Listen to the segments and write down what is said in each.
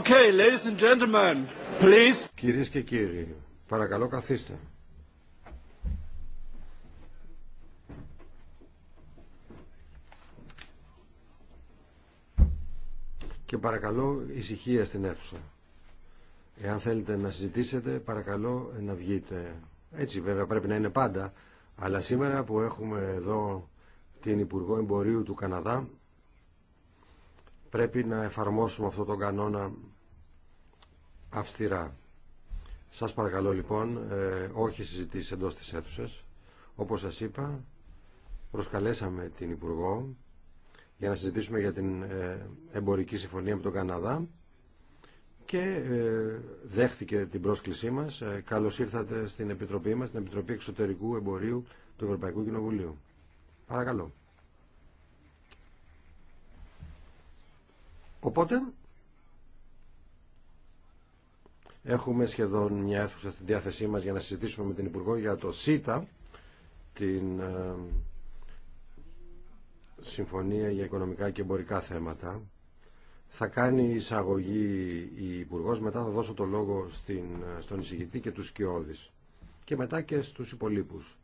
Okay, Κυρίες και κύριοι, παρακαλώ καθίστε. Και παρακαλώ ησυχία στην αίθουσα. Εάν θέλετε να συζητήσετε, παρακαλώ να βγείτε. Έτσι βέβαια πρέπει να είναι πάντα, αλλά σήμερα που έχουμε εδώ την Υπουργό Εμπορίου του Καναδά, πρέπει να εφαρμόσουμε αυτό τον κανόνα αυστηρά. Σας παρακαλώ λοιπόν, ε, όχι συζητήσεις εντός της αίθουσας. Όπως σας είπα, προσκαλέσαμε την Υπουργό για να συζητήσουμε για την ε, εμπορική συμφωνία με τον Καναδά και ε, δέχθηκε την πρόσκλησή μας. Καλώς ήρθατε στην Επιτροπή μας, στην Επιτροπή Εξωτερικού Εμπορίου του Ευρωπαϊκού Κοινοβουλίου. Παρακαλώ. Οπότε έχουμε σχεδόν μια αίθουσα στην διάθεσή μας για να συζητήσουμε με την Υπουργό για το ΣΥΤΑ, την ε, Συμφωνία για Οικονομικά και Εμπορικά Θέματα. Θα κάνει εισαγωγή η Υπουργό μετά θα δώσω το λόγο στην, στον εισηγητή και τους σκιώδης και μετά και στους υπολείπους.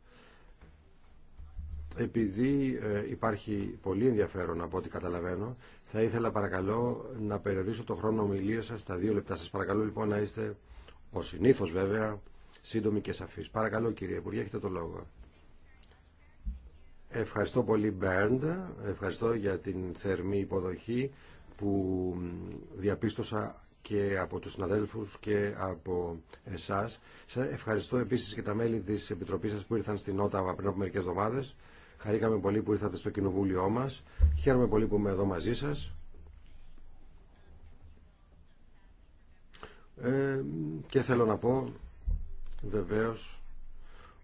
Επειδή ε, υπάρχει πολύ ενδιαφέρον από ό,τι καταλαβαίνω, θα ήθελα παρακαλώ να περιορίσω το χρόνο ομιλία σα στα δύο λεπτά. Σας παρακαλώ λοιπόν να είστε, ο συνήθω, βέβαια, σύντομοι και σαφεί. Παρακαλώ κύριε Υπουργέ, έχετε το λόγο. Ευχαριστώ πολύ Μπέρντ, ευχαριστώ για την θερμή υποδοχή που διαπίστωσα και από τους συναδέλφους και από εσάς. ευχαριστώ επίσης και τα μέλη της Επιτροπής σας που ήρθαν στην Όταβα πριν από μερικές εβδομάδες. Χαρήκαμε πολύ που ήρθατε στο κοινοβούλιο μα, Χαίρομαι πολύ που είμαι εδώ μαζί σας. Ε, και θέλω να πω βεβαίω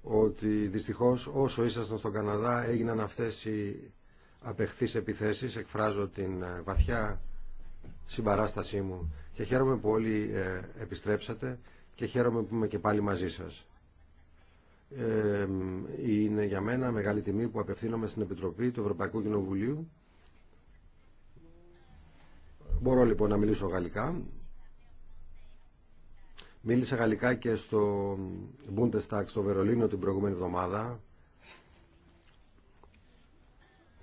ότι δυστυχώς όσο ήσασταν στον Καναδά έγιναν αυτέ οι απεχθεί επιθέσεις. Εκφράζω την ε, βαθιά συμπαράστασή μου και χαίρομαι που όλοι ε, επιστρέψατε και χαίρομαι που είμαι και πάλι μαζί σας. Ε, είναι για μένα μεγάλη τιμή που απευθύνομαι στην Επιτροπή του Ευρωπαϊκού Κοινοβουλίου. Μπορώ λοιπόν να μιλήσω γαλλικά. Μίλησα γαλλικά και στο Bundestag στο Βερολίνο την προηγούμενη εβδομάδα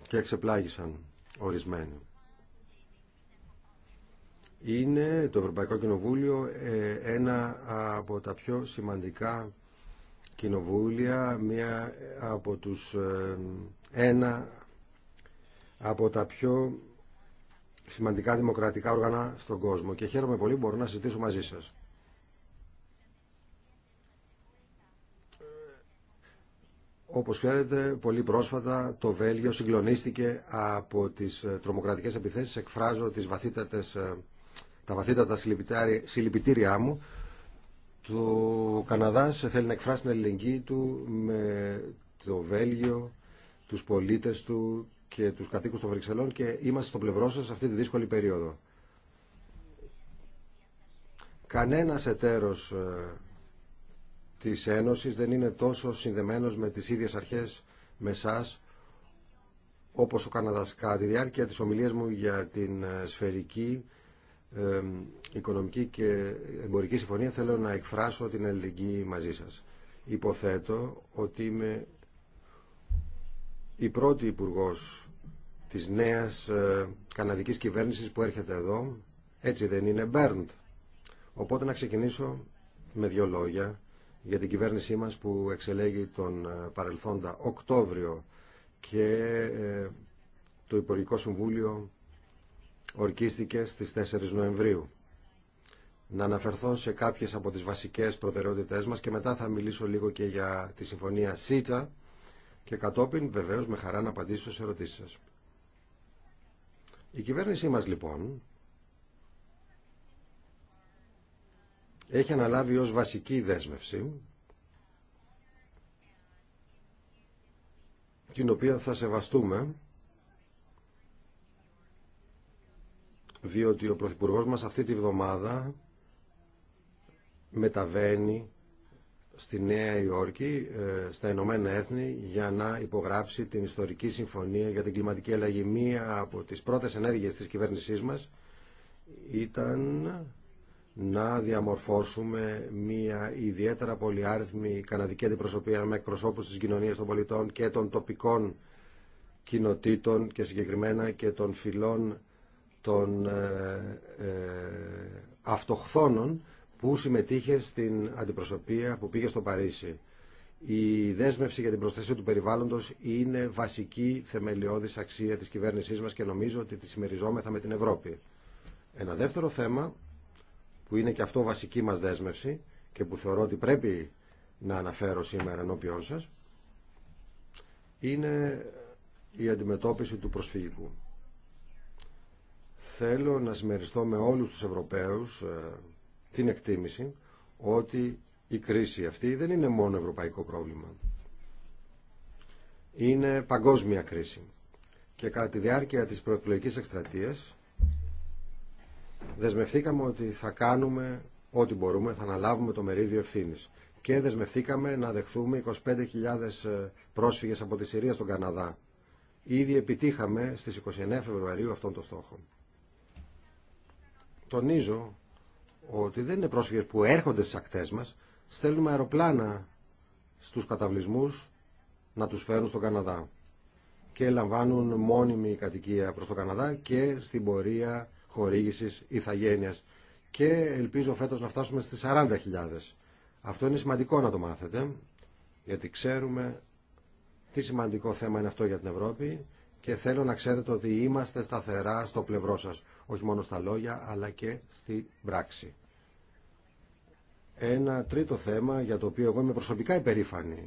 και εξεπλάγησαν ορισμένοι. Είναι το Ευρωπαϊκό Κοινοβούλιο ε, ένα από τα πιο σημαντικά κοινοβούλια, μία από τους, ε, ένα από τα πιο σημαντικά δημοκρατικά όργανα στον κόσμο και χαίρομαι πολύ που μπορώ να συζητήσω μαζί σας. Όπως ξέρετε, πολύ πρόσφατα το Βέλγιο συγκλονίστηκε από τις ε, τρομοκρατικές επιθέσεις. Εκφράζω τις βαθύτατες, ε, τα βαθύτατα συλληπιτήριά μου το Καναδά θέλει να εκφράσει την ελληνική του με το Βέλγιο, τους πολίτε του και του κατοίκους των Βρυξελών και είμαστε στο πλευρό σας σε αυτή τη δύσκολη περίοδο. Κανένας εταίρος ε, της Ένωσης δεν είναι τόσο συνδεμένος με τις ίδιες αρχές με εσά όπως ο Καναδάς. Κατά τη διάρκεια τη ομιλία μου για την ε, σφαιρική Οικονομική και Εμπορική Συμφωνία θέλω να εκφράσω την ελληνική μαζί σας. Υποθέτω ότι είμαι η πρώτη υπουργό της νέας ε, καναδικής κυβέρνησης που έρχεται εδώ. Έτσι δεν είναι, Μπέρντ. Οπότε να ξεκινήσω με δύο λόγια για την κυβέρνησή μας που εξελέγει τον ε, παρελθόντα Οκτώβριο και ε, το Υπουργικό Συμβούλιο ορκίστηκε στις 4 Νοεμβρίου. Να αναφερθώ σε κάποιες από τις βασικές προτεραιότητές μας και μετά θα μιλήσω λίγο και για τη συμφωνία ΣΥΤΑ και κατόπιν βεβαίως με χαρά να απαντήσω σε ερωτήσεις σας. Η κυβέρνησή μας λοιπόν έχει αναλάβει ως βασική δέσμευση την οποία θα σεβαστούμε διότι ο Πρωθυπουργός μας αυτή τη βδομάδα μεταβαίνει στη Νέα Υόρκη, ε, στα Ηνωμένα Έθνη, για να υπογράψει την ιστορική συμφωνία για την κλιματική αλλαγή. Μία από τις πρώτες ενέργειες της κυβέρνησής μας ήταν να διαμορφώσουμε μία ιδιαίτερα πολυάριθμη καναδική αντιπροσωπεία με εκπροσώπους της κοινωνίας των πολιτών και των τοπικών κοινοτήτων και συγκεκριμένα και των φυλών των ε, ε, αυτοχθόνων που συμμετείχε στην αντιπροσωπεία που πήγε στο Παρίσι. Η δέσμευση για την προστασία του περιβάλλοντος είναι βασική θεμελιώδης αξία της κυβέρνησής μας και νομίζω ότι τη συμμεριζόμεθα με την Ευρώπη. Ένα δεύτερο θέμα που είναι και αυτό βασική μας δέσμευση και που θεωρώ ότι πρέπει να αναφέρω σήμερα ενώπιόν σας είναι η αντιμετώπιση του προσφυγικού θέλω να συμμεριστώ με όλους τους Ευρωπαίους ε, την εκτίμηση ότι η κρίση αυτή δεν είναι μόνο ευρωπαϊκό πρόβλημα. Είναι παγκόσμια κρίση. Και κατά τη διάρκεια της προεκλογικής εκστρατείας δεσμευθήκαμε ότι θα κάνουμε ό,τι μπορούμε, θα αναλάβουμε το μερίδιο ευθύνη. Και δεσμευθήκαμε να δεχθούμε 25.000 ε, πρόσφυγες από τη Συρία στον Καναδά. Ήδη επιτύχαμε στις 29 Φεβρουαρίου αυτόν τον στόχο τονίζω ότι δεν είναι πρόσφυγες που έρχονται στις ακτές μας, στέλνουμε αεροπλάνα στους καταβλισμούς να τους φέρουν στον Καναδά και λαμβάνουν μόνιμη κατοικία προς τον Καναδά και στην πορεία χορήγησης ηθαγένειας και ελπίζω φέτος να φτάσουμε στις 40.000. Αυτό είναι σημαντικό να το μάθετε γιατί ξέρουμε τι σημαντικό θέμα είναι αυτό για την Ευρώπη και θέλω να ξέρετε ότι είμαστε σταθερά στο πλευρό σας όχι μόνο στα λόγια αλλά και στη πράξη. Ένα τρίτο θέμα για το οποίο εγώ είμαι προσωπικά υπερήφανη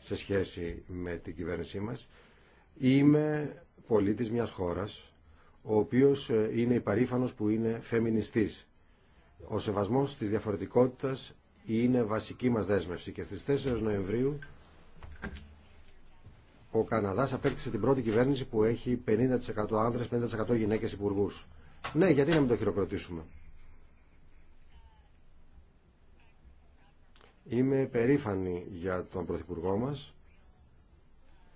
σε σχέση με την κυβέρνησή μας είμαι πολίτης μιας χώρας ο οποίος ε, είναι υπερήφανος που είναι φεμινιστής. Ο σεβασμός της διαφορετικότητας είναι βασική μας δέσμευση και στις 4 Νοεμβρίου ο Καναδάς απέκτησε την πρώτη κυβέρνηση που έχει 50% άνδρες, 50% γυναίκες υπουργούς. Ναι, γιατί να μην το χειροκροτήσουμε. Είμαι περήφανη για τον Πρωθυπουργό μας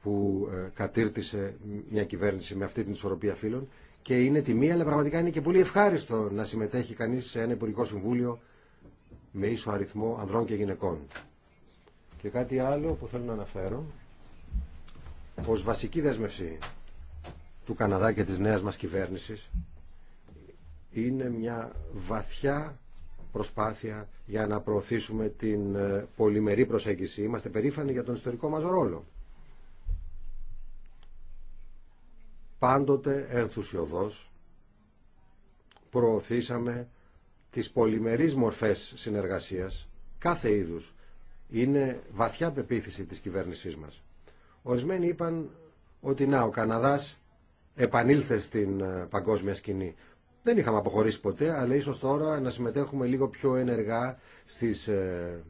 που ε, κατήρτισε μια κυβέρνηση με αυτή την ισορροπία φίλων και είναι τιμή, αλλά πραγματικά είναι και πολύ ευχάριστο να συμμετέχει κανείς σε ένα Υπουργικό Συμβούλιο με ίσο αριθμό ανδρών και γυναικών. Και κάτι άλλο που θέλω να αναφέρω ως βασική δέσμευση του Καναδά και της νέας μας κυβέρνησης είναι μια βαθιά προσπάθεια για να προωθήσουμε την ε, πολυμερή προσέγγιση. Είμαστε περήφανοι για τον ιστορικό μας ρόλο. Πάντοτε ενθουσιοδός προωθήσαμε τις πολυμερείς μορφές συνεργασίας κάθε είδους. Είναι βαθιά πεποίθηση της κυβέρνησής μας. Ορισμένοι είπαν ότι να, ο Καναδάς επανήλθε στην ε, παγκόσμια σκηνή. Δεν είχαμε αποχωρήσει ποτέ, αλλά ίσως τώρα να συμμετέχουμε λίγο πιο ενεργά στις ε,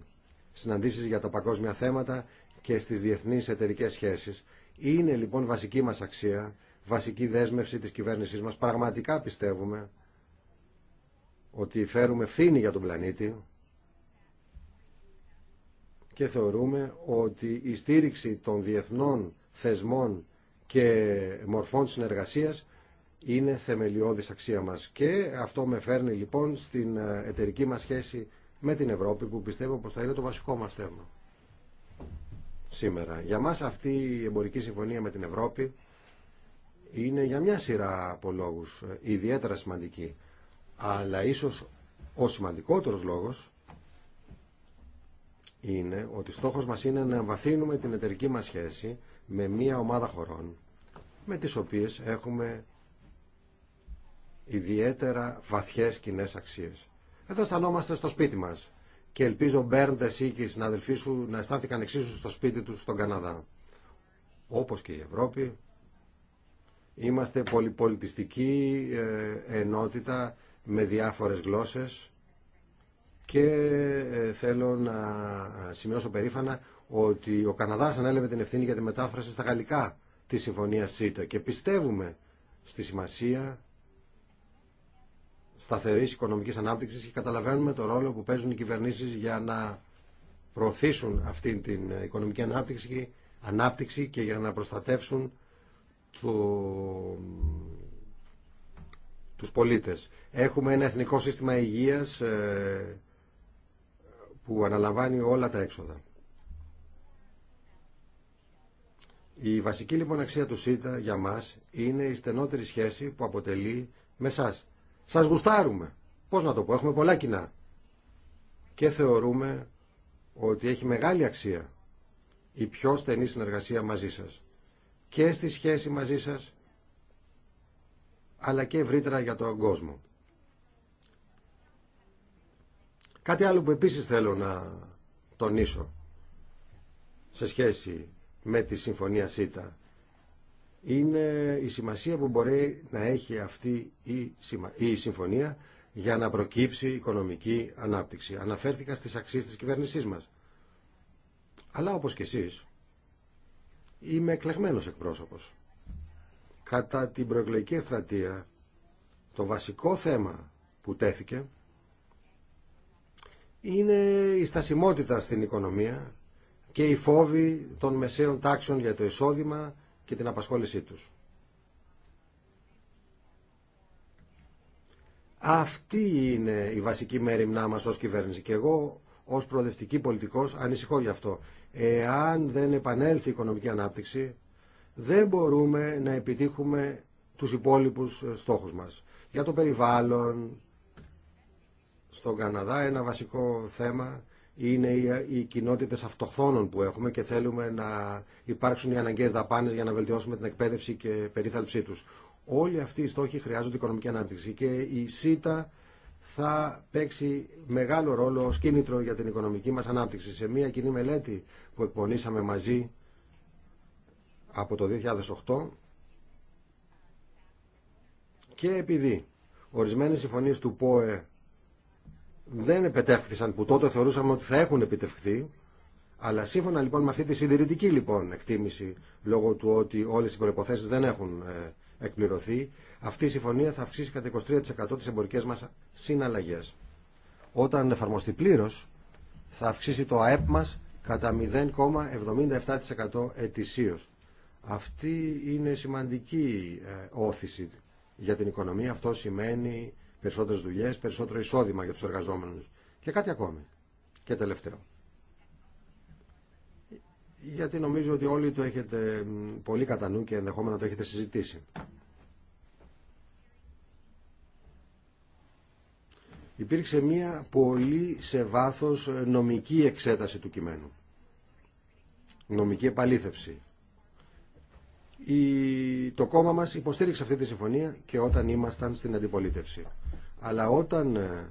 συναντήσεις για τα παγκόσμια θέματα και στις διεθνείς εταιρικές σχέσεις. Είναι λοιπόν βασική μας αξία, βασική δέσμευση της κυβέρνησής μας. Πραγματικά πιστεύουμε ότι φέρουμε ευθύνη για τον πλανήτη και θεωρούμε ότι η στήριξη των διεθνών θεσμών και μορφών συνεργασίας είναι θεμελιώδης αξία μας και αυτό με φέρνει λοιπόν στην ε, εταιρική μας σχέση με την Ευρώπη που πιστεύω πως θα είναι το βασικό μας θέμα σήμερα. Για μας αυτή η εμπορική συμφωνία με την Ευρώπη είναι για μια σειρά από λόγους ε, ιδιαίτερα σημαντική αλλά ίσως ο σημαντικότερος λόγος είναι ότι στόχος μας είναι να βαθύνουμε την εταιρική μας σχέση με μια ομάδα χωρών με τις οποίες έχουμε ιδιαίτερα βαθιές κοινέ αξίες. Εδώ αισθανόμαστε στο σπίτι μας και ελπίζω μπέρντε ή και οι συναδελφοί σου να αισθάνθηκαν εξίσου στο σπίτι τους στον Καναδά. Όπως και η Ευρώπη, είμαστε πολυπολιτιστική ε, ενότητα με διάφορες γλώσσες και ε, θέλω να σημειώσω περήφανα ότι ο Καναδάς ανέλαβε την ευθύνη για τη μετάφραση στα γαλλικά τη συμφωνία ΣΥΤΑ και πιστεύουμε στη σημασία Σταθερή οικονομικής ανάπτυξη και καταλαβαίνουμε το ρόλο που παίζουν οι κυβερνήσεις για να προωθήσουν αυτή την οικονομική ανάπτυξη, και για να προστατεύσουν το, τους πολίτες. Έχουμε ένα εθνικό σύστημα υγείας ε, που αναλαμβάνει όλα τα έξοδα. Η βασική λοιπόν αξία του ΣΥΤΑ για μας είναι η στενότερη σχέση που αποτελεί με σας σας γουστάρουμε. Πώς να το πω, έχουμε πολλά κοινά. Και θεωρούμε ότι έχει μεγάλη αξία η πιο στενή συνεργασία μαζί σας. Και στη σχέση μαζί σας, αλλά και ευρύτερα για τον κόσμο. Κάτι άλλο που επίσης θέλω να τονίσω σε σχέση με τη Συμφωνία ΣΥΤΑ είναι η σημασία που μπορεί να έχει αυτή η συμφωνία για να προκύψει οικονομική ανάπτυξη. Αναφέρθηκα στις αξίες της κυβέρνησής μας. Αλλά όπως και εσείς, είμαι εκλεγμένος εκπρόσωπος. Κατά την προεκλογική στρατεία, το βασικό θέμα που τέθηκε είναι η στασιμότητα στην οικονομία και οι φόβοι των μεσαίων τάξεων για το εισόδημα και την απασχόλησή τους. Αυτή είναι η βασική μέρημνά μας ως κυβέρνηση και εγώ ως προοδευτική πολιτικός ανησυχώ γι' αυτό. Εάν δεν επανέλθει η οικονομική ανάπτυξη δεν μπορούμε να επιτύχουμε τους υπόλοιπους στόχους μας. Για το περιβάλλον, στον Καναδά ένα βασικό θέμα είναι οι κοινότητες αυτοχθόνων που έχουμε και θέλουμε να υπάρξουν οι αναγκαίε δαπάνε για να βελτιώσουμε την εκπαίδευση και περίθαλψή του. Όλοι αυτοί οι στόχοι χρειάζονται οικονομική ανάπτυξη και η ΣΥΤΑ θα παίξει μεγάλο ρόλο ως κίνητρο για την οικονομική μας ανάπτυξη. Σε μια κοινή μελέτη που εκπονήσαμε μαζί από το 2008 και επειδή ορισμένες συμφωνίες του ΠΟΕ δεν επετεύχθησαν που τότε θεωρούσαμε ότι θα έχουν επιτευχθεί. Αλλά σύμφωνα λοιπόν με αυτή τη συντηρητική λοιπόν εκτίμηση λόγω του ότι όλες οι προϋποθέσεις δεν έχουν ε, εκπληρωθεί αυτή η συμφωνία θα αυξήσει κατά 23% τις εμπορικέ μας συναλλαγές. Όταν εφαρμοστεί πλήρω, θα αυξήσει το ΑΕΠ μας κατά 0,77% ετησίω. Αυτή είναι σημαντική ε, όθηση για την οικονομία. Αυτό σημαίνει Περισσότερε δουλειέ, περισσότερο εισόδημα για τους εργαζόμενους. Και κάτι ακόμη. Και τελευταίο. Γιατί νομίζω ότι όλοι το έχετε πολύ κατά νου και ενδεχόμενα το έχετε συζητήσει. Υπήρξε μία πολύ σε βάθος νομική εξέταση του κειμένου. Νομική επαλήθευση. Η... Το κόμμα μας υποστήριξε αυτή τη συμφωνία και όταν ήμασταν στην αντιπολίτευση. Αλλά όταν ε,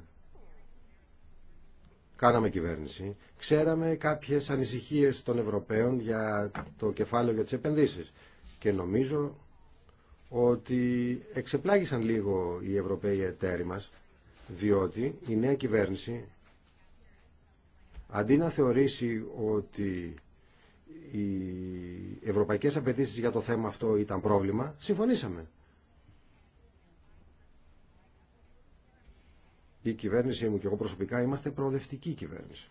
κάναμε κυβέρνηση, ξέραμε κάποιες ανησυχίες των Ευρωπαίων για το κεφάλαιο για τις επενδύσεις. Και νομίζω ότι εξεπλάγησαν λίγο οι Ευρωπαίοι εταίροι μας, διότι η νέα κυβέρνηση, αντί να θεωρήσει ότι οι ευρωπαϊκές απαιτήσει για το θέμα αυτό ήταν πρόβλημα, συμφωνήσαμε. η κυβέρνησή μου και εγώ προσωπικά είμαστε προοδευτική κυβέρνηση.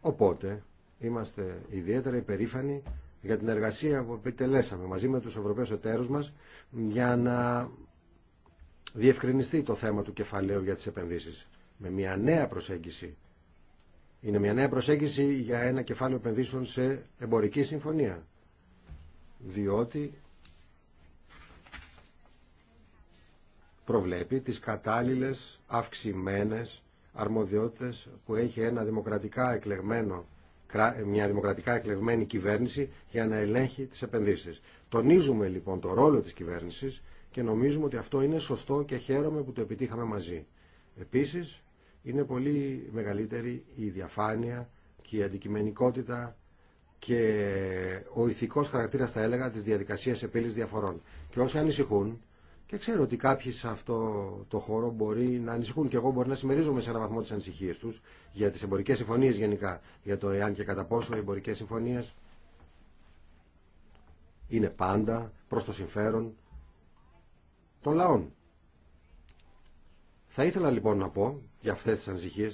Οπότε είμαστε ιδιαίτερα υπερήφανοι για την εργασία που επιτελέσαμε μαζί με τους Ευρωπαίους εταίρους μας για να διευκρινιστεί το θέμα του κεφαλαίου για τις επενδύσεις. Με μια νέα προσέγγιση. Είναι μια νέα προσέγγιση για ένα κεφάλαιο επενδύσεων σε εμπορική συμφωνία. Διότι προβλέπει τις κατάλληλες αυξημένες αρμοδιότητες που έχει ένα δημοκρατικά εκλεγμένο, μια δημοκρατικά εκλεγμένη κυβέρνηση για να ελέγχει τις επενδύσεις. Τονίζουμε λοιπόν το ρόλο της κυβέρνησης και νομίζουμε ότι αυτό είναι σωστό και χαίρομαι που το επιτύχαμε μαζί. Επίσης, είναι πολύ μεγαλύτερη η διαφάνεια και η αντικειμενικότητα και ο ηθικός χαρακτήρας, θα έλεγα, της διαδικασίας επίλυσης διαφορών. Και όσοι ανησυχούν, και ξέρω ότι κάποιοι σε αυτό το χώρο μπορεί να ανησυχούν και εγώ μπορεί να συμμερίζομαι σε ένα βαθμό τι ανησυχίε του για τι εμπορικέ συμφωνίε γενικά. Για το εάν και κατά πόσο οι εμπορικέ συμφωνίε είναι πάντα προ το συμφέρον των λαών. Θα ήθελα λοιπόν να πω για αυτέ τι ανησυχίε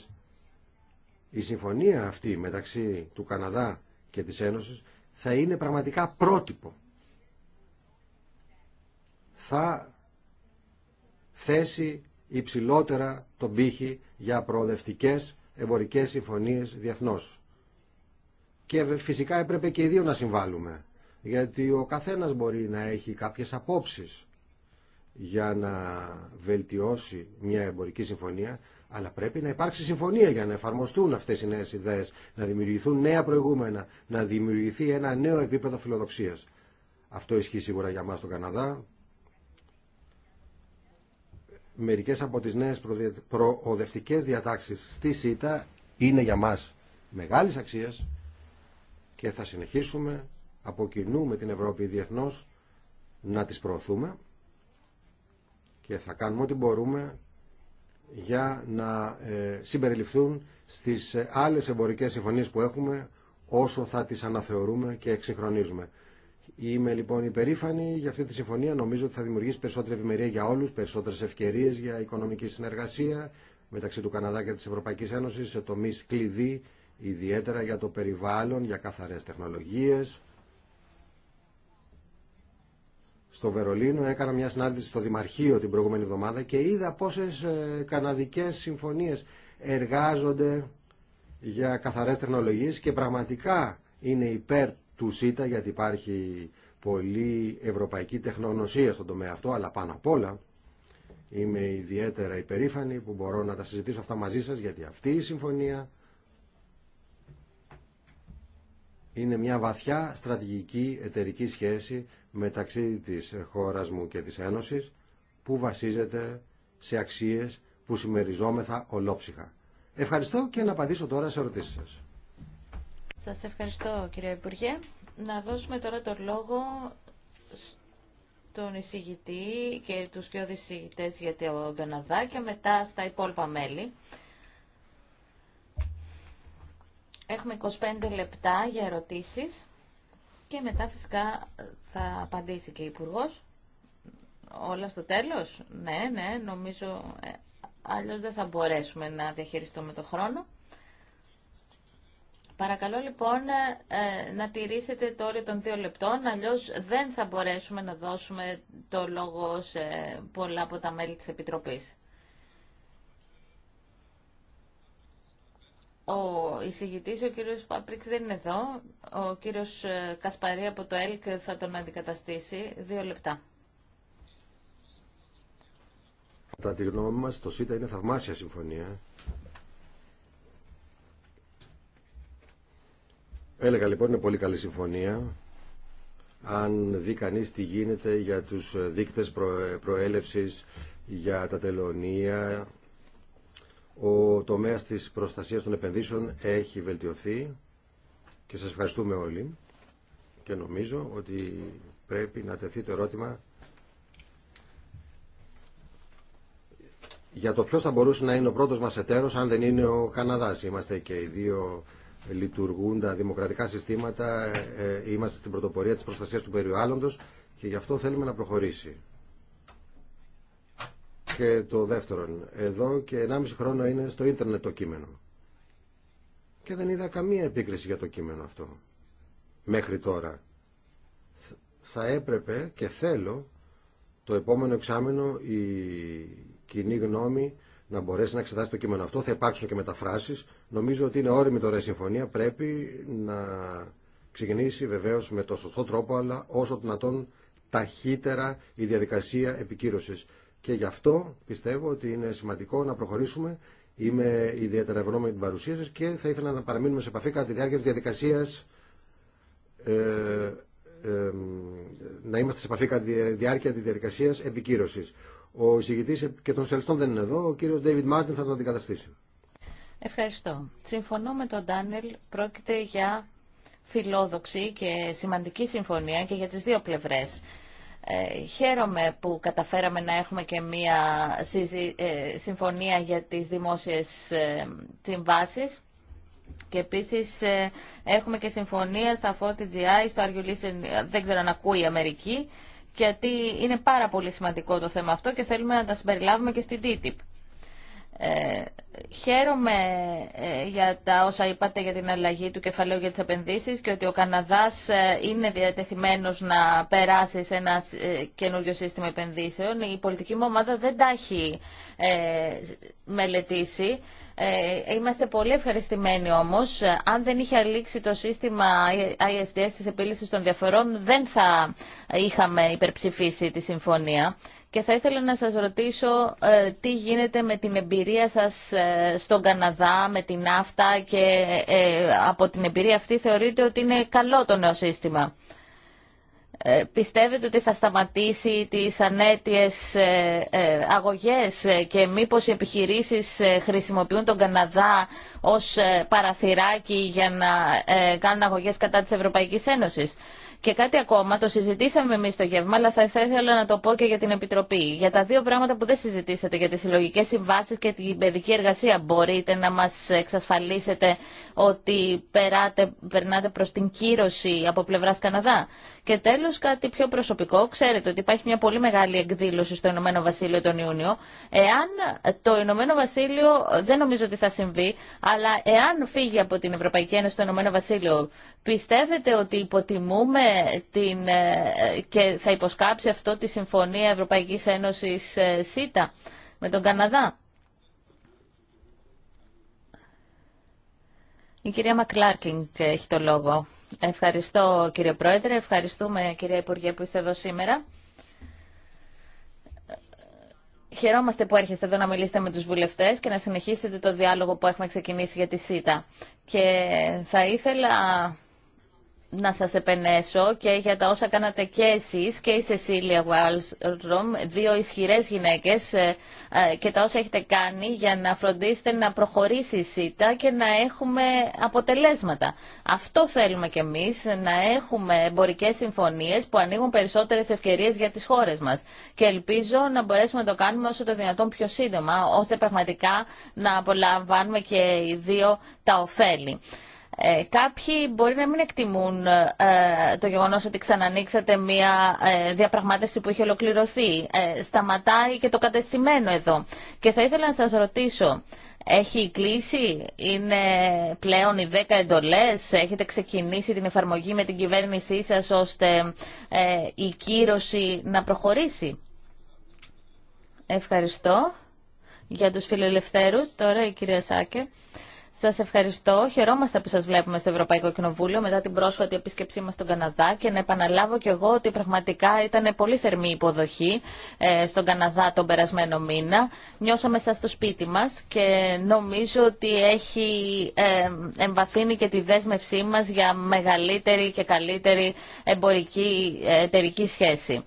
η συμφωνία αυτή μεταξύ του Καναδά και της Ένωσης θα είναι πραγματικά πρότυπο. Θα θέση υψηλότερα τον πύχη για προοδευτικές εμπορικές συμφωνίες διεθνώς. Και φυσικά έπρεπε και οι δύο να συμβάλλουμε, γιατί ο καθένας μπορεί να έχει κάποιες απόψεις για να βελτιώσει μια εμπορική συμφωνία, αλλά πρέπει να υπάρξει συμφωνία για να εφαρμοστούν αυτές οι νέες ιδέες, να δημιουργηθούν νέα προηγούμενα, να δημιουργηθεί ένα νέο επίπεδο φιλοδοξίας. Αυτό ισχύει σίγουρα για μας τον Καναδά, μερικές από τις νέες προοδευτικές διατάξεις στη ΣΥΤΑ είναι για μας μεγάλης αξίας και θα συνεχίσουμε από κοινού με την Ευρώπη διεθνώς να τις προωθούμε και θα κάνουμε ό,τι μπορούμε για να ε, συμπεριληφθούν στις ε, άλλες εμπορικές συμφωνίες που έχουμε όσο θα τις αναθεωρούμε και εξυγχρονίζουμε. Είμαι λοιπόν υπερήφανη για αυτή τη συμφωνία. Νομίζω ότι θα δημιουργήσει περισσότερη ευημερία για όλου, περισσότερε ευκαιρίε για οικονομική συνεργασία μεταξύ του Καναδά και τη Ευρωπαϊκή Ένωση σε τομεί κλειδί, ιδιαίτερα για το περιβάλλον, για καθαρέ τεχνολογίε. Στο Βερολίνο έκανα μια συνάντηση στο Δημαρχείο την προηγούμενη εβδομάδα και είδα πόσε καναδικέ συμφωνίε εργάζονται για καθαρέ τεχνολογίε και πραγματικά είναι υπέρ του ΣΥΤΑ γιατί υπάρχει πολύ ευρωπαϊκή τεχνογνωσία στον τομέα αυτό αλλά πάνω απ' όλα είμαι ιδιαίτερα υπερήφανη που μπορώ να τα συζητήσω αυτά μαζί σας γιατί αυτή η συμφωνία είναι μια βαθιά στρατηγική εταιρική σχέση μεταξύ της χώρας μου και της Ένωσης που βασίζεται σε αξίες που συμμεριζόμεθα ολόψυχα. Ευχαριστώ και να απαντήσω τώρα σε ερωτήσεις σας. Σας ευχαριστώ κύριε Υπουργέ. Να δώσουμε τώρα τον λόγο στον εισηγητή και τους πιο δυσηγητές για τον Καναδά και μετά στα υπόλοιπα μέλη. Έχουμε 25 λεπτά για ερωτήσεις και μετά φυσικά θα απαντήσει και ο Υπουργός. Όλα στο τέλος. Ναι, ναι, νομίζω ε, δεν θα μπορέσουμε να διαχειριστούμε το χρόνο. Παρακαλώ λοιπόν ε, ε, να τηρήσετε το όριο των δύο λεπτών, αλλιώς δεν θα μπορέσουμε να δώσουμε το λόγο σε πολλά από τα μέλη της Επιτροπής. Ο εισηγητής, ο κύριος Παπρίξ δεν είναι εδώ. Ο κύριος ε, Κασπαρή από το ΕΛΚ θα τον αντικαταστήσει. Δύο λεπτά. Κατά τη γνώμη μας, το ΣΥΤΑ είναι θαυμάσια συμφωνία Έλεγα λοιπόν είναι πολύ καλή συμφωνία. Αν δει κανεί τι γίνεται για τους δείκτες προέλευσης, για τα τελωνία, ο τομέας της προστασίας των επενδύσεων έχει βελτιωθεί και σας ευχαριστούμε όλοι και νομίζω ότι πρέπει να τεθεί το ερώτημα για το ποιος θα μπορούσε να είναι ο πρώτος μας εταίρος αν δεν είναι ο Καναδάς. Είμαστε και οι δύο λειτουργούν τα δημοκρατικά συστήματα, ε, ε, είμαστε στην πρωτοπορία της προστασίας του περιβάλλοντος και γι' αυτό θέλουμε να προχωρήσει. Και το δεύτερον, εδώ και 1,5 χρόνο είναι στο ίντερνετ το κείμενο. Και δεν είδα καμία επίκριση για το κείμενο αυτό μέχρι τώρα. Θα έπρεπε και θέλω το επόμενο εξάμεινο η κοινή γνώμη να μπορέσει να εξετάσει το κείμενο αυτό. Θα υπάρξουν και μεταφράσεις Νομίζω ότι είναι όριμη τώρα η συμφωνία. Πρέπει να ξεκινήσει βεβαίω με το σωστό τρόπο, αλλά όσο δυνατόν ταχύτερα η διαδικασία επικύρωση. Και γι' αυτό πιστεύω ότι είναι σημαντικό να προχωρήσουμε. Είμαι ιδιαίτερα ευγνώμη με την παρουσία σα και θα ήθελα να παραμείνουμε σε επαφή κατά τη διάρκεια τη διαδικασία. Ε, ε, να είμαστε σε επαφή κατά τη διάρκεια τη διαδικασία επικύρωση. Ο εισηγητή και των σελστών δεν είναι εδώ. Ο κύριο David Μάρτιν θα τον αντικαταστήσει. Ευχαριστώ. Συμφωνώ με τον Ντάνελ. Πρόκειται για φιλόδοξη και σημαντική συμφωνία και για τις δύο πλευρές. Ε, χαίρομαι που καταφέραμε να έχουμε και μία ε, συμφωνία για τις δημόσιες ε, συμβάσεις και επίσης ε, έχουμε και συμφωνία στα 4GI, στο Αργιουλής, δεν ξέρω αν ακούει η Αμερική, γιατί είναι πάρα πολύ σημαντικό το θέμα αυτό και θέλουμε να τα συμπεριλάβουμε και στην TTIP. Ε, χαίρομαι ε, για τα όσα είπατε για την αλλαγή του κεφαλαίου για τις επενδύσεις και ότι ο Καναδάς ε, είναι διατεθειμένος να περάσει σε ένα ε, καινούριο σύστημα επενδύσεων. Η πολιτική μου ομάδα δεν τα έχει ε, μελετήσει. είμαστε πολύ ευχαριστημένοι όμως. Αν δεν είχε αλήξει το σύστημα ISDS της επίλυσης των διαφορών δεν θα είχαμε υπερψηφίσει τη συμφωνία και θα ήθελα να σας ρωτήσω ε, τι γίνεται με την εμπειρία σας ε, στον Καναδά, με την ναύτα και ε, από την εμπειρία αυτή θεωρείτε ότι είναι καλό το νέο σύστημα. Πιστεύετε ότι θα σταματήσει τις ανέτειες αγωγές και μήπως οι επιχειρήσεις χρησιμοποιούν τον Καναδά ως παραθυράκι για να κάνουν αγωγές κατά της Ευρωπαϊκής Ένωσης. Και κάτι ακόμα, το συζητήσαμε εμεί το γεύμα, αλλά θα ήθελα να το πω και για την Επιτροπή. Για τα δύο πράγματα που δεν συζητήσατε, για τι συλλογικέ συμβάσει και την παιδική εργασία, μπορείτε να μα εξασφαλίσετε ότι περάτε, περνάτε προ την κύρωση από πλευρά Καναδά. Και τέλο, κάτι πιο προσωπικό. Ξέρετε ότι υπάρχει μια πολύ μεγάλη εκδήλωση στο Ηνωμένο Βασίλειο τον Ιούνιο. Εάν το Ηνωμένο Βασίλειο, δεν νομίζω ότι θα συμβεί, αλλά εάν φύγει από την Ευρωπαϊκή Ένωση το Ηνωμένο Βασίλειο Πιστεύετε ότι υποτιμούμε την, ε, και θα υποσκάψει αυτό τη Συμφωνία Ευρωπαϊκής Ένωσης ε, ΣΥΤΑ με τον Καναδά. Η κυρία Μακλάρκινγκ έχει το λόγο. Ευχαριστώ κύριε Πρόεδρε, ευχαριστούμε κυρία Υπουργέ που είστε εδώ σήμερα. Χαιρόμαστε που έρχεστε εδώ να μιλήσετε με τους βουλευτές και να συνεχίσετε το διάλογο που έχουμε ξεκινήσει για τη ΣΥΤΑ. Και θα ήθελα να σας επενέσω και για τα όσα κάνατε και εσείς και η Σεσίλια Βάλστρομ, δύο ισχυρές γυναίκες ε, ε, και τα όσα έχετε κάνει για να φροντίσετε να προχωρήσει η ΣΥΤΑ και να έχουμε αποτελέσματα. Αυτό θέλουμε κι εμείς, να έχουμε εμπορικές συμφωνίες που ανοίγουν περισσότερες ευκαιρίες για τις χώρες μας. Και ελπίζω να μπορέσουμε να το κάνουμε όσο το δυνατόν πιο σύντομα, ώστε πραγματικά να απολαμβάνουμε και οι δύο τα ωφέλη. Ε, κάποιοι μπορεί να μην εκτιμούν ε, το γεγονός ότι ξανανοίξατε μια ε, διαπραγμάτευση που είχε ολοκληρωθεί. Σταματάει και το κατεστημένο εδώ. Και θα ήθελα να σας ρωτήσω, έχει κλείσει, είναι πλέον οι 10 εντολές, έχετε ξεκινήσει την εφαρμογή με την κυβέρνησή σας ώστε η κύρωση να προχωρήσει. Ευχαριστώ για τους φιλελευθέρους. Τώρα η κυρία Σάκε. Σας ευχαριστώ. Χαιρόμαστε που σας βλέπουμε στο Ευρωπαϊκό Κοινοβούλιο μετά την πρόσφατη επίσκεψή μας στον Καναδά και να επαναλάβω κι εγώ ότι πραγματικά ήταν πολύ θερμή υποδοχή ε, στον Καναδά τον περασμένο μήνα. Νιώσαμε σας στο σπίτι μας και νομίζω ότι έχει ε, εμβαθύνει και τη δέσμευσή μας για μεγαλύτερη και καλύτερη εμπορική ε, εταιρική σχέση.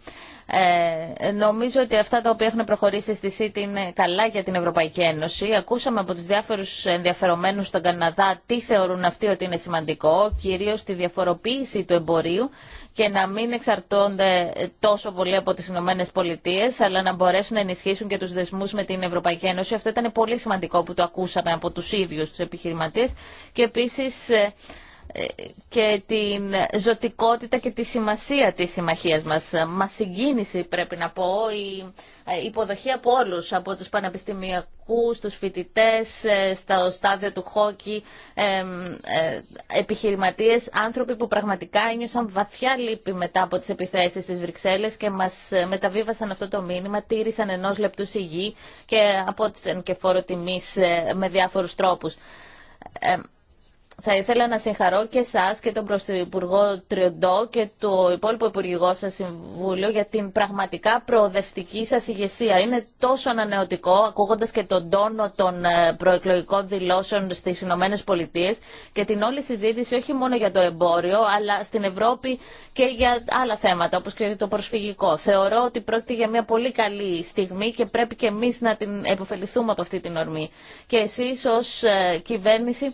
Ε, νομίζω ότι αυτά τα οποία έχουν προχωρήσει στη ΣΥΤ είναι καλά για την Ευρωπαϊκή Ένωση. Ακούσαμε από του διάφορου ενδιαφερομένου στον Καναδά τι θεωρούν αυτοί ότι είναι σημαντικό, κυρίω τη διαφοροποίηση του εμπορίου και να μην εξαρτώνται τόσο πολύ από τι Ηνωμένε Πολιτείε, αλλά να μπορέσουν να ενισχύσουν και του δεσμού με την Ευρωπαϊκή Ένωση. Αυτό ήταν πολύ σημαντικό που το ακούσαμε από του ίδιου του επιχειρηματίε και επίσης ε, και την ζωτικότητα και τη σημασία της συμμαχίας μας. Μας συγκίνησε, πρέπει να πω, η ε, υποδοχή από όλους, από τους πανεπιστημιακούς, τους φοιτητές, ε, στο στάδιο του χόκι, ε, επιχειρηματίες, άνθρωποι που πραγματικά ένιωσαν βαθιά λύπη μετά από τις επιθέσεις της Βρυξέλλες και μας μεταβίβασαν αυτό το μήνυμα, τήρησαν ενός λεπτού σιγή και απότισαν και φόρο τιμής με διάφορους τρόπους θα ήθελα να συγχαρώ και εσά και τον Πρωθυπουργό Τριοντό και το υπόλοιπο Υπουργικό σα Συμβούλιο για την πραγματικά προοδευτική σα ηγεσία. Είναι τόσο ανανεωτικό, ακούγοντα και τον τόνο των ε, προεκλογικών δηλώσεων στι Ηνωμένε Πολιτείε και την όλη συζήτηση όχι μόνο για το εμπόριο, αλλά στην Ευρώπη και για άλλα θέματα, όπω και το προσφυγικό. Θεωρώ ότι πρόκειται για μια πολύ καλή στιγμή και πρέπει και εμεί να την επωφεληθούμε από αυτή την ορμή. Και εσεί ω ε, κυβέρνηση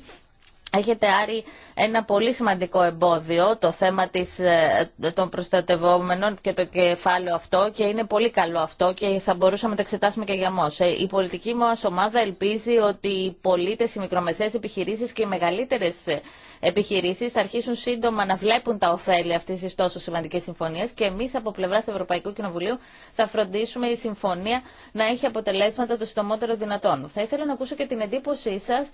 Έχετε άρει ένα πολύ σημαντικό εμπόδιο, το θέμα της, ε, των προστατευόμενων και το κεφάλαιο αυτό και είναι πολύ καλό αυτό και θα μπορούσαμε να το εξετάσουμε και για μας. Ε, η πολιτική μας ομάδα ελπίζει ότι οι πολίτες, οι μικρομεσαίες επιχειρήσεις και οι μεγαλύτερες ε, επιχειρήσεις θα αρχίσουν σύντομα να βλέπουν τα ωφέλη αυτής της τόσο σημαντικής συμφωνίας και εμείς από πλευράς Ευρωπαϊκού Κοινοβουλίου θα φροντίσουμε η συμφωνία να έχει αποτελέσματα το συντομότερο δυνατόν. Θα ήθελα να ακούσω και την εντύπωσή σας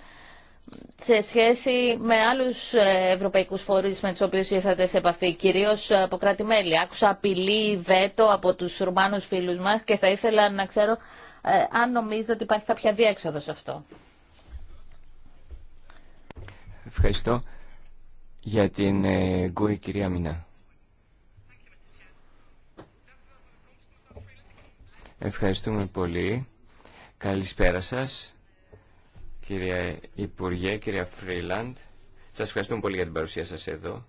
σε σχέση με άλλους ε, ευρωπαϊκούς φορείς με τους οποίους ήρθατε σε επαφή, κυρίως από κράτη-μέλη. Άκουσα απειλή, βέτο από τους Ρουμάνους φίλους μας και θα ήθελα να ξέρω ε, αν νομίζω ότι υπάρχει κάποια σε αυτό. Ευχαριστώ για την ε, Γκουή κυρία Μινά. Ευχαριστούμε πολύ. Καλησπέρα σας. Κύριε Υπουργέ, κύριε Φρίλαντ, σας ευχαριστούμε πολύ για την παρουσία σας εδώ.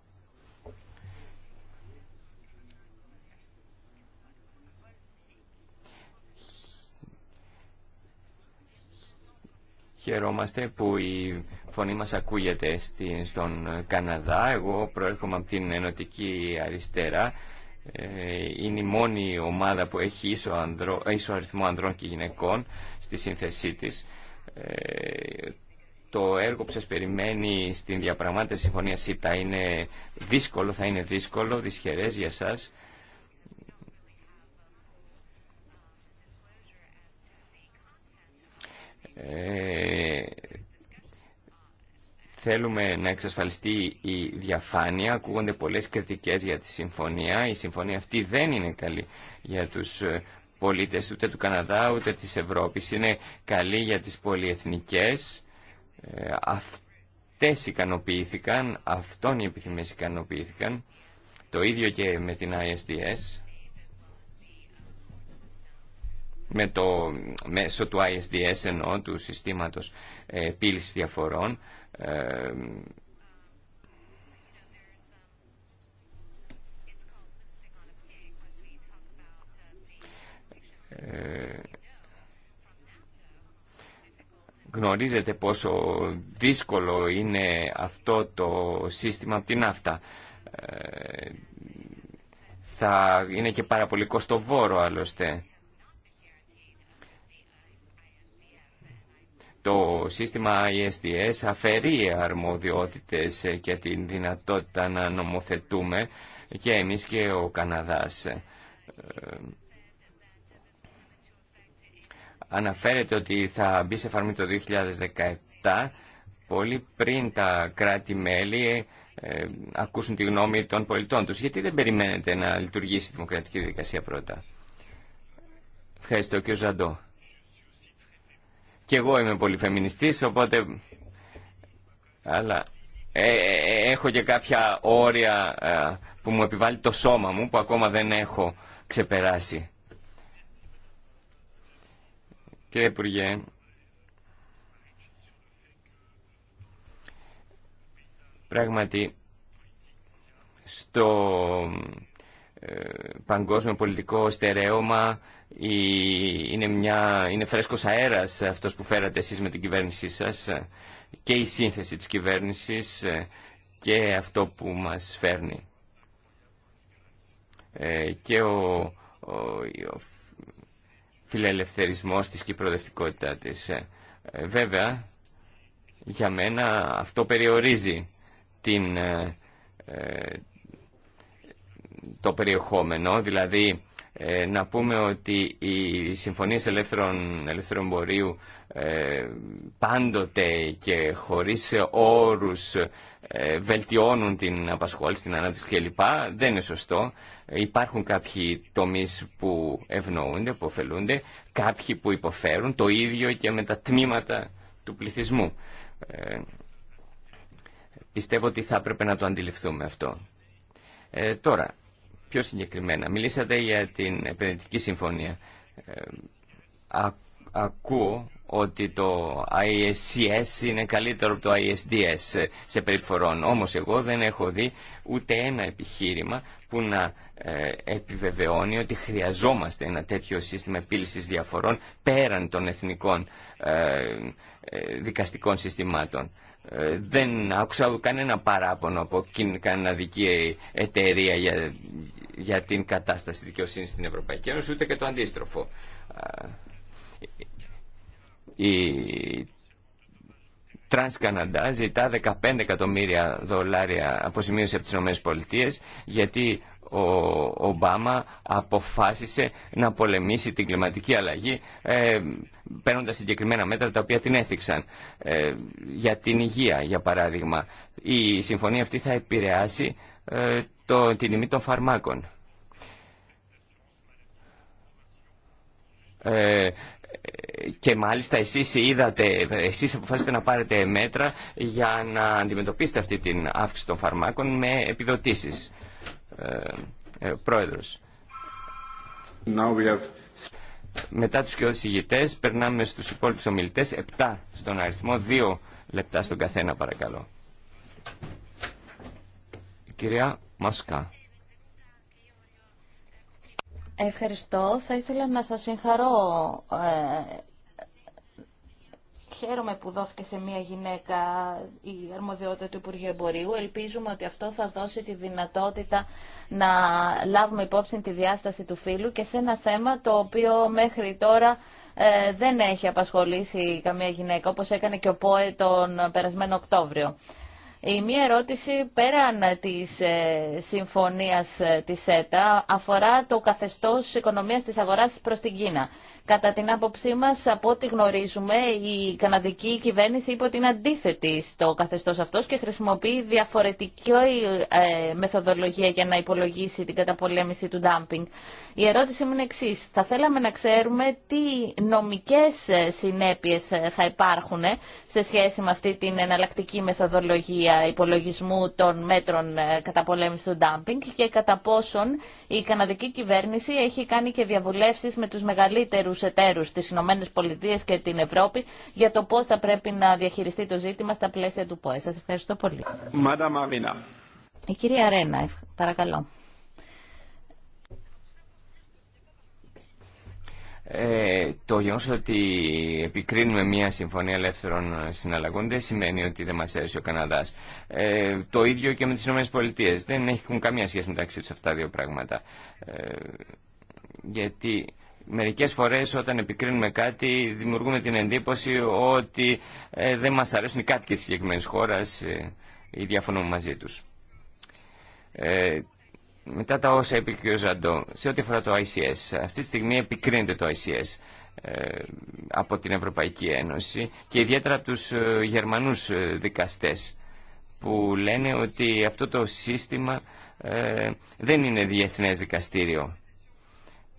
Χαιρόμαστε που η φωνή μας ακούγεται στον Καναδά. Εγώ προέρχομαι από την Ενωτική Αριστερά. Ε, είναι η μόνη ομάδα που έχει ίσο, ανδρο, ίσο αριθμό ανδρών και γυναικών στη σύνθεσή της το έργο που σας περιμένει στην διαπραγμάτευση συμφωνία ΣΥΤΑ είναι δύσκολο, θα είναι δύσκολο, δυσχερές για σας. Ε, θέλουμε να εξασφαλιστεί η διαφάνεια. Ακούγονται πολλές κριτικές για τη συμφωνία. Η συμφωνία αυτή δεν είναι καλή για τους πολίτες ούτε του Καναδά ούτε της Ευρώπης. Είναι καλή για τις πολυεθνικές. Ε, αυτές ικανοποιήθηκαν, αυτών οι επιθυμίες ικανοποιήθηκαν. Το ίδιο και με την ISDS. Με το, μέσο του ISDS εννοώ, του συστήματος ε, πύλης διαφορών, ε, Ε, γνωρίζετε πόσο δύσκολο είναι αυτό το σύστημα από την αυτά. Ε, θα είναι και πάρα πολύ κοστοβόρο άλλωστε. Το σύστημα ISDS αφαιρεί αρμοδιότητες και την δυνατότητα να νομοθετούμε και εμείς και ο Καναδάς. Ε, αναφέρεται ότι θα μπει σε εφαρμή το 2017 πολύ πριν τα κράτη-μέλη ε, ε, ακούσουν τη γνώμη των πολιτών τους. Γιατί δεν περιμένετε να λειτουργήσει η δημοκρατική διαδικασία πρώτα. Ευχαριστώ και ο Ζαντό. Και εγώ είμαι πολύ φεμινιστής, οπότε... Αλλά ε, ε έχω και κάποια όρια που μου επιβάλλει το σώμα μου που ακόμα δεν έχω ξεπεράσει. Κύριε Υπουργέ, πράγματι στο ε, παγκόσμιο πολιτικό στερέωμα είναι, μια, είναι φρέσκος αέρας αυτός που φέρατε εσείς με την κυβέρνησή σας και η σύνθεση της κυβέρνησης και αυτό που μας φέρνει. Ε, και ο, ο φιλελευθερισμός της και η προοδευτικότητά της. Ε, βέβαια, για μένα αυτό περιορίζει την, ε, ε, το περιεχόμενο, δηλαδή ε, να πούμε ότι οι συμφωνίες ελεύθερων, ελεύθερων εμπορίου ε, πάντοτε και χωρίς όρους ε, βελτιώνουν την απασχόληση, την ανάπτυξη κλπ. Δεν είναι σωστό. Υπάρχουν κάποιοι τομείς που ευνοούνται, που ωφελούνται, κάποιοι που υποφέρουν, το ίδιο και με τα τμήματα του πληθυσμού. Ε, πιστεύω ότι θα έπρεπε να το αντιληφθούμε αυτό. τώρα, Πιο συγκεκριμένα, μιλήσατε για την επενδυτική συμφωνία. Ε, ακούω ότι το ISCS είναι καλύτερο από το ISDS σε περιφορών. Όμως εγώ δεν έχω δει ούτε ένα επιχείρημα που να ε, επιβεβαιώνει ότι χρειαζόμαστε ένα τέτοιο σύστημα επίλυσης διαφορών πέραν των εθνικών ε, δικαστικών συστημάτων. Ε, δεν άκουσα κανένα παράπονο από καναδική εταιρεία για, για την κατάσταση δικαιοσύνη στην Ευρωπαϊκή Ένωση, ούτε και το αντίστροφο. Ε, η Τρανς ζητά 15 εκατομμύρια δολάρια αποσημείωση από τις ΗΠΑ γιατί ο Ομπάμα αποφάσισε να πολεμήσει την κλιματική αλλαγή ε, παίρνοντας συγκεκριμένα μέτρα τα οποία την έθιξαν ε, για την υγεία για παράδειγμα η συμφωνία αυτή θα επηρεάσει ε, το, την ημί των φαρμάκων ε, και μάλιστα εσείς είδατε, εσείς αποφάσισατε να πάρετε μέτρα για να αντιμετωπίσετε αυτή την αύξηση των φαρμάκων με επιδοτήσεις ε, ε, πρόεδρος. Now we have... Μετά τους και ηγητές περνάμε στους υπόλοιπους ομιλητές, Επτά στον αριθμό, Δύο λεπτά στον καθένα παρακαλώ. κυρία Μασκά. Ευχαριστώ. Θα ήθελα να σας συγχαρώ ε, χαίρομαι που δόθηκε σε μια γυναίκα η αρμοδιότητα του Υπουργείου Εμπορίου. Ελπίζουμε ότι αυτό θα δώσει τη δυνατότητα να λάβουμε υπόψη τη διάσταση του φύλου και σε ένα θέμα το οποίο μέχρι τώρα ε, δεν έχει απασχολήσει καμία γυναίκα, όπως έκανε και ο ΠΟΕ τον περασμένο Οκτώβριο. Η μία ερώτηση πέραν της ε, συμφωνίας ε, της ΣΕΤΑ αφορά το καθεστώς οικονομίας της αγοράς προς την Κίνα. Κατά την άποψή μα, από ό,τι γνωρίζουμε, η καναδική κυβέρνηση είπε ότι είναι αντίθετη στο καθεστώ αυτό και χρησιμοποιεί διαφορετική ε, μεθοδολογία για να υπολογίσει την καταπολέμηση του ντάμπινγκ. Η ερώτηση μου είναι εξή. Θα θέλαμε να ξέρουμε τι νομικέ ε, συνέπειε ε, θα υπάρχουν σε σχέση με αυτή την εναλλακτική μεθοδολογία υπολογισμού των μέτρων καταπολέμηση του ντάμπινγκ και κατά πόσον η καναδική κυβέρνηση έχει κάνει και διαβουλευσει με του μεγαλύτερου τους εταίρους, τις Ηνωμένε Πολιτείε και την Ευρώπη, για το πώς θα πρέπει να διαχειριστεί το ζήτημα στα πλαίσια του ΠΟΕ. Σας ευχαριστώ πολύ. Η κυρία Ρένα, παρακαλώ. Ε, το γεγονός ότι επικρίνουμε μια συμφωνία ελεύθερων συναλλαγών δεν σημαίνει ότι δεν μας αρέσει ο Καναδάς. Ε, το ίδιο και με τις ΗΠΑ. Δεν έχουν καμία σχέση μεταξύ του αυτά δύο πράγματα. Ε, γιατί Μερικές φορές όταν επικρίνουμε κάτι δημιουργούμε την εντύπωση ότι ε, δεν μας αρέσουν οι κάτοικοι της συγκεκριμένης χώρας ή ε, διαφωνούμε μαζί τους. Ε, μετά τα όσα είπε και ο Ζαντό, σε ό,τι αφορά το ICS, αυτή τη στιγμή επικρίνεται το ICS ε, από την Ευρωπαϊκή Ένωση και ιδιαίτερα από τους Γερμανούς δικαστές που λένε ότι αυτό το σύστημα δεν είναι διεθνές δικαστήριο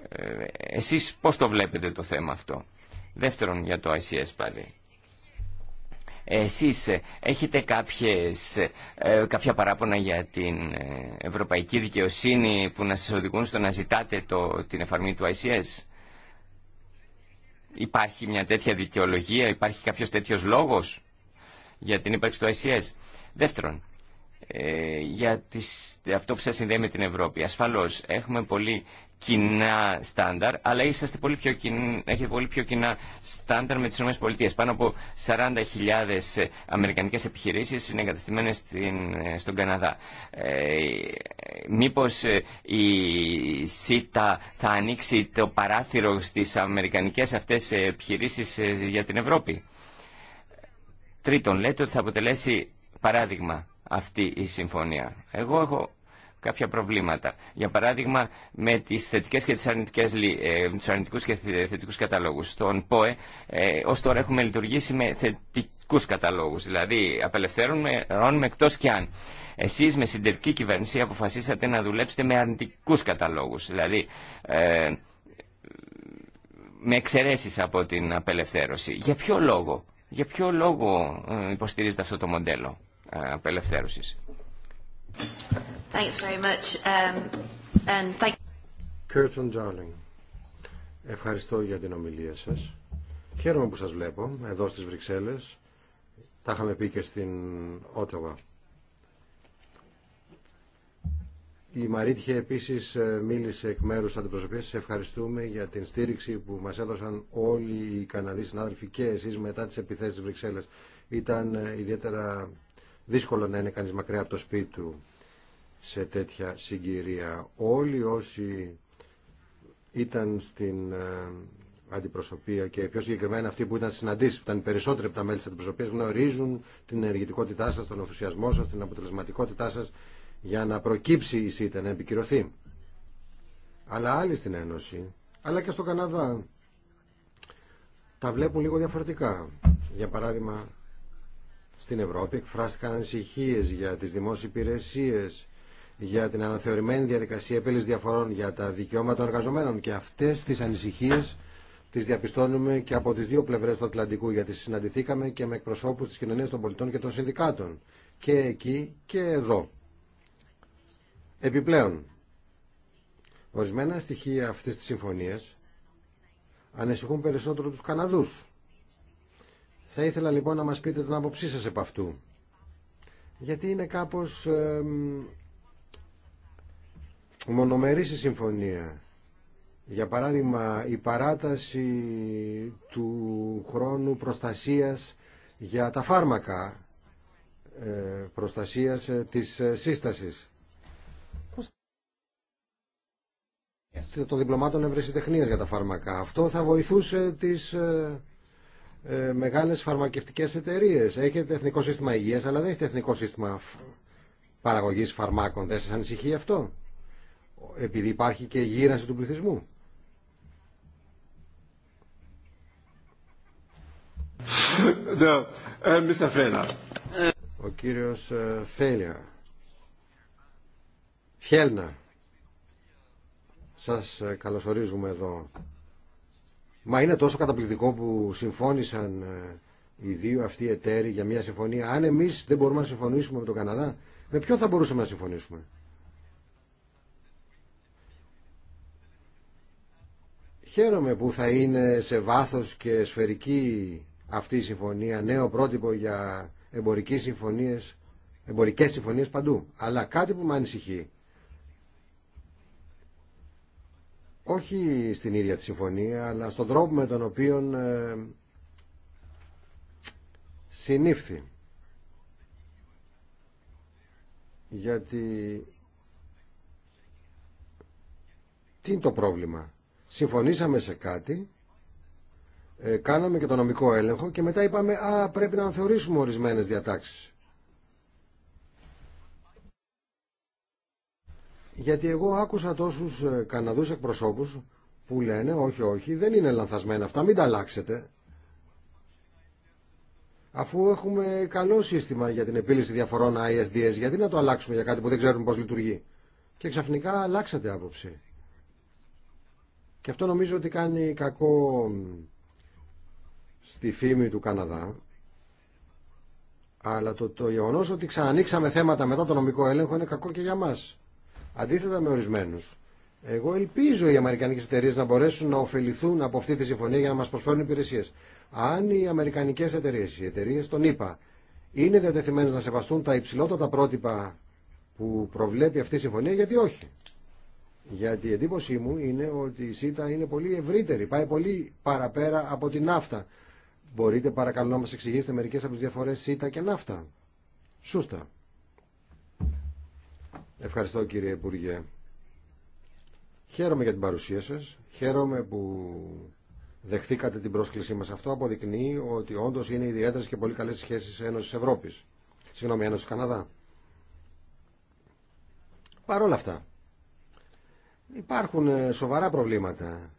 ε, εσείς πώς το βλέπετε το θέμα αυτό. Δεύτερον για το ICS πάλι. Εσείς ε, έχετε κάποιες, ε, κάποια παράπονα για την ευρωπαϊκή δικαιοσύνη που να σας οδηγούν στο να ζητάτε το, την εφαρμογή του ICS. Υπάρχει μια τέτοια δικαιολογία, υπάρχει κάποιος τέτοιος λόγος για την ύπαρξη του ICS. Δεύτερον, για τις, αυτό που σας συνδέει με την Ευρώπη. Ασφαλώς έχουμε πολύ κοινά στάνταρ, αλλά είσαστε πολύ πιο πολύ πιο κοινά στάνταρ με τις ΗΠΑ. Πάνω από 40.000 αμερικανικές επιχειρήσεις είναι εγκαταστημένε στον Καναδά. Ε, μήπως ε, η ΣΥΤΑ θα ανοίξει το παράθυρο στις αμερικανικές αυτές επιχειρήσει ε, για την Ευρώπη. Τρίτον, λέτε ότι θα αποτελέσει παράδειγμα αυτή η συμφωνία. Εγώ έχω κάποια προβλήματα. Για παράδειγμα, με τις θετικέ και τις αρνητικές, ε, τους αρνητικούς και θετικού καταλόγους. Στον ΠΟΕ, ε, ως τώρα έχουμε λειτουργήσει με θετικού καταλόγους, δηλαδή απελευθέρωνουμε, ρώνουμε εκτό και αν. εσεί με συντηρητική κυβέρνηση αποφασίσατε να δουλέψετε με αρνητικού καταλόγους, δηλαδή... Ε, με εξαιρέσει από την απελευθέρωση. Για ποιο λόγο, για ποιο λόγο ε, υποστηρίζετε αυτό το μοντέλο απελευθέρωση. Thanks very much. Um, and thank... Darling, ευχαριστώ για την ομιλία σας. Χαίρομαι που σας βλέπω εδώ στις Βρυξέλλες. Τα είχαμε πει και στην Ότοβα. Η Μαρίτια επίσης ε, μίλησε εκ μέρους αντιπροσωπείας. Σας ευχαριστούμε για την στήριξη που μας έδωσαν όλοι οι Καναδοί συνάδελφοι και εσείς μετά τις επιθέσεις της Βρυξέλλες. Ήταν ε, ιδιαίτερα δύσκολο να είναι κανείς μακριά από το σπίτι του σε τέτοια συγκυρία. Όλοι όσοι ήταν στην ε, αντιπροσωπεία και πιο συγκεκριμένα αυτοί που ήταν συναντήσει, που ήταν περισσότεροι από τα μέλη τη αντιπροσωπεία, γνωρίζουν την ενεργητικότητά σα, τον ενθουσιασμό σα, την αποτελεσματικότητά σα για να προκύψει η ΣΥΤΕ, να επικυρωθεί. Αλλά άλλοι στην Ένωση, αλλά και στο Καναδά, τα βλέπουν λίγο διαφορετικά. Για παράδειγμα, στην Ευρώπη εκφράστηκαν ανησυχίε για τις δημόσιες υπηρεσίες, για την αναθεωρημένη διαδικασία επίλυσης διαφορών, για τα δικαιώματα των εργαζομένων και αυτές τι ανησυχίε τις διαπιστώνουμε και από τις δύο πλευρές του Ατλαντικού γιατί συναντηθήκαμε και με εκπροσώπους τη κοινωνία των πολιτών και των συνδικάτων και εκεί και εδώ. Επιπλέον, ορισμένα στοιχεία αυτής της συμφωνίας ανησυχούν περισσότερο τους Καναδούς θα ήθελα λοιπόν να μας πείτε την άποψή σας επ' αυτού. Γιατί είναι κάπως ε, μονομερής η συμφωνία. Για παράδειγμα, η παράταση του χρόνου προστασίας για τα φάρμακα ε, προστασίας ε, της ε, σύστασης. Yes. Το διπλωμάτων ευρεσιτεχνίας για τα φάρμακα. Αυτό θα βοηθούσε τις ε, ε, μεγάλες φαρμακευτικές εταιρείες. Έχετε εθνικό σύστημα υγείας, αλλά δεν έχετε εθνικό σύστημα παραγωγής φαρμάκων. Δεν σας ανησυχεί αυτό, επειδή υπάρχει και γύρανση του πληθυσμού. Ναι, ε, Ο κύριος ε, Φέλια. Φιέλνα. Σας ε, καλωσορίζουμε εδώ. Μα είναι τόσο καταπληκτικό που συμφώνησαν ε, οι δύο αυτοί εταίροι για μια συμφωνία. Αν εμεί δεν μπορούμε να συμφωνήσουμε με τον Καναδά, με ποιον θα μπορούσαμε να συμφωνήσουμε. Χαίρομαι που θα είναι σε βάθος και σφαιρική αυτή η συμφωνία, νέο πρότυπο για εμπορικές συμφωνίες, εμπορικές συμφωνίες παντού. Αλλά κάτι που με ανησυχεί όχι στην ίδια τη συμφωνία, αλλά στον τρόπο με τον οποίο ε, συνήφθη. Γιατί τι είναι το πρόβλημα. Συμφωνήσαμε σε κάτι, ε, κάναμε και το νομικό έλεγχο και μετά είπαμε «Α, πρέπει να θεωρήσουμε ορισμένες διατάξεις». Γιατί εγώ άκουσα τόσους ε, Καναδούς εκπροσώπους που λένε όχι όχι δεν είναι λανθασμένα αυτά μην τα αλλάξετε. Αφού έχουμε καλό σύστημα για την επίλυση διαφορών ISDS γιατί να το αλλάξουμε για κάτι που δεν ξέρουμε πώ λειτουργεί. Και ξαφνικά αλλάξατε άποψη. Και αυτό νομίζω ότι κάνει κακό στη φήμη του Καναδά. Αλλά το, το γεγονό ότι ξανανοίξαμε θέματα μετά το νομικό έλεγχο είναι κακό και για μας. Αντίθετα με ορισμένου, Εγώ ελπίζω οι αμερικανικέ εταιρείε να μπορέσουν να ωφεληθούν από αυτή τη συμφωνία για να μα προσφέρουν υπηρεσίε. Αν οι αμερικανικέ εταιρείε, οι εταιρείε των ΗΠΑ, είναι διατεθειμένε να σεβαστούν τα υψηλότατα πρότυπα που προβλέπει αυτή η συμφωνία, γιατί όχι. Γιατί η εντύπωσή μου είναι ότι η ΣΥΤΑ είναι πολύ ευρύτερη, πάει πολύ παραπέρα από την ναύτα. Μπορείτε παρακαλώ να μας εξηγήσετε μερικές από τις διαφορές ΣΥΤΑ και ναύτα. Σούστα. Ευχαριστώ κύριε Υπουργέ. Χαίρομαι για την παρουσία σας. Χαίρομαι που δεχθήκατε την πρόσκλησή μας. Αυτό αποδεικνύει ότι όντως είναι ιδιαίτερες και πολύ καλές σχέσεις Ένωσης Ευρώπης. Συγγνώμη, Ένωσης Καναδά. Παρ' όλα αυτά, υπάρχουν ε, σοβαρά προβλήματα.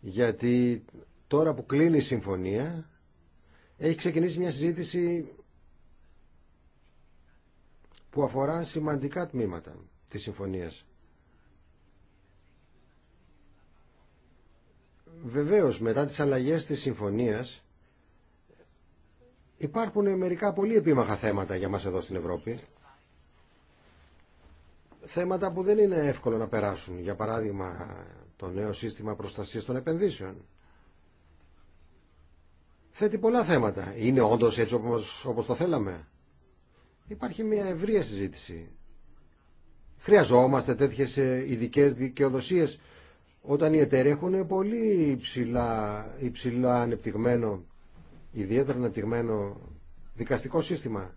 Γιατί τώρα που κλείνει η συμφωνία, έχει ξεκινήσει μια συζήτηση που αφορά σημαντικά τμήματα της συμφωνίας. Βεβαίως, μετά τις αλλαγές της συμφωνίας υπάρχουν μερικά πολύ επίμαχα θέματα για μας εδώ στην Ευρώπη. Θέματα που δεν είναι εύκολο να περάσουν. Για παράδειγμα, το νέο σύστημα προστασίας των επενδύσεων. Θέτει πολλά θέματα. Είναι όντως έτσι όπως, όπως το θέλαμε. Υπάρχει μια ευρεία συζήτηση. Χρειαζόμαστε τέτοιε ειδικέ δικαιοδοσίε όταν οι εταίροι έχουν πολύ υψηλά, υψηλά ανεπτυγμένο, ιδιαίτερα ανεπτυγμένο δικαστικό σύστημα.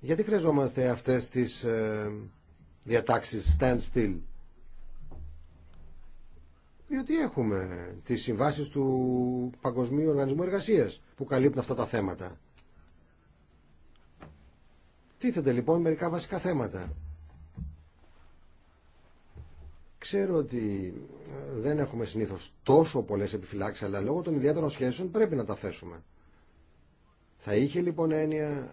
Γιατί χρειαζόμαστε αυτές τις ε, διατάξεις stand still. Διότι έχουμε τις συμβάσεις του Παγκοσμίου Οργανισμού Εργασίας που καλύπτουν αυτά τα θέματα. Τίθενται λοιπόν μερικά βασικά θέματα. Ξέρω ότι ε, δεν έχουμε συνήθως τόσο πολλές επιφυλάξεις, αλλά λόγω των ιδιαίτερων σχέσεων πρέπει να τα θέσουμε. Θα είχε λοιπόν έννοια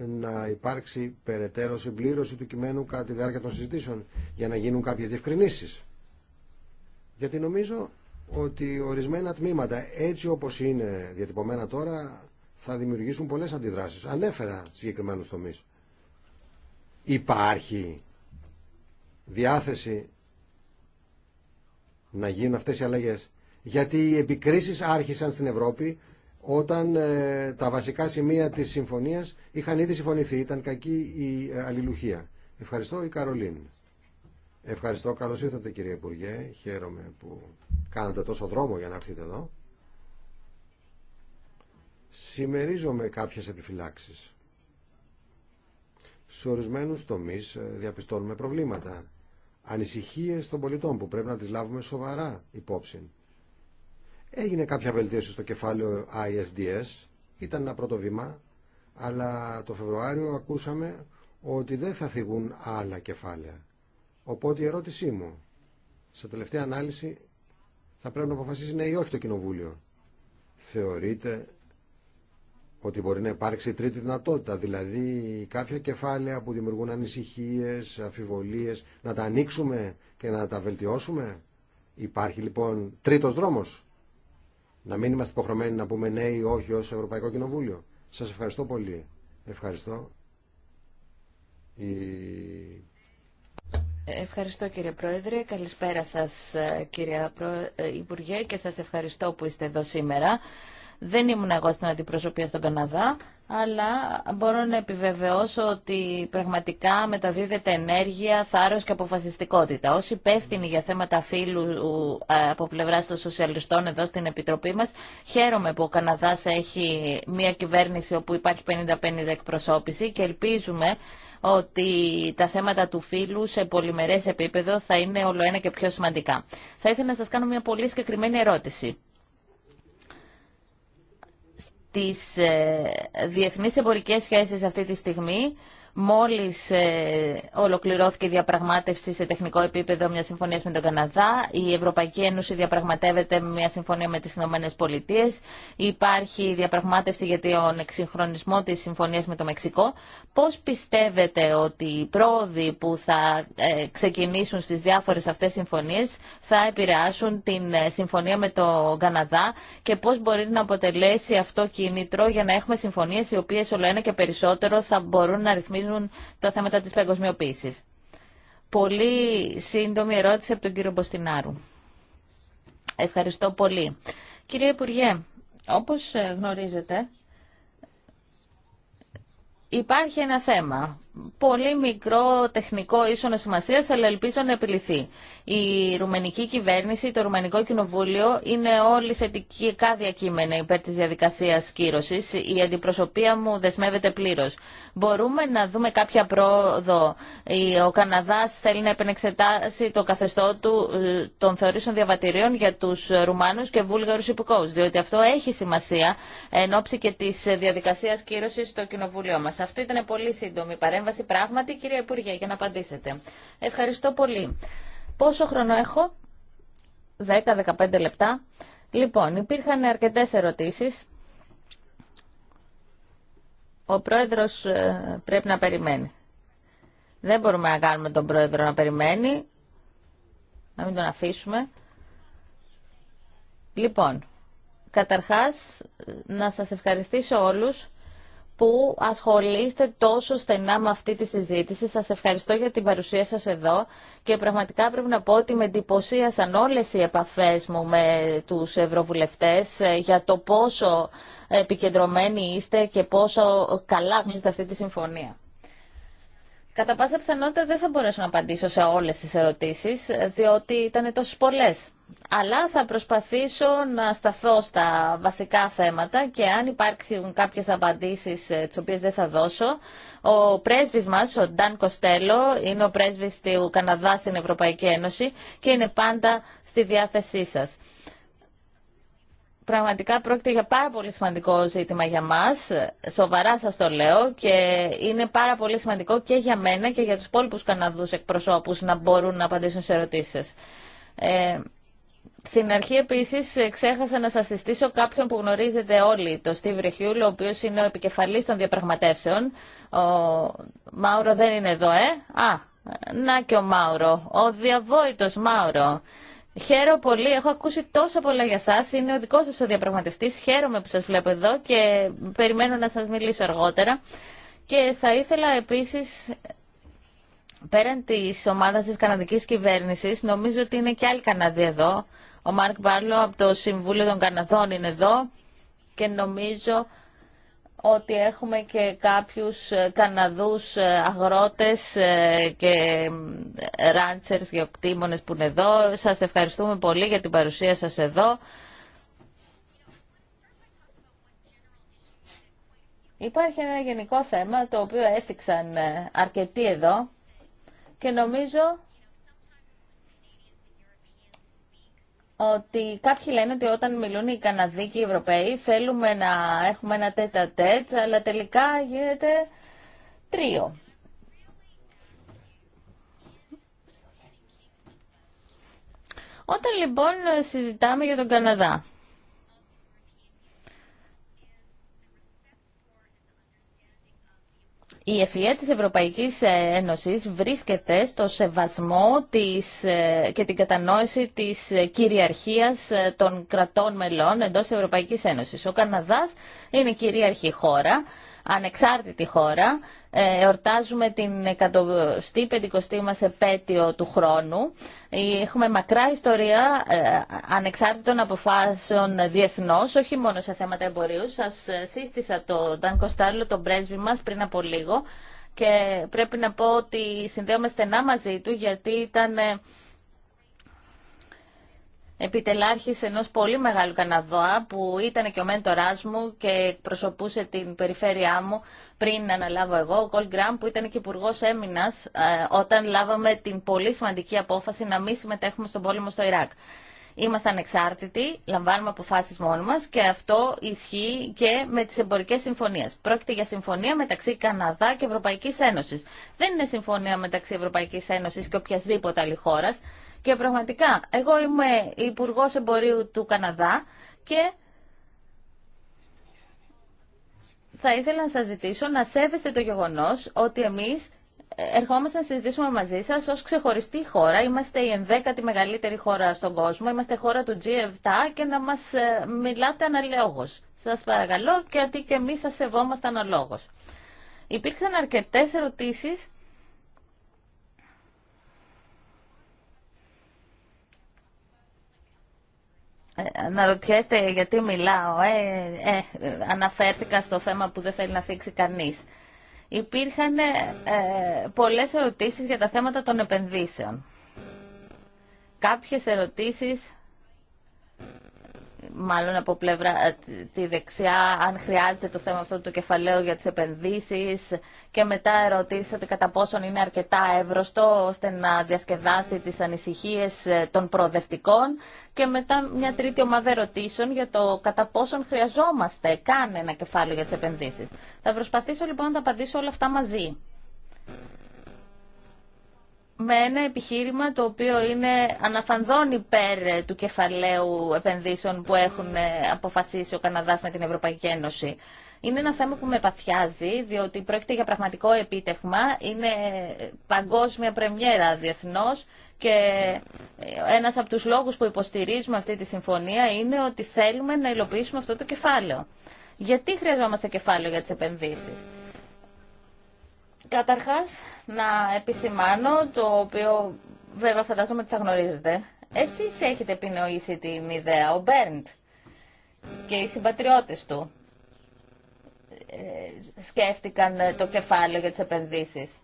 ε, να υπάρξει περαιτέρω συμπλήρωση του κειμένου κατά τη διάρκεια των συζητήσεων για να γίνουν κάποιες διευκρινήσεις. Γιατί νομίζω ότι ορισμένα τμήματα έτσι όπως είναι διατυπωμένα τώρα θα δημιουργήσουν πολλές αντιδράσεις. Ανέφερα συγκεκριμένους τομείς. Υπάρχει διάθεση να γίνουν αυτές οι αλλαγές. Γιατί οι επικρίσεις άρχισαν στην Ευρώπη όταν ε, τα βασικά σημεία της συμφωνίας είχαν ήδη συμφωνηθεί. Ήταν κακή η ε, αλληλουχία. Ευχαριστώ η Καρολίν. Ευχαριστώ. Καλώς ήρθατε κύριε Υπουργέ. Χαίρομαι που κάνατε τόσο δρόμο για να έρθετε εδώ. Σημερίζομαι κάποιες επιφυλάξεις. Σε ορισμένους τομείς ε, διαπιστώνουμε προβλήματα, ανησυχίες των πολιτών που πρέπει να τις λάβουμε σοβαρά υπόψη. Έγινε κάποια βελτίωση στο κεφάλαιο ISDS, ήταν ένα πρώτο βήμα, αλλά το Φεβρουάριο ακούσαμε ότι δεν θα θυγούν άλλα κεφάλαια. Οπότε η ερώτησή μου, σε τελευταία ανάλυση, θα πρέπει να αποφασίσει ναι ή όχι το Κοινοβούλιο. Θεωρείτε ότι μπορεί να υπάρξει τρίτη δυνατότητα, δηλαδή κάποια κεφάλαια που δημιουργούν ανησυχίες, αφιβολίες, να τα ανοίξουμε και να τα βελτιώσουμε. Υπάρχει λοιπόν τρίτος δρόμος. Να μην είμαστε υποχρεωμένοι να πούμε ναι ή όχι ως Ευρωπαϊκό Κοινοβούλιο. Σας ευχαριστώ πολύ. Ευχαριστώ. Η... Ευχαριστώ κύριε Πρόεδρε. Καλησπέρα σας ευχαριστω πολυ ευχαριστω ευχαριστω κυριε ε, Υπουργέ και σας ευχαριστώ που είστε εδώ σήμερα. Δεν ήμουν εγώ στην αντιπροσωπεία στον Καναδά, αλλά μπορώ να επιβεβαιώσω ότι πραγματικά μεταδίδεται ενέργεια, θάρρος και αποφασιστικότητα. Ως υπεύθυνη για θέματα φύλου ε, από πλευράς των σοσιαλιστών εδώ στην Επιτροπή μας, χαίρομαι που ο Καναδάς έχει μια κυβέρνηση όπου υπάρχει 50-50 εκπροσώπηση και ελπίζουμε ότι τα θέματα του φύλου σε πολυμερές επίπεδο θα είναι όλο ένα και πιο σημαντικά. Θα ήθελα να σας κάνω μια πολύ συγκεκριμένη ερώτηση τις ε, διεθνείς εμπορικές σχέσεις αυτή τη στιγμή Μόλις ε, ολοκληρώθηκε η διαπραγμάτευση σε τεχνικό επίπεδο μια συμφωνία με τον Καναδά, η Ευρωπαϊκή Ένωση διαπραγματεύεται μια συμφωνία με τις Ηνωμένες Πολιτείες, υπάρχει διαπραγμάτευση για τον εξυγχρονισμό της συμφωνίας με το Μεξικό. Πώς πιστεύετε ότι οι πρόοδοι που θα ε, ξεκινήσουν στις διάφορες αυτές συμφωνίες θα επηρεάσουν την ε, συμφωνία με τον Καναδά και πώς μπορεί να αποτελέσει αυτό κίνητρο για να έχουμε συμφωνίες οι οποίες όλο ένα και περισσότερο θα μπορούν να ρυθμίζουν αντιμετωπίζουν τα θέματα της παγκοσμιοποίησης. Πολύ σύντομη ερώτηση από τον κύριο Μποστινάρου. Ευχαριστώ πολύ. Κύριε Υπουργέ, όπως ε, γνωρίζετε, υπάρχει ένα θέμα πολύ μικρό τεχνικό ίσονο σημασία, αλλά ελπίζω να επιληθεί. Η ρουμανική κυβέρνηση, το ρουμανικό κοινοβούλιο είναι όλοι θετικά διακείμενα υπέρ τη διαδικασία κύρωση. Η αντιπροσωπεία μου δεσμεύεται πλήρω. Μπορούμε να δούμε κάποια πρόοδο. Ο Καναδά θέλει να επενεξετάσει το καθεστώ του ε, των θεωρήσεων διαβατηρίων για του Ρουμάνου και Βούλγαρου υπηκόου, διότι αυτό έχει σημασία εν ώψη και τη διαδικασία κύρωση στο κοινοβούλιο μα. Αυτή ήταν πολύ σύντομη παρέμβαση παρέμβαση πράγματι, κυρία Υπουργέ, για να απαντήσετε. Ευχαριστώ πολύ. Πόσο χρόνο έχω? 10-15 λεπτά. Λοιπόν, υπήρχαν αρκετές ερωτήσεις. Ο πρόεδρος ε, πρέπει να περιμένει. Δεν μπορούμε να κάνουμε τον πρόεδρο να περιμένει. Να μην τον αφήσουμε. Λοιπόν, καταρχάς να σας ευχαριστήσω όλους που ασχολείστε τόσο στενά με αυτή τη συζήτηση. Σας ευχαριστώ για την παρουσία σας εδώ και πραγματικά πρέπει να πω ότι με εντυπωσίασαν όλες οι επαφές μου με τους ευρωβουλευτές ε, για το πόσο επικεντρωμένοι είστε και πόσο καλά γνωρίζετε αυτή τη συμφωνία. Κατά πάσα πιθανότητα δεν θα μπορέσω να απαντήσω σε όλες τις ερωτήσεις, ε, διότι ήταν τόσες πολλές αλλά θα προσπαθήσω να σταθώ στα βασικά θέματα και αν υπάρχουν κάποιες απαντήσεις ε, τις οποίες δεν θα δώσω. Ο πρέσβης μας, ο Νταν Κοστέλο, είναι ο πρέσβης του Καναδά στην Ευρωπαϊκή Ένωση και είναι πάντα στη διάθεσή σας. Πραγματικά πρόκειται για πάρα πολύ σημαντικό ζήτημα για μας, σοβαρά σας το λέω και είναι πάρα πολύ σημαντικό και για μένα και για τους υπόλοιπους Καναδούς εκπροσώπους να μπορούν να απαντήσουν σε ερωτήσεις. Ε, στην αρχή επίση ξέχασα να σα συστήσω κάποιον που γνωρίζετε όλοι, το Στίβ Ριχιούλ, ο οποίο είναι ο επικεφαλή των διαπραγματεύσεων. Ο Μάουρο δεν είναι εδώ, ε. Α, να και ο Μάουρο. Ο διαβόητο Μάουρο. Χαίρομαι πολύ, έχω ακούσει τόσα πολλά για εσά. Είναι ο δικό σα ο διαπραγματευτή. Χαίρομαι που σα βλέπω εδώ και περιμένω να σα μιλήσω αργότερα. Και θα ήθελα επίση πέραν τη ομάδα τη Καναδική κυβέρνηση, νομίζω ότι είναι και άλλοι Καναδοί εδώ. Ο Μάρκ Μπάρλο από το Συμβούλιο των Καναδών είναι εδώ και νομίζω ότι έχουμε και κάποιους ε, Καναδούς ε, αγρότες ε, και ράντσερς γεωκτήμονες που είναι εδώ. Σας ευχαριστούμε πολύ για την παρουσία σας εδώ. Υπάρχει ένα γενικό θέμα το οποίο έθιξαν αρκετοί εδώ και νομίζω ότι κάποιοι λένε ότι όταν μιλούν οι Καναδοί και οι Ευρωπαίοι θέλουμε να έχουμε ένα τέτα τέτ, αλλά τελικά γίνεται τρίο. Όταν λοιπόν συζητάμε για τον Καναδά, η ευφυΐα e της Ευρωπαϊκής ε, Ένωσης βρίσκεται στο σεβασμό της, ε, και την κατανόηση της ε, κυριαρχίας των κρατών μελών εντός της Ευρωπαϊκής Ένωσης. Ο Καναδάς είναι κυριαρχή χώρα ανεξάρτητη χώρα. Ε, εορτάζουμε την 150η μας επέτειο του χρόνου. Ε, έχουμε μακρά ιστορία ε, ανεξάρτητων αποφάσεων διεθνώς, όχι μόνο σε θέματα εμπορίου. Σας σύστησα το Ταν Κοστάρλο, τον πρέσβη μας, πριν από λίγο και πρέπει να πω ότι συνδέομαι στενά μαζί του γιατί ήταν επιτελάρχης ενός πολύ μεγάλου Καναδά που ήταν και ο μέντοράς μου και προσωπούσε την περιφέρειά μου πριν αναλάβω εγώ, ο Κολ Γκραμ που ήταν και υπουργό Έμεινα ε, όταν λάβαμε την πολύ σημαντική απόφαση να μην συμμετέχουμε στον πόλεμο στο Ιράκ. Είμαστε ανεξάρτητοι, λαμβάνουμε αποφάσει μόνοι μα και αυτό ισχύει και με τι εμπορικέ συμφωνίε. Πρόκειται για συμφωνία μεταξύ Καναδά και Ευρωπαϊκή Ένωση. Δεν είναι συμφωνία μεταξύ Ευρωπαϊκή Ένωση και οποιασδήποτε άλλη χώρα. Και πραγματικά, εγώ είμαι υπουργό εμπορίου του Καναδά και θα ήθελα να σας ζητήσω να σέβεστε το γεγονός ότι εμείς ερχόμαστε να συζητήσουμε μαζί σας ως ξεχωριστή χώρα. Είμαστε η ενδέκατη μεγαλύτερη χώρα στον κόσμο. Είμαστε χώρα του G7 και να μας ε, μιλάτε αναλόγως. Σας παρακαλώ και ότι και εμείς σας σεβόμαστε αναλόγως. Υπήρξαν αρκετές ερωτήσεις αναρωτιέστε ε, γιατί μιλάω. Ε, ε, αναφέρθηκα στο θέμα που δεν θέλει να θίξει κανείς. Υπήρχαν ε, πολλές ερωτήσεις για τα θέματα των επενδύσεων. Κάποιες ερωτήσεις μάλλον από πλευρά ε, τη δεξιά, αν χρειάζεται το θέμα αυτό του κεφαλαίου για τις επενδύσεις και μετά ερωτήσατε κατά πόσον είναι αρκετά εύρωστο ώστε να διασκεδάσει τις ανησυχίες ε, των προοδευτικών και μετά μια τρίτη ομάδα ερωτήσεων για το κατά πόσον χρειαζόμαστε καν ένα κεφάλαιο για τις επενδύσεις. Θα προσπαθήσω λοιπόν να τα απαντήσω όλα αυτά μαζί με ένα επιχείρημα το οποίο είναι αναφανδόν υπέρ του κεφαλαίου επενδύσεων που έχουν ε, αποφασίσει ο Καναδάς με την Ευρωπαϊκή Ένωση. Είναι ένα θέμα που με παθιάζει, διότι πρόκειται για πραγματικό επίτευγμα. Είναι ε, παγκόσμια πρεμιέρα διεθνώ και ε, ένας από τους λόγους που υποστηρίζουμε αυτή τη συμφωνία είναι ότι θέλουμε να υλοποιήσουμε αυτό το κεφάλαιο. Γιατί χρειαζόμαστε κεφάλαιο για τις επενδύσεις. Καταρχάς, να επισημάνω το οποίο βέβαια φαντάζομαι ότι θα γνωρίζετε. Εσείς έχετε επινοήσει την ιδέα, ο Μπέρντ και οι συμπατριώτες του ε, σκέφτηκαν ε, το κεφάλαιο για τις επενδύσεις.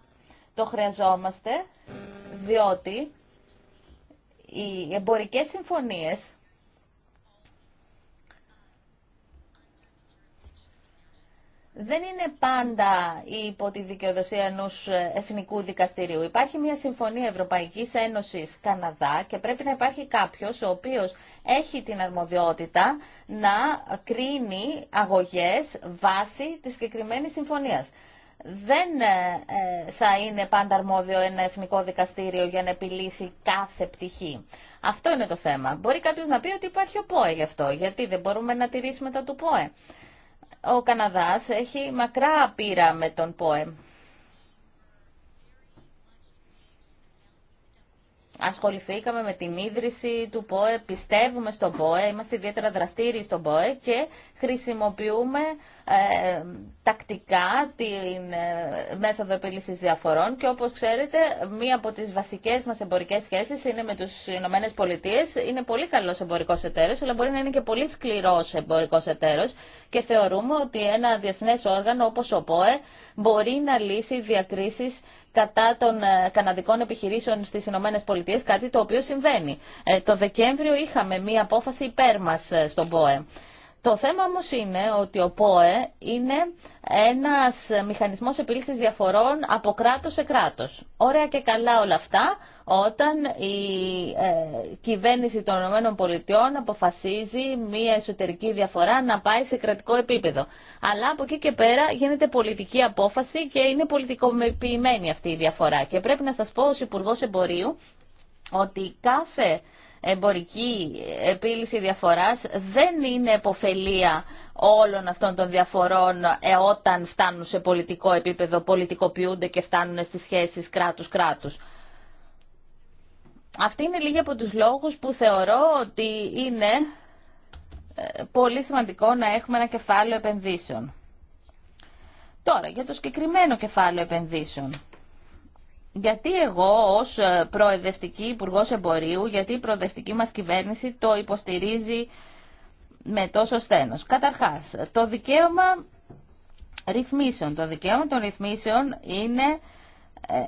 Το χρειαζόμαστε διότι οι εμπορικές συμφωνίες δεν είναι πάντα υπό τη δικαιοδοσία ενό εθνικού δικαστηρίου. Υπάρχει μια συμφωνία Ευρωπαϊκής Ένωση Καναδά και πρέπει να υπάρχει κάποιος ο οποίος έχει την αρμοδιότητα να κρίνει αγωγέ βάσει της συγκεκριμένη συμφωνίας. Δεν ε, θα είναι πάντα αρμόδιο ένα εθνικό δικαστήριο για να επιλύσει κάθε πτυχή. Αυτό είναι το θέμα. Μπορεί κάποιο να πει ότι υπάρχει ο ΠΟΕ γι' αυτό. Γιατί δεν μπορούμε να τηρήσουμε τα του ΠΟΕ. Ο Καναδάς έχει μακρά πείρα με τον ΠΟΕΜ. ασχοληθήκαμε με την ίδρυση του ΠΟΕ, πιστεύουμε στον ΠΟΕ, είμαστε ιδιαίτερα δραστήριοι στον ΠΟΕ και χρησιμοποιούμε ε, τακτικά την ε, μέθοδο επίλυσης διαφορών και όπως ξέρετε μία από τις βασικές μας εμπορικές σχέσεις είναι με τους Ηνωμένε Πολιτείε. Είναι πολύ καλός εμπορικός εταίρος αλλά μπορεί να είναι και πολύ σκληρός εμπορικός εταίρος και θεωρούμε ότι ένα διεθνές όργανο όπως ο ΠΟΕ μπορεί να λύσει διακρίσεις κατά των ε, καναδικών επιχειρήσεων στις Ηνωμένε Πολιτείε, κάτι το οποίο συμβαίνει. Ε, το Δεκέμβριο είχαμε μία απόφαση υπέρ μα ε, στον ΠΟΕ. Το θέμα όμω είναι ότι ο ΠΟΕ είναι ένας μηχανισμός επίλυση διαφορών από κράτος σε κράτος. Ωραία και καλά όλα αυτά, όταν η ε, κυβέρνηση των ΗΠΑ αποφασίζει μια εσωτερική διαφορά να πάει σε κρατικό επίπεδο. Αλλά από εκεί και πέρα γίνεται πολιτική απόφαση και είναι πολιτικοποιημένη αυτή η διαφορά. Και πρέπει να σας πω ως Υπουργό Εμπορίου ότι κάθε εμπορική επίλυση διαφοράς δεν είναι εποφελία όλων αυτών των διαφορών ε, όταν φτάνουν σε πολιτικό επίπεδο, πολιτικοποιούνται και φτάνουν στις σχέσεις κράτους-κράτους. Αυτή είναι λίγη από τους λόγους που θεωρώ ότι είναι ε, πολύ σημαντικό να έχουμε ένα κεφάλαιο επενδύσεων. Τώρα, για το συγκεκριμένο κεφάλαιο επενδύσεων. Γιατί εγώ ως ε, προεδευτική υπουργό Εμπορίου, γιατί η προεδευτική μας κυβέρνηση το υποστηρίζει με τόσο στένος. Καταρχάς, το δικαίωμα ρυθμίσεων. Το δικαίωμα των ρυθμίσεων είναι ε,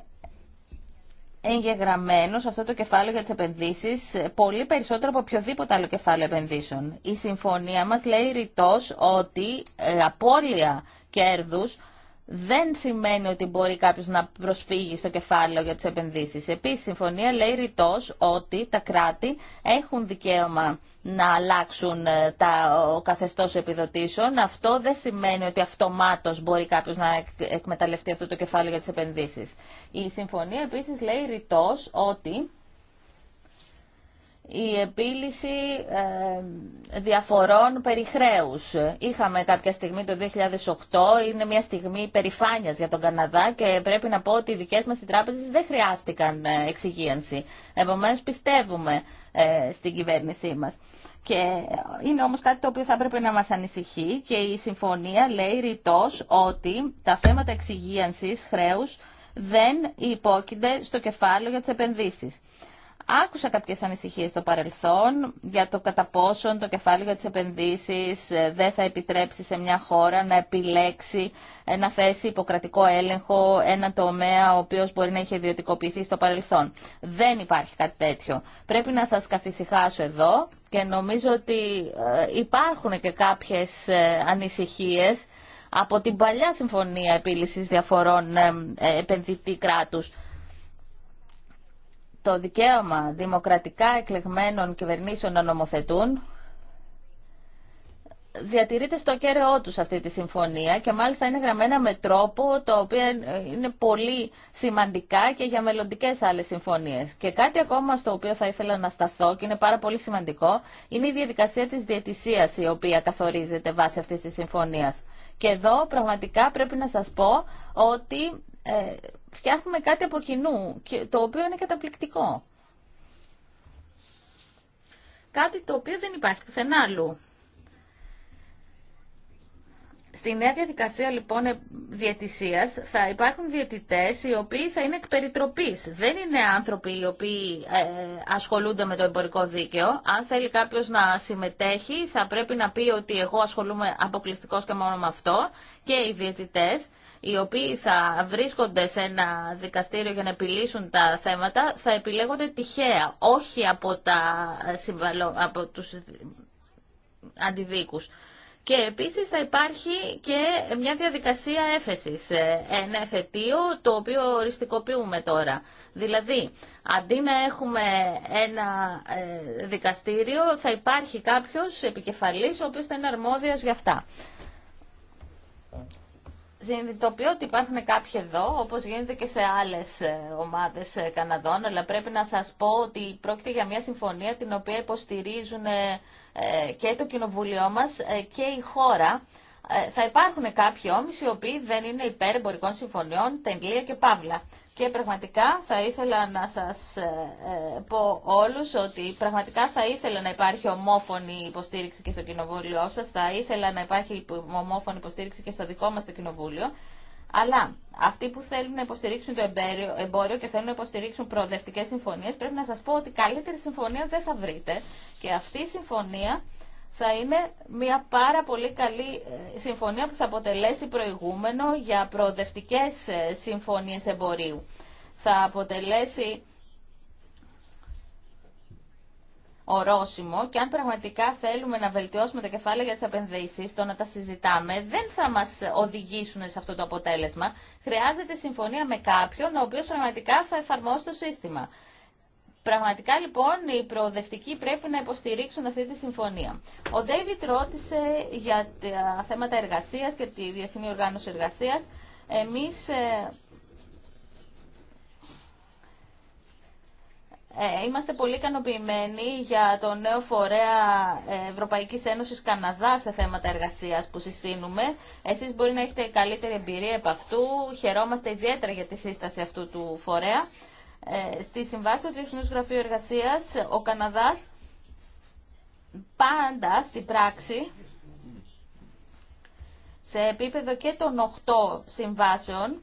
εγγεγραμμένο σε αυτό το κεφάλαιο για τις επενδύσεις πολύ περισσότερο από οποιοδήποτε άλλο κεφάλαιο επενδύσεων. Η συμφωνία μας λέει ρητός ότι ε, απώλεια κέρδους δεν σημαίνει ότι μπορεί κάποιο να προσφύγει στο κεφάλαιο για τι επενδύσει. Επίση, η συμφωνία λέει ρητό ότι τα κράτη έχουν δικαίωμα να αλλάξουν ε, τα, ο καθεστώ επιδοτήσεων. Αυτό δεν σημαίνει ότι αυτομάτω μπορεί κάποιο να εκμεταλλευτεί αυτό το κεφάλαιο για τι επενδύσει. Η συμφωνία επίση λέει ρητό ότι η επίλυση ε, διαφορών περί χρέους. Είχαμε κάποια στιγμή το 2008, είναι μια στιγμή περηφάνειας για τον Καναδά και πρέπει να πω ότι οι δικές μας οι τράπεζες δεν χρειάστηκαν ε, εξυγίανση. Επομένως πιστεύουμε ε, στην κυβέρνησή μας. Και είναι όμως κάτι το οποίο θα έπρεπε να μας ανησυχεί και η συμφωνία λέει ρητός ότι τα θέματα εξυγίανσης χρέους δεν υπόκεινται στο κεφάλαιο για τις επενδύσεις. Άκουσα κάποιες ανησυχίες στο παρελθόν για το κατά πόσον το κεφάλαιο για τι επενδύσεις ε, δεν θα επιτρέψει σε μια χώρα να επιλέξει να θέσει υποκρατικό έλεγχο ένα τομέα ο οποίος μπορεί να έχει ιδιωτικοποιηθεί στο παρελθόν. Δεν υπάρχει κάτι τέτοιο. Πρέπει να σας καθησυχάσω εδώ και νομίζω ότι ε, υπάρχουν και κάποιες ε, ανησυχίε από την παλιά συμφωνία επίλυση διαφορών επενδυτή κράτου το δικαίωμα δημοκρατικά εκλεγμένων κυβερνήσεων να νομοθετούν διατηρείται στο κέραιό του αυτή τη συμφωνία και μάλιστα είναι γραμμένα με τρόπο το οποίο είναι πολύ σημαντικά και για μελλοντικέ άλλες συμφωνίε. Και κάτι ακόμα στο οποίο θα ήθελα να σταθώ και είναι πάρα πολύ σημαντικό είναι η διαδικασία τη διαιτησία η οποία καθορίζεται βάσει αυτή τη συμφωνία. Και εδώ πραγματικά πρέπει να σα πω ότι ε, φτιάχνουμε κάτι από κοινού, το οποίο είναι καταπληκτικό. Κάτι το οποίο δεν υπάρχει πουθενά άλλου. Στη νέα διαδικασία λοιπόν ε, διαιτησίας θα υπάρχουν διαιτητές οι οποίοι θα είναι εκ Δεν είναι άνθρωποι οι οποίοι ε, ασχολούνται με το εμπορικό δίκαιο. Αν θέλει κάποιος να συμμετέχει θα πρέπει να πει ότι εγώ ασχολούμαι αποκλειστικώς και μόνο με αυτό και οι διαιτητές οι οποίοι θα βρίσκονται σε ένα δικαστήριο για να επιλύσουν τα θέματα θα επιλέγονται τυχαία, όχι από, τα, από τους αντιδίκους. Και επίσης θα υπάρχει και μια διαδικασία έφεσης, ένα ε, εφετείο το οποίο οριστικοποιούμε τώρα. Δηλαδή, αντί να έχουμε ένα ε, δικαστήριο, θα υπάρχει κάποιος επικεφαλής ο οποίος θα είναι αρμόδιος για αυτά. Συνειδητοποιώ ότι υπάρχουν κάποιοι εδώ, όπως γίνεται και σε άλλες ε, ομάδες ε, Καναδών, αλλά πρέπει να σας πω ότι πρόκειται για μια συμφωνία την οποία υποστηρίζουν ε, και το κοινοβούλιο μας και η χώρα. Θα υπάρχουν κάποιοι όμως οι οποίοι δεν είναι υπέρ εμπορικών συμφωνιών, τελεία και παύλα. Και πραγματικά θα ήθελα να σας ε, ε, πω όλους ότι πραγματικά θα ήθελα να υπάρχει ομόφωνη υποστήριξη και στο κοινοβούλιο σας, θα ήθελα να υπάρχει ομόφωνη υποστήριξη και στο δικό μας το κοινοβούλιο, αλλά αυτοί που θέλουν να υποστηρίξουν το εμπόριο και θέλουν να υποστηρίξουν προοδευτικές συμφωνίες, πρέπει να σας πω ότι καλύτερη συμφωνία δεν θα βρείτε και αυτή η συμφωνία θα είναι μια πάρα πολύ καλή ε, συμφωνία που θα αποτελέσει προηγούμενο για προοδευτικές ε, συμφωνίες εμπορίου. Θα αποτελέσει ορόσημο και αν πραγματικά θέλουμε να βελτιώσουμε τα κεφάλαια για τις επενδύσεις, το να τα συζητάμε δεν θα μας οδηγήσουν σε αυτό το αποτέλεσμα. Χρειάζεται συμφωνία με κάποιον ο οποίος πραγματικά θα εφαρμόσει το σύστημα. Πραγματικά λοιπόν οι προοδευτικοί πρέπει να υποστηρίξουν αυτή τη συμφωνία. Ο Ντέιβιτ ρώτησε για τα θέματα εργασίας και τη Διεθνή Οργάνωση Εργασίας. Εμείς ε, ε, Είμαστε πολύ ικανοποιημένοι για το νέο φορέα ε, Ευρωπαϊκής Ένωσης Καναδά σε θέματα εργασίας που συστήνουμε. Εσείς μπορεί να έχετε καλύτερη εμπειρία από αυτού. Χαιρόμαστε ιδιαίτερα για τη σύσταση αυτού του φορέα. Ε, στη Συμβάση του Διεθνού Γραφείου Εργασία, ο Καναδάς πάντα στην πράξη σε επίπεδο και των 8 συμβάσεων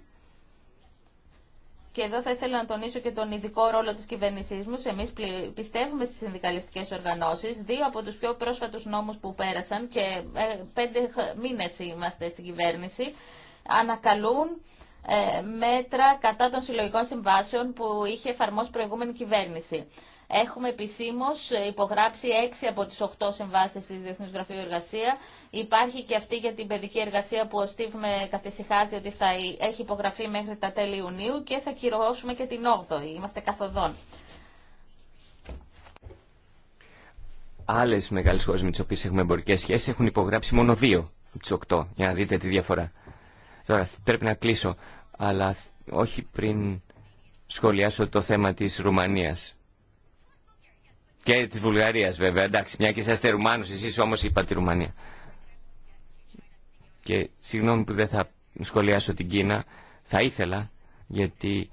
και εδώ θα ήθελα να τονίσω και τον ειδικό ρόλο της κυβέρνησής μου. Εμείς πιστεύουμε στις συνδικαλιστικές οργανώσεις. Δύο από τους πιο πρόσφατους νόμους που πέρασαν και ε, πέντε μήνες είμαστε στην κυβέρνηση ανακαλούν ε, μέτρα κατά των συλλογικών συμβάσεων που είχε εφαρμόσει προηγούμενη κυβέρνηση. Έχουμε επισήμω ε, υπογράψει έξι από τι 8 συμβάσει τη Διεθνού Γραφείου Εργασία. Υπάρχει και αυτή για την παιδική εργασία που ο Στίβ με καθησυχάζει ότι θα έχει υπογραφεί μέχρι τα τέλη Ιουνίου και θα κυρώσουμε και την 8η. Είμαστε καθοδόν. Άλλε μεγάλε χώρε με τι οποίε έχουμε εμπορικέ σχέσει έχουν υπογράψει μόνο δύο. από τι 8. Για να δείτε τη διαφορά. Τώρα πρέπει να κλείσω, αλλά όχι πριν σχολιάσω το θέμα της Ρουμανίας. Και της Βουλγαρίας βέβαια, εντάξει, μια και είσαστε Ρουμάνους, εσείς όμως είπα τη Ρουμανία. Και συγγνώμη που δεν θα σχολιάσω την Κίνα, θα ήθελα, γιατί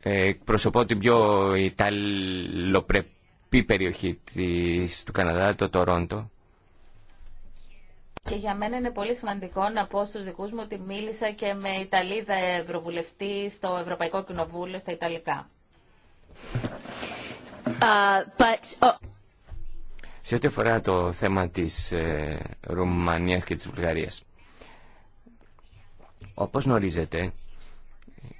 ε, εκπροσωπώ την πιο ιταλοπρεπή περιοχή της, του Καναδά, το Τορόντο. Και για μένα είναι πολύ σημαντικό να πω στους δικούς μου ότι μίλησα και με Ιταλίδα Ευρωβουλευτή στο Ευρωπαϊκό Κοινοβούλιο στα Ιταλικά. Σε ό,τι αφορά το θέμα της ε, Ρουμανίας και της Βουλγαρίας, όπως γνωρίζετε,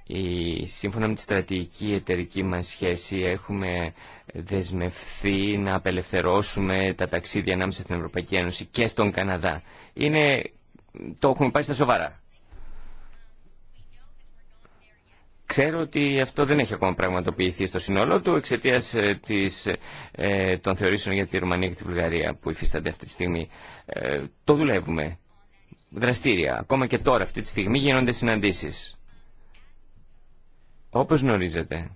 η, σύμφωνα με τη στρατηγική εταιρική μας σχέση έχουμε δεσμευθεί να απελευθερώσουμε τα ταξίδια ανάμεσα στην Ευρωπαϊκή Ένωση και στον Καναδά. Είναι, το έχουμε πάρει στα σοβαρά. Ξέρω ότι αυτό δεν έχει ακόμα πραγματοποιηθεί στο σύνολό του εξαιτία ε, ε, των θεωρήσεων για τη Ρουμανία και τη Βουλγαρία που υφίστανται αυτή τη στιγμή. Ε, το δουλεύουμε δραστήρια. Ακόμα και τώρα αυτή τη στιγμή γίνονται συναντήσεις. Όπως γνωρίζετε,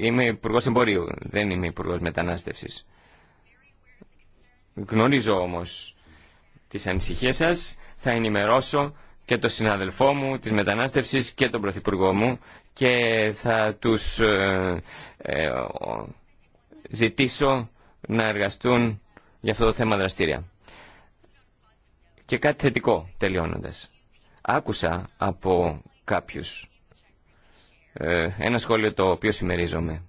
είμαι υπουργό εμπορίου, δεν είμαι υπουργό μετανάστευσης. Γνωρίζω όμως τις ανησυχίες σας, θα ενημερώσω και τον συναδελφό μου της μετανάστευσης και τον πρωθυπουργό μου και θα τους ε, ε, ζητήσω να εργαστούν για αυτό το θέμα δραστήρια. Και κάτι θετικό τελειώνοντας. Άκουσα από κάποιους. Ε, ένα σχόλιο το οποίο συμμερίζομαι.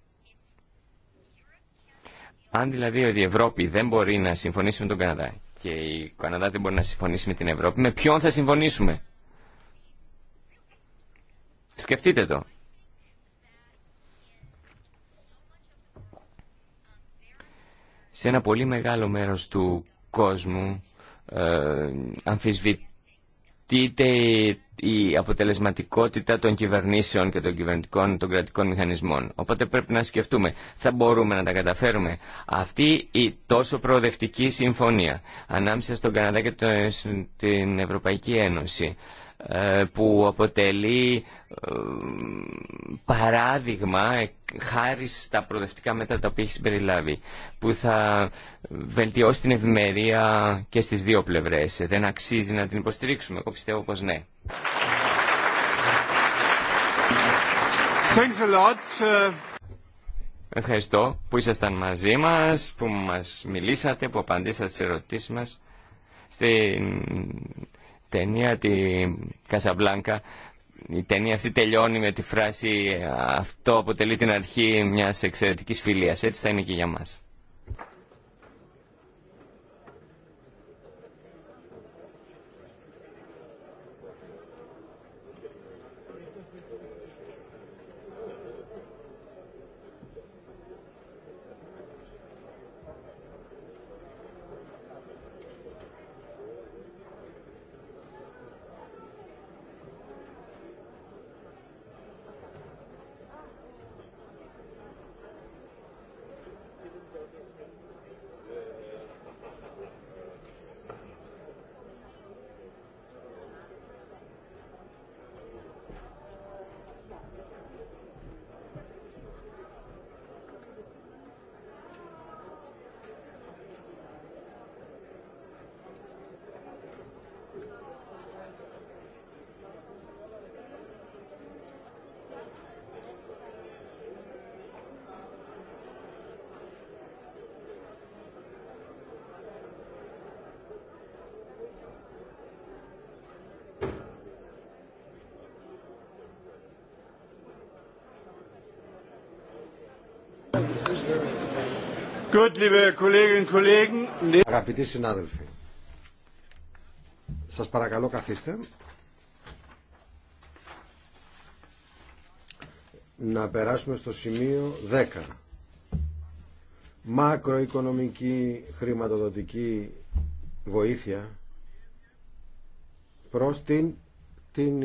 Αν δηλαδή η Ευρώπη δεν μπορεί να συμφωνήσει με τον Καναδά και ο Καναδάς δεν μπορεί να συμφωνήσει με την Ευρώπη, με ποιον θα συμφωνήσουμε. Σκεφτείτε το. Σε ένα πολύ μεγάλο μέρος του κόσμου ε, είτε η αποτελεσματικότητα των κυβερνήσεων και των κυβερνητικών των κρατικών μηχανισμών. Οπότε πρέπει να σκεφτούμε, θα μπορούμε να τα καταφέρουμε. Αυτή η τόσο προοδευτική συμφωνία ανάμεσα στον Καναδά και την Ευρωπαϊκή Ένωση ε, που αποτελεί ε, παράδειγμα χάρη στα προοδευτικά μέτρα τα οποία έχει συμπεριλάβει που θα βελτιώσει την ευημερία και στις δύο πλευρές δεν αξίζει να την υποστηρίξουμε εγώ πιστεύω πως ναι Ευχαριστώ που ήσασταν μαζί μας που μας μιλήσατε που απαντήσατε στις ερωτήσεις μας στην ταινία, τη Κασαμπλάνκα, η ταινία αυτή τελειώνει με τη φράση «Αυτό αποτελεί την αρχή μιας εξαιρετικής φιλίας». Έτσι θα είναι και για μας. Αγαπητοί συνάδελφοι, σας παρακαλώ καθίστε. Να περάσουμε στο σημείο 10. Μακροοικονομική χρηματοδοτική βοήθεια προς την την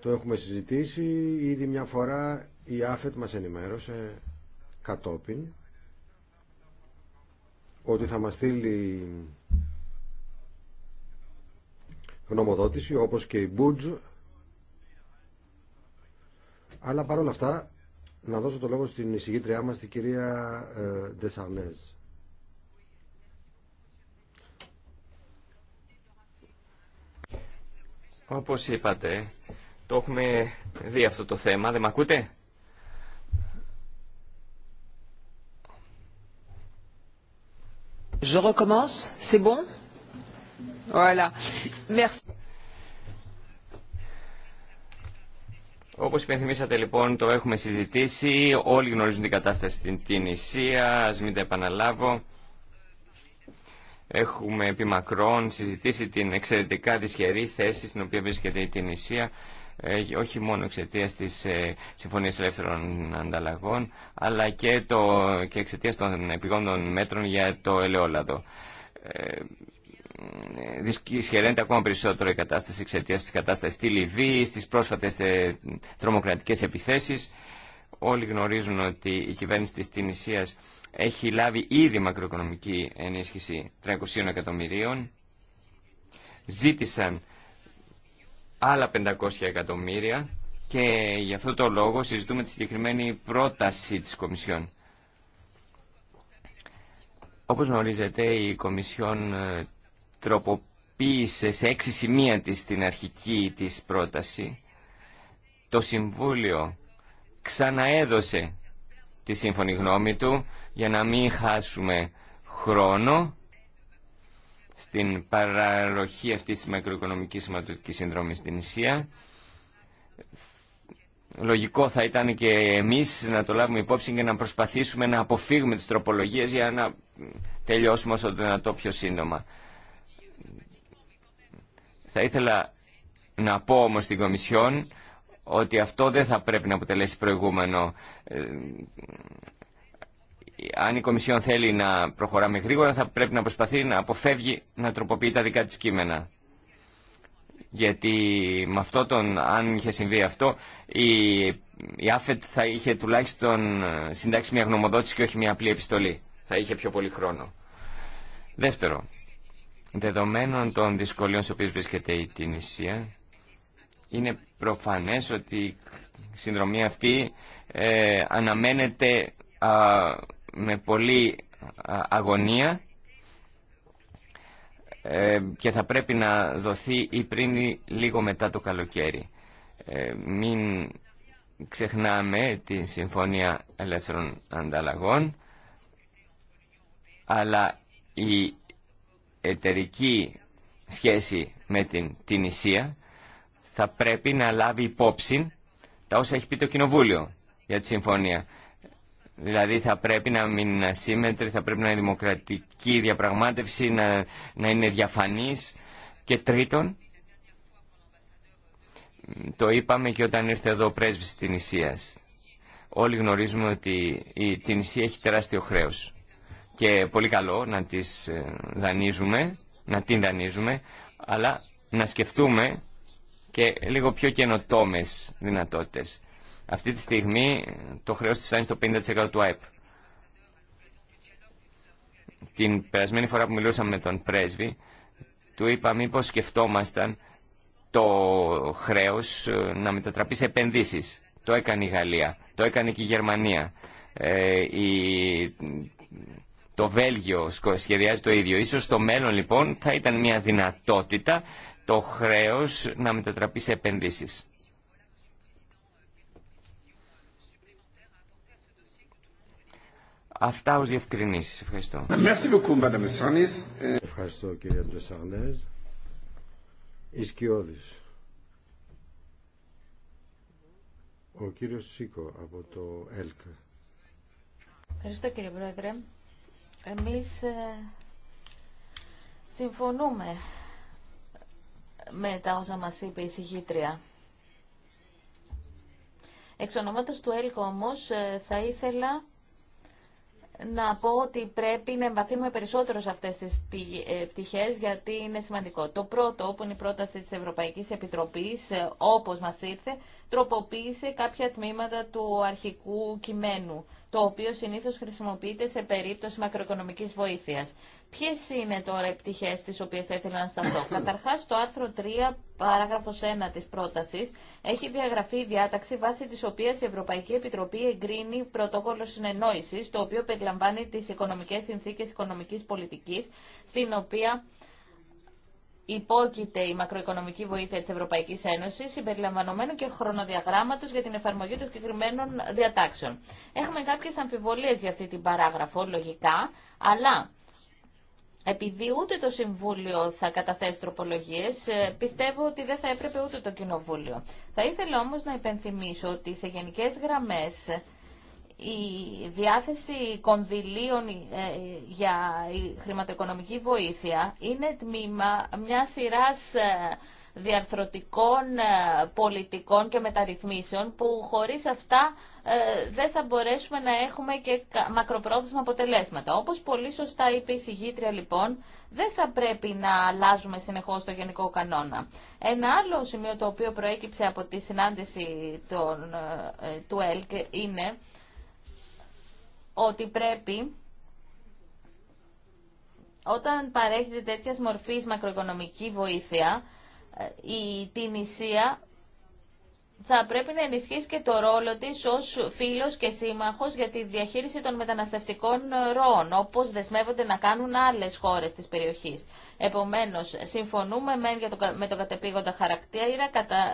Το έχουμε συζητήσει ήδη μια φορά η ΑΦΕΤ μας ενημέρωσε κατόπιν ότι θα μας στείλει γνωμοδότηση όπως και η Μπούτζ αλλά παρόλα αυτά να δώσω το λόγο στην εισηγήτριά μας την κυρία ε, Ντεσαρνέζ Όπως είπατε το έχουμε δει αυτό το θέμα δεν με ακούτε Je recommence, c'est Όπως υπενθυμίσατε λοιπόν το έχουμε συζητήσει, όλοι γνωρίζουν την κατάσταση στην Τινησία, ας μην τα επαναλάβω. Έχουμε επί μακρόν συζητήσει την εξαιρετικά δυσχερή θέση στην οποία βρίσκεται η Τινησία όχι μόνο εξαιτία τη ε, Συμφωνία Ελεύθερων Ανταλλαγών, αλλά και, το, και εξαιτία των επιγόντων μέτρων για το ελαιόλαδο. Ε, Δυσχεραίνεται ακόμα περισσότερο η κατάσταση εξαιτία τη κατάσταση στη Λιβύη, στι πρόσφατε τρομοκρατικέ επιθέσει. Όλοι γνωρίζουν ότι η κυβέρνηση τη Τινησία έχει λάβει ήδη μακροοικονομική ενίσχυση 300 εκατομμυρίων. Ζήτησαν άλλα 500 εκατομμύρια και γι' αυτό το λόγο συζητούμε τη συγκεκριμένη πρόταση της Κομισιόν. Όπως γνωρίζετε, η Κομισιόν ε, τροποποίησε σε έξι σημεία της την αρχική της πρόταση. Το Συμβούλιο ξαναέδωσε τη σύμφωνη γνώμη του για να μην χάσουμε χρόνο στην παραλογή αυτής της μακροοικονομικής σηματοδοτικής συνδρόμης στην Ισία. Λογικό θα ήταν και εμείς να το λάβουμε υπόψη και να προσπαθήσουμε να αποφύγουμε τις τροπολογίες για να τελειώσουμε όσο δυνατό πιο σύντομα. Θα ήθελα να πω όμως στην Κομισιόν ότι αυτό δεν θα πρέπει να αποτελέσει προηγούμενο. Ε, αν η Κομισιόν θέλει να προχωράμε γρήγορα θα πρέπει να προσπαθεί να αποφεύγει να τροποποιεί τα δικά της κείμενα. Γιατί με αυτό τον, αν είχε συμβεί αυτό, η, η ΑΦΕΤ θα είχε τουλάχιστον συντάξει μια γνωμοδότηση και όχι μια απλή επιστολή. Θα είχε πιο πολύ χρόνο. Δεύτερο, δεδομένων των δυσκολιών στις οποίες βρίσκεται η Τινησία, είναι προφανές ότι η συνδρομή αυτή ε, αναμένεται με πολύ αγωνία ε, και θα πρέπει να δοθεί ή πριν λίγο μετά το καλοκαίρι. Ε, μην ξεχνάμε τη Συμφωνία Ελεύθερων Ανταλλαγών, αλλά η εταιρική σχέση με την, την θα πρέπει να λάβει υπόψη τα όσα έχει πει το Κοινοβούλιο για τη Συμφωνία. Δηλαδή θα πρέπει να μην είναι ασύμετρη, θα πρέπει να είναι δημοκρατική διαπραγμάτευση, να, να είναι διαφανής. Και τρίτον, το είπαμε και όταν ήρθε εδώ ο πρέσβης της Τινησίας. Όλοι γνωρίζουμε ότι η Τινησία έχει τεράστιο χρέος. Και πολύ καλό να τις ε, δανείζουμε, να την δανείζουμε, αλλά να σκεφτούμε και λίγο πιο καινοτόμες δυνατότητες. Αυτή τη στιγμή το χρέος της φτάνει στο 50% του ΑΕΠ. Την περασμένη φορά που μιλούσαμε με τον πρέσβη, του είπα μήπως σκεφτόμασταν το χρέος ε, να μετατραπεί σε επενδύσεις. Το έκανε η Γαλλία, το έκανε και η Γερμανία. Ε, η... Το Βέλγιο σχεδιάζει το ίδιο. Ίσως στο μέλλον λοιπόν θα ήταν μια δυνατότητα το χρέος να μετατραπεί σε επενδύσεις. Αυτά ως διευκρινήσεις. Ευχαριστώ. Ευχαριστώ κύριε Ντοσαγνέζ. Ισκιώδης. Ο κύριος Σίκο από το ΕΛΚ. Ευχαριστώ κύριε Πρόεδρε. Εμείς ε, συμφωνούμε με τα όσα μας είπε η συγχύτρια. Εξ του ΕΛΚ όμως ε, θα ήθελα να πω ότι πρέπει να εμβαθύνουμε περισσότερο σε αυτές τις ε, πτυχές γιατί είναι σημαντικό. Το πρώτο, όπου είναι η πρόταση της Ευρωπαϊκής Επιτροπής, ε, όπως μας ήρθε, τροποποίησε κάποια τμήματα του αρχικού κειμένου το οποίο συνήθως χρησιμοποιείται σε περίπτωση μακροοικονομικής βοήθειας. Ποιες είναι τώρα οι πτυχές τις οποίες θα ήθελα να σταθώ. Καταρχάς, το άρθρο 3, παράγραφος 1 της πρότασης, έχει διαγραφεί η διάταξη βάσει της οποίας η Ευρωπαϊκή Επιτροπή εγκρίνει πρωτόκολλο συνεννόησης, το οποίο περιλαμβάνει τις οικονομικές συνθήκες οικονομικής πολιτικής, στην οποία υπόκειται η μακροοικονομική βοήθεια της Ευρωπαϊκής Ένωσης, συμπεριλαμβανομένου και χρονοδιαγράμματος για την εφαρμογή των συγκεκριμένων διατάξεων. Έχουμε κάποιες αμφιβολίες για αυτή την παράγραφο, λογικά, αλλά επειδή ούτε το Συμβούλιο θα καταθέσει τροπολογίε, ε, πιστεύω ότι δεν θα έπρεπε ούτε το Κοινοβούλιο. Θα ήθελα όμω να υπενθυμίσω ότι σε γενικέ γραμμέ η διάθεση κονδυλίων ε, για χρηματοοικονομική βοήθεια είναι τμήμα μια σειράς ε, διαρθρωτικών ε, πολιτικών και μεταρρυθμίσεων που χωρίς αυτά δεν θα μπορέσουμε να έχουμε και μακροπρόθεσμα αποτελέσματα. Όπως πολύ σωστά είπε η συγγήτρια λοιπόν, δεν θα πρέπει να αλλάζουμε συνεχώς το γενικό κανόνα. Ένα άλλο σημείο το οποίο προέκυψε από τη συνάντηση του ΕΛΚ είναι ότι πρέπει όταν παρέχεται τέτοια μορφής μακροοικονομική βοήθεια ε, η νησία θα πρέπει να ενισχύσει και το ρόλο της ως φίλος και σύμμαχος για τη διαχείριση των μεταναστευτικών ροών, όπως δεσμεύονται να κάνουν άλλες χώρες της περιοχής. Επομένως, συμφωνούμε με τον κατεπήγοντα χαρακτήρα,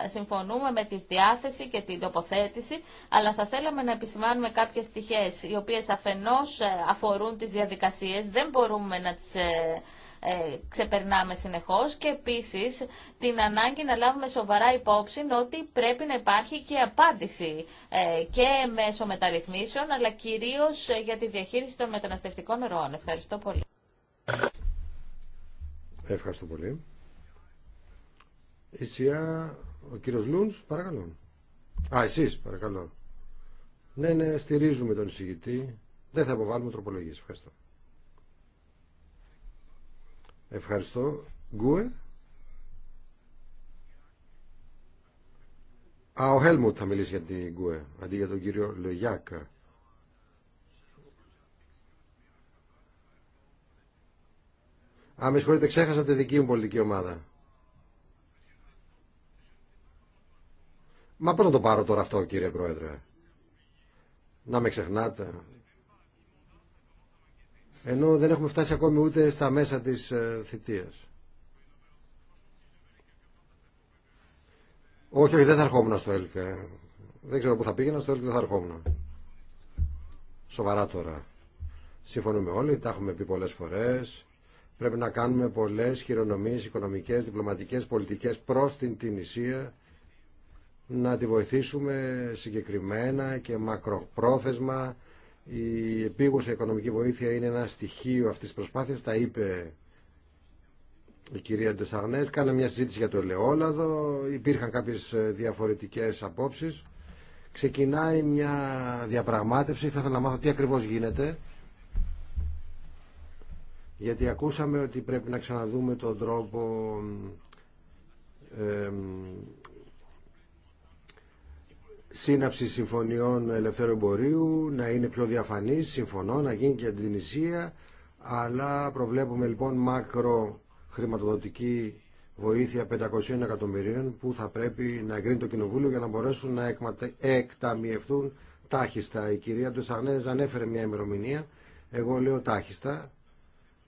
συμφωνούμε με τη διάθεση και την τοποθέτηση, αλλά θα θέλαμε να επισημάνουμε κάποιες πτυχές, οι οποίες αφενός ε, αφορούν τις διαδικασίες, δεν μπορούμε να τις ε, ε, ξεπερνάμε συνεχώς και επίσης την ανάγκη να λάβουμε σοβαρά υπόψη ότι πρέπει να υπάρχει και απάντηση ε, και μέσω μεταρρυθμίσεων αλλά κυρίως ε, για τη διαχείριση των μεταναστευτικών ροών. Ευχαριστώ πολύ. Ευχαριστώ πολύ. Ισιά ο κύριος Λούνς, παρακαλώ. Α, εσείς, παρακαλώ. Ναι, ναι, στηρίζουμε τον εισηγητή. Δεν θα αποβάλουμε τροπολογίες. Ευχαριστώ. Ευχαριστώ. Γκουε. Α, ο Χέλμουτ θα μιλήσει για την Γκουε, αντί για τον κύριο Λεγιάκα. Α, με συγχωρείτε, ξέχασα τη δική μου πολιτική ομάδα. Μα πώς να το πάρω τώρα αυτό, κύριε Πρόεδρε. Να με ξεχνάτε ενώ δεν έχουμε φτάσει ακόμη ούτε στα μέσα της ε, θητείας. Όχι, όχι, δεν θα ερχόμουν στο ΕΛΚ. Ε. Δεν ξέρω πού θα πήγαινα, στο ΕΛΚ δεν θα ερχόμουν. Σοβαρά τώρα. Συμφωνούμε όλοι, τα έχουμε πει πολλές φορές. Πρέπει να κάνουμε πολλές χειρονομίες οικονομικές, διπλωματικές, πολιτικές προς την Τινησία να τη βοηθήσουμε συγκεκριμένα και μακροπρόθεσμα η επίγουσα οικονομική βοήθεια είναι ένα στοιχείο αυτής της προσπάθειας, τα είπε η κυρία Ντεσαγνές. Κάναμε μια συζήτηση για το ελαιόλαδο, υπήρχαν κάποιες ε, διαφορετικές απόψεις. Ξεκινάει μια διαπραγμάτευση, θα ήθελα να μάθω τι ακριβώς γίνεται. Γιατί ακούσαμε ότι πρέπει να ξαναδούμε τον τρόπο σύναψη συμφωνιών ελευθέρου εμπορίου, να είναι πιο διαφανής, συμφωνώ, να γίνει και αντινησία, αλλά προβλέπουμε λοιπόν μάκρο χρηματοδοτική βοήθεια 500 εκατομμυρίων που θα πρέπει να εγκρίνει το Κοινοβούλιο για να μπορέσουν να εκταμιευτούν τάχιστα. Η κυρία Ντοσαρνέζ ανέφερε μια ημερομηνία, εγώ λέω τάχιστα.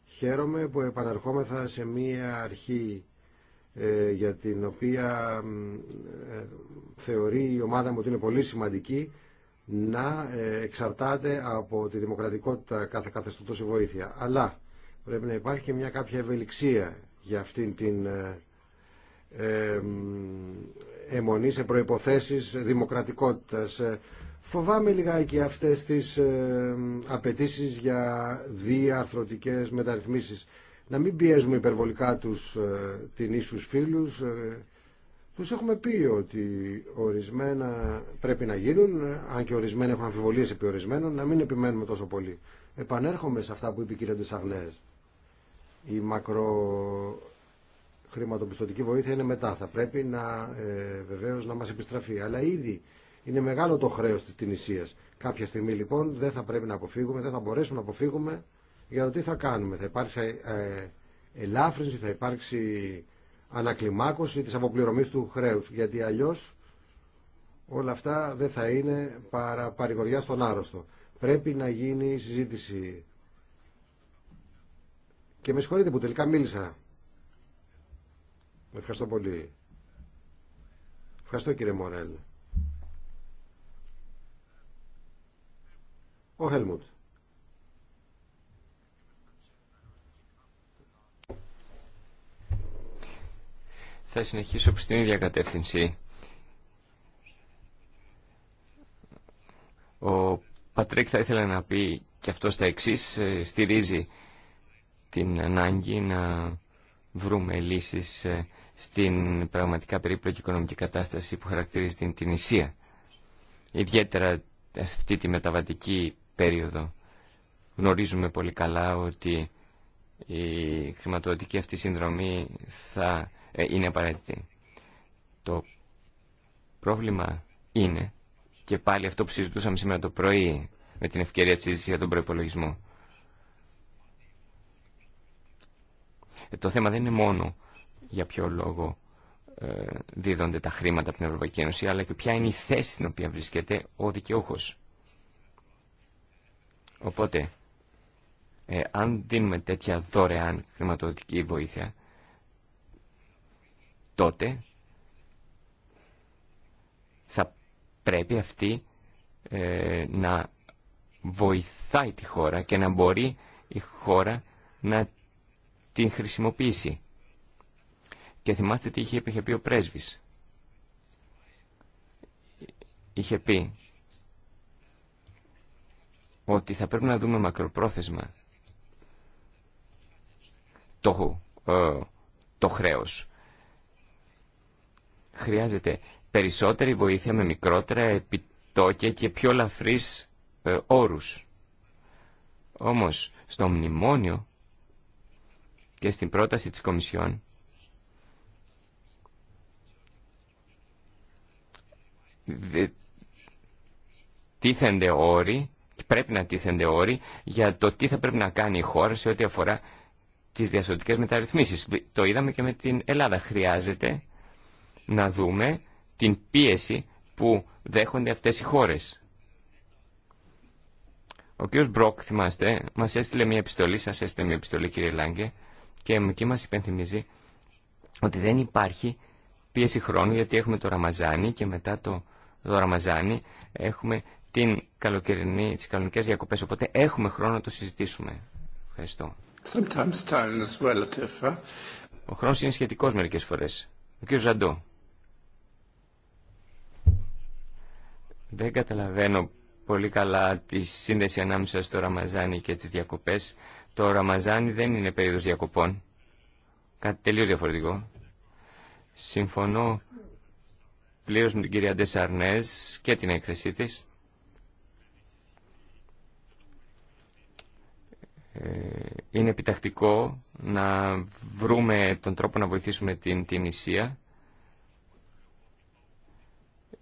Χαίρομαι που επαναρχόμεθα σε μια αρχή ε, για την οποία ε, θεωρεί η ομάδα μου ότι είναι πολύ σημαντική να ε, εξαρτάται από τη δημοκρατικότητα κάθε καθεστώτος βοήθεια. Αλλά πρέπει να υπάρχει και μια κάποια ευελιξία για αυτήν την αιμονή σε προϋποθέσεις δημοκρατικότητας. Φοβάμαι λιγάκι αυτές τις απαιτήσεις για διαρθρωτικές μεταρρυθμίσεις να μην πιέζουμε υπερβολικά τους ε, την ίσους φίλους. Ε, τους έχουμε πει ότι ορισμένα πρέπει να γίνουν, αν και ορισμένα έχουν αμφιβολίες επί ορισμένων, να μην επιμένουμε τόσο πολύ. Επανέρχομαι σε αυτά που είπε η κυρία Ντεσαγνές. Η μακροχρηματοπιστωτική βοήθεια είναι μετά. Θα πρέπει να ε, βεβαίως να μας επιστραφεί. Αλλά ήδη είναι μεγάλο το χρέος της Τινησίας. Κάποια στιγμή λοιπόν δεν θα πρέπει να αποφύγουμε, δεν θα μπορέσουμε να αποφύγουμε για το τι θα κάνουμε. Θα υπάρξει ε, ελάφρυνση, θα υπάρξει ανακλιμάκωση της αποπληρωμής του χρέους, γιατί αλλιώς όλα αυτά δεν θα είναι παρα παρηγοριά στον άρρωστο. Πρέπει να γίνει συζήτηση. Και με συγχωρείτε που τελικά μίλησα. Ευχαριστώ πολύ. Ευχαριστώ κύριε Μορέλ. Ο Χέλμουτ. Θα συνεχίσω προς την ίδια κατεύθυνση. Ο Πατρίκ θα ήθελε να πει και αυτό τα εξή ε, στηρίζει την ανάγκη να βρούμε λύσεις ε, στην πραγματικά περίπλοκη οικονομική κατάσταση που χαρακτηρίζει την Τινησία. Ιδιαίτερα αυτή τη μεταβατική περίοδο γνωρίζουμε πολύ καλά ότι η χρηματοδοτική αυτή συνδρομή θα ε, είναι απαραίτητη. Το πρόβλημα είναι και πάλι αυτό που συζητούσαμε σήμερα το πρωί με την ευκαιρία της συζήτησης για τον προϋπολογισμό. Ε, το θέμα δεν είναι μόνο για ποιο λόγο ε, δίδονται τα χρήματα από την Ευρωπαϊκή Ένωση, αλλά και ποια είναι η θέση στην οποία βρίσκεται ο δικαιούχος. Οπότε, αν δίνουμε τέτοια δωρεάν χρηματοδοτική βοήθεια, τότε θα πρέπει αυτή ε, να βοηθάει τη χώρα και να μπορεί η χώρα να την χρησιμοποιήσει. Και θυμάστε τι είχε, πει ο πρέσβης. Είχε πει ότι θα πρέπει να δούμε μακροπρόθεσμα το, ε, το χρέος χρειάζεται περισσότερη βοήθεια με μικρότερα επιτόκια και πιο λαφρείς ε, όρους. Όμως στο μνημόνιο και στην πρόταση της Κομισιόν τίθενται όροι, πρέπει να τίθενται όροι για το τι θα πρέπει να κάνει η χώρα σε ό,τι αφορά τις διαστοτικές μεταρρυθμίσεις. Το είδαμε και με την Ελλάδα. Χρειάζεται να δούμε την πίεση που δέχονται αυτές οι χώρες. Ο κ. Μπροκ, θυμάστε, μας έστειλε μια επιστολή, σας έστειλε μια επιστολή κύριε Λάγκε, και εκεί μας υπενθυμίζει ότι δεν υπάρχει πίεση χρόνου γιατί έχουμε το Ραμαζάνι και μετά το, Ραμαζάνι έχουμε την καλοκαιρινή, τις καλοκαιρινές διακοπές, οπότε έχουμε χρόνο να το συζητήσουμε. Ευχαριστώ. Ο χρόνος είναι σχετικός μερικές φορές. Ο κ. Ζαντό. Δεν καταλαβαίνω πολύ καλά τη σύνδεση ανάμεσα στο Ραμαζάνι και τις διακοπές. Το Ραμαζάνι δεν είναι περίοδος διακοπών. Κάτι τελείως διαφορετικό. Συμφωνώ πλήρως με την κυρία Ντεσαρνές και την έκθεσή της. Ε, είναι επιτακτικό να βρούμε τον τρόπο να βοηθήσουμε την, την Ισία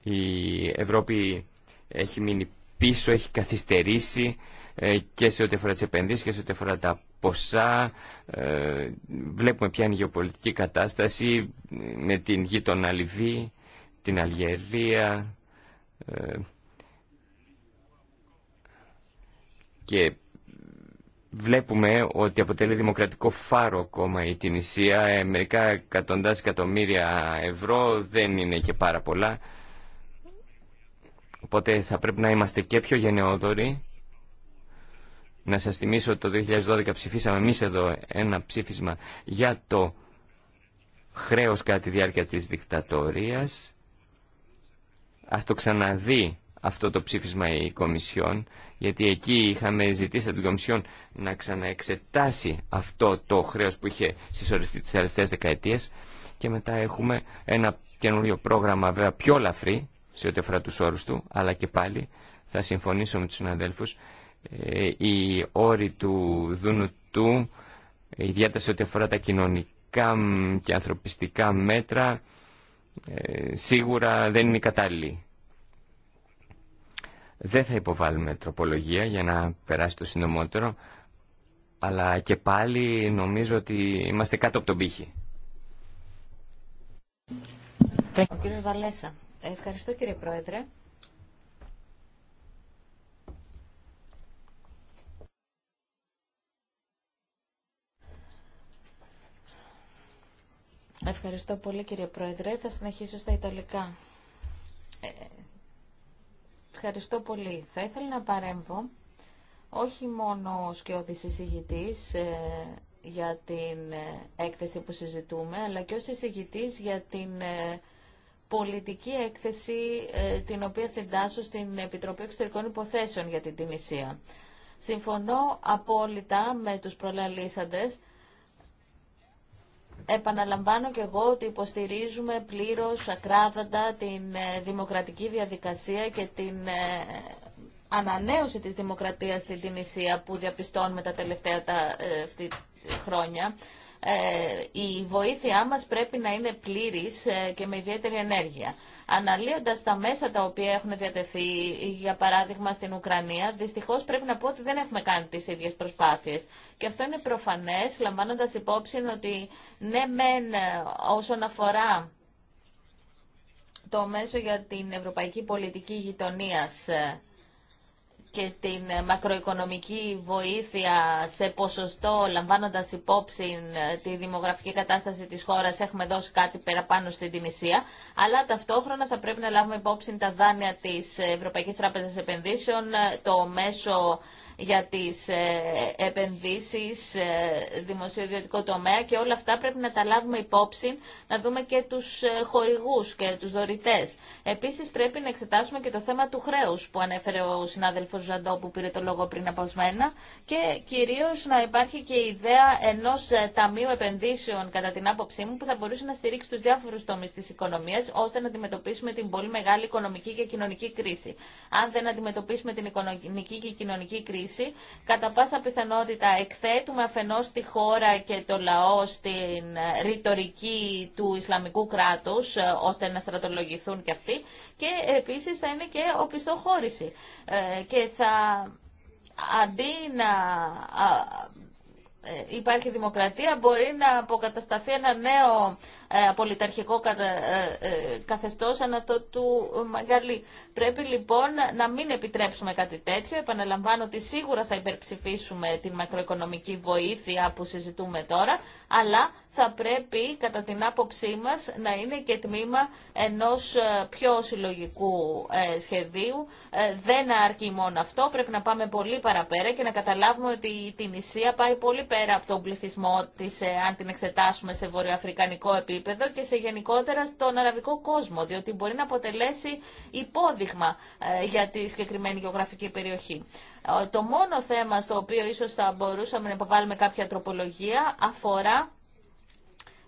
η Ευρώπη έχει μείνει πίσω, έχει καθυστερήσει ε, και σε ό,τι αφορά τι επενδύσει και σε ό,τι αφορά τα ποσά. Ε, βλέπουμε ποια είναι η γεωπολιτική κατάσταση με την γη των την Αλγερία ε, και βλέπουμε ότι αποτελεί δημοκρατικό φάρο ακόμα η Τινησία. Μερικά εκατοντάς εκατομμύρια ευρώ δεν είναι και πάρα πολλά. Οπότε θα πρέπει να είμαστε και πιο γενναιόδοροι. Να σας θυμίσω ότι το 2012 ψηφίσαμε εμείς εδώ ένα ψήφισμα για το χρέος κατά τη διάρκεια της δικτατορίας. Ας το ξαναδεί αυτό το ψήφισμα η Κομισιόν, γιατί εκεί είχαμε ζητήσει από την Κομισιόν να ξαναεξετάσει αυτό το χρέος που είχε συσσωριστεί τις τελευταίες δεκαετίες και μετά έχουμε ένα καινούριο πρόγραμμα βέβαια πιο λαφρύ σε ό,τι αφορά τους όρους του, αλλά και πάλι θα συμφωνήσω με τους συναδέλφους. Ε, οι όροι του Δούνου του, ιδιαίτερα σε ό,τι αφορά τα κοινωνικά και ανθρωπιστικά μέτρα, ε, σίγουρα δεν είναι κατάλληλοι. Δεν θα υποβάλουμε τροπολογία για να περάσει το συντομότερο, αλλά και πάλι νομίζω ότι είμαστε κάτω από τον πύχη. Ο κύριος Ευχαριστώ κύριε Πρόεδρε. Ευχαριστώ πολύ κύριε Πρόεδρε. Θα συνεχίσω στα Ιταλικά. Ε, ευχαριστώ πολύ. Θα ήθελα να παρέμβω όχι μόνο ως και ε, για την ε, έκθεση που συζητούμε, αλλά και ως εισηγητής για την ε, πολιτική έκθεση ε, την οποία συντάσσω στην Επιτροπή Εξωτερικών Υποθέσεων για την Τινησία. Συμφωνώ απόλυτα με τους προλαλήσαντες. Επαναλαμβάνω και εγώ ότι υποστηρίζουμε πλήρως ακράδαντα την ε, δημοκρατική διαδικασία και την ε, ανανέωση της δημοκρατίας στην Τινησία που διαπιστώνουμε τα τελευταία τα, χρόνια. Ε, η βοήθειά μας πρέπει να είναι πλήρης ε, και με ιδιαίτερη ενέργεια. Αναλύοντας τα μέσα τα οποία έχουν διατεθεί, για παράδειγμα στην Ουκρανία, δυστυχώς πρέπει να πω ότι δεν έχουμε κάνει τις ίδιες προσπάθειες. Και αυτό είναι προφανές, λαμβάνοντας υπόψη ότι ναι μεν ε, όσον αφορά το μέσο για την ευρωπαϊκή πολιτική γειτονίας και την ε, μακροοικονομική βοήθεια σε ποσοστό, λαμβάνοντας υπόψη ε, τη δημογραφική κατάσταση της χώρας, έχουμε δώσει κάτι παραπάνω στην Τινησία, αλλά ταυτόχρονα θα πρέπει να λάβουμε υπόψη τα δάνεια της Ευρωπαϊκής Τράπεζας Επενδύσεων, ε, το μέσο για τις ε, επενδύσεις ε, δημοσιοδιωτικό τομέα και όλα αυτά πρέπει να τα λάβουμε υπόψη, να δούμε και τους ε, χορηγούς και τους δωρητές. Επίσης πρέπει να εξετάσουμε και το θέμα του χρέους που ανέφερε ο συνάδελφος Ζαντό που πήρε το λόγο πριν από σμένα και κυρίως να υπάρχει και η ιδέα ενός ταμείου επενδύσεων κατά την άποψή μου που θα μπορούσε να στηρίξει τους διάφορους τομείς της οικονομίας ώστε να αντιμετωπίσουμε την πολύ μεγάλη οικονομική και κοινωνική κρίση. Αν δεν αντιμετωπίσουμε την οικονομική και κοινωνική κρίση κρίση, κατά πάσα πιθανότητα εκθέτουμε αφενός τη χώρα και το λαό στην ε, ρητορική του Ισλαμικού κράτους, ε, ώστε να στρατολογηθούν και αυτοί, και επίσης θα είναι και οπισθοχώρηση. Ε, και θα αντί να υπάρχει δημοκρατία, μπορεί να αποκατασταθεί ένα νέο ε, πολιταρχικό ε, ε, καθεστώς ανα αυτό του Μαγκαλή. Πρέπει λοιπόν να μην επιτρέψουμε κάτι τέτοιο. Επαναλαμβάνω ότι σίγουρα θα υπερψηφίσουμε την μακροοικονομική βοήθεια που συζητούμε τώρα, αλλά θα πρέπει κατά την άποψή μας να είναι και τμήμα ενός πιο συλλογικού σχεδίου. Δεν αρκεί μόνο αυτό, πρέπει να πάμε πολύ παραπέρα και να καταλάβουμε ότι η Ισία πάει πολύ πέρα από τον πληθυσμό της, αν την εξετάσουμε σε βορειοαφρικανικό επίπεδο επίπεδο και σε γενικότερα στον αραβικό κόσμο, διότι μπορεί να αποτελέσει υπόδειγμα ε, για τη συγκεκριμένη γεωγραφική περιοχή. Ε, το μόνο θέμα στο οποίο ίσως θα μπορούσαμε να υποβάλουμε κάποια τροπολογία αφορά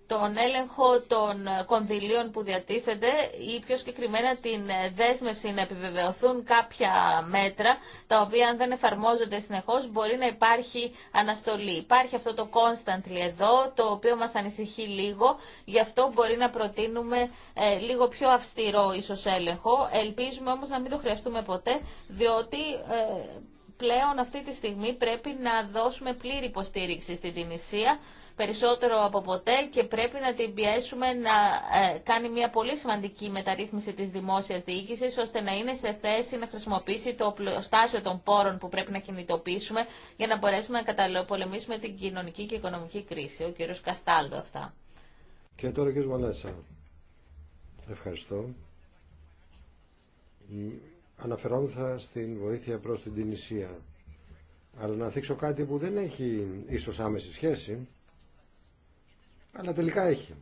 τον έλεγχο των κονδυλίων που διατίθεται ή πιο συγκεκριμένα την δέσμευση να επιβεβαιωθούν κάποια μέτρα τα οποία αν δεν εφαρμόζονται συνεχώς μπορεί να υπάρχει αναστολή. Υπάρχει αυτό το constantly εδώ το οποίο μας ανησυχεί λίγο γι' αυτό μπορεί να προτείνουμε ε, λίγο πιο αυστηρό ίσως έλεγχο. Ελπίζουμε όμως να μην το χρειαστούμε ποτέ διότι ε, πλέον αυτή τη στιγμή πρέπει να δώσουμε πλήρη υποστήριξη στην Τινησία περισσότερο από ποτέ και πρέπει να την πιέσουμε να ε, κάνει μια πολύ σημαντική μεταρρύθμιση της δημόσιας διοίκησης ώστε να είναι σε θέση να χρησιμοποιήσει το πλωστάσιο των πόρων που πρέπει να κινητοποιήσουμε για να μπορέσουμε να καταλοπολεμήσουμε την κοινωνική και οικονομική κρίση. Ο κύριος Καστάλτο αυτά. Και τώρα κύριος Ευχαριστώ. Αναφερόμεθα στην βοήθεια προς την Τινησία. Αλλά να θίξω κάτι που δεν έχει ίσως άμεση σχέση αλλά τελικά έχει.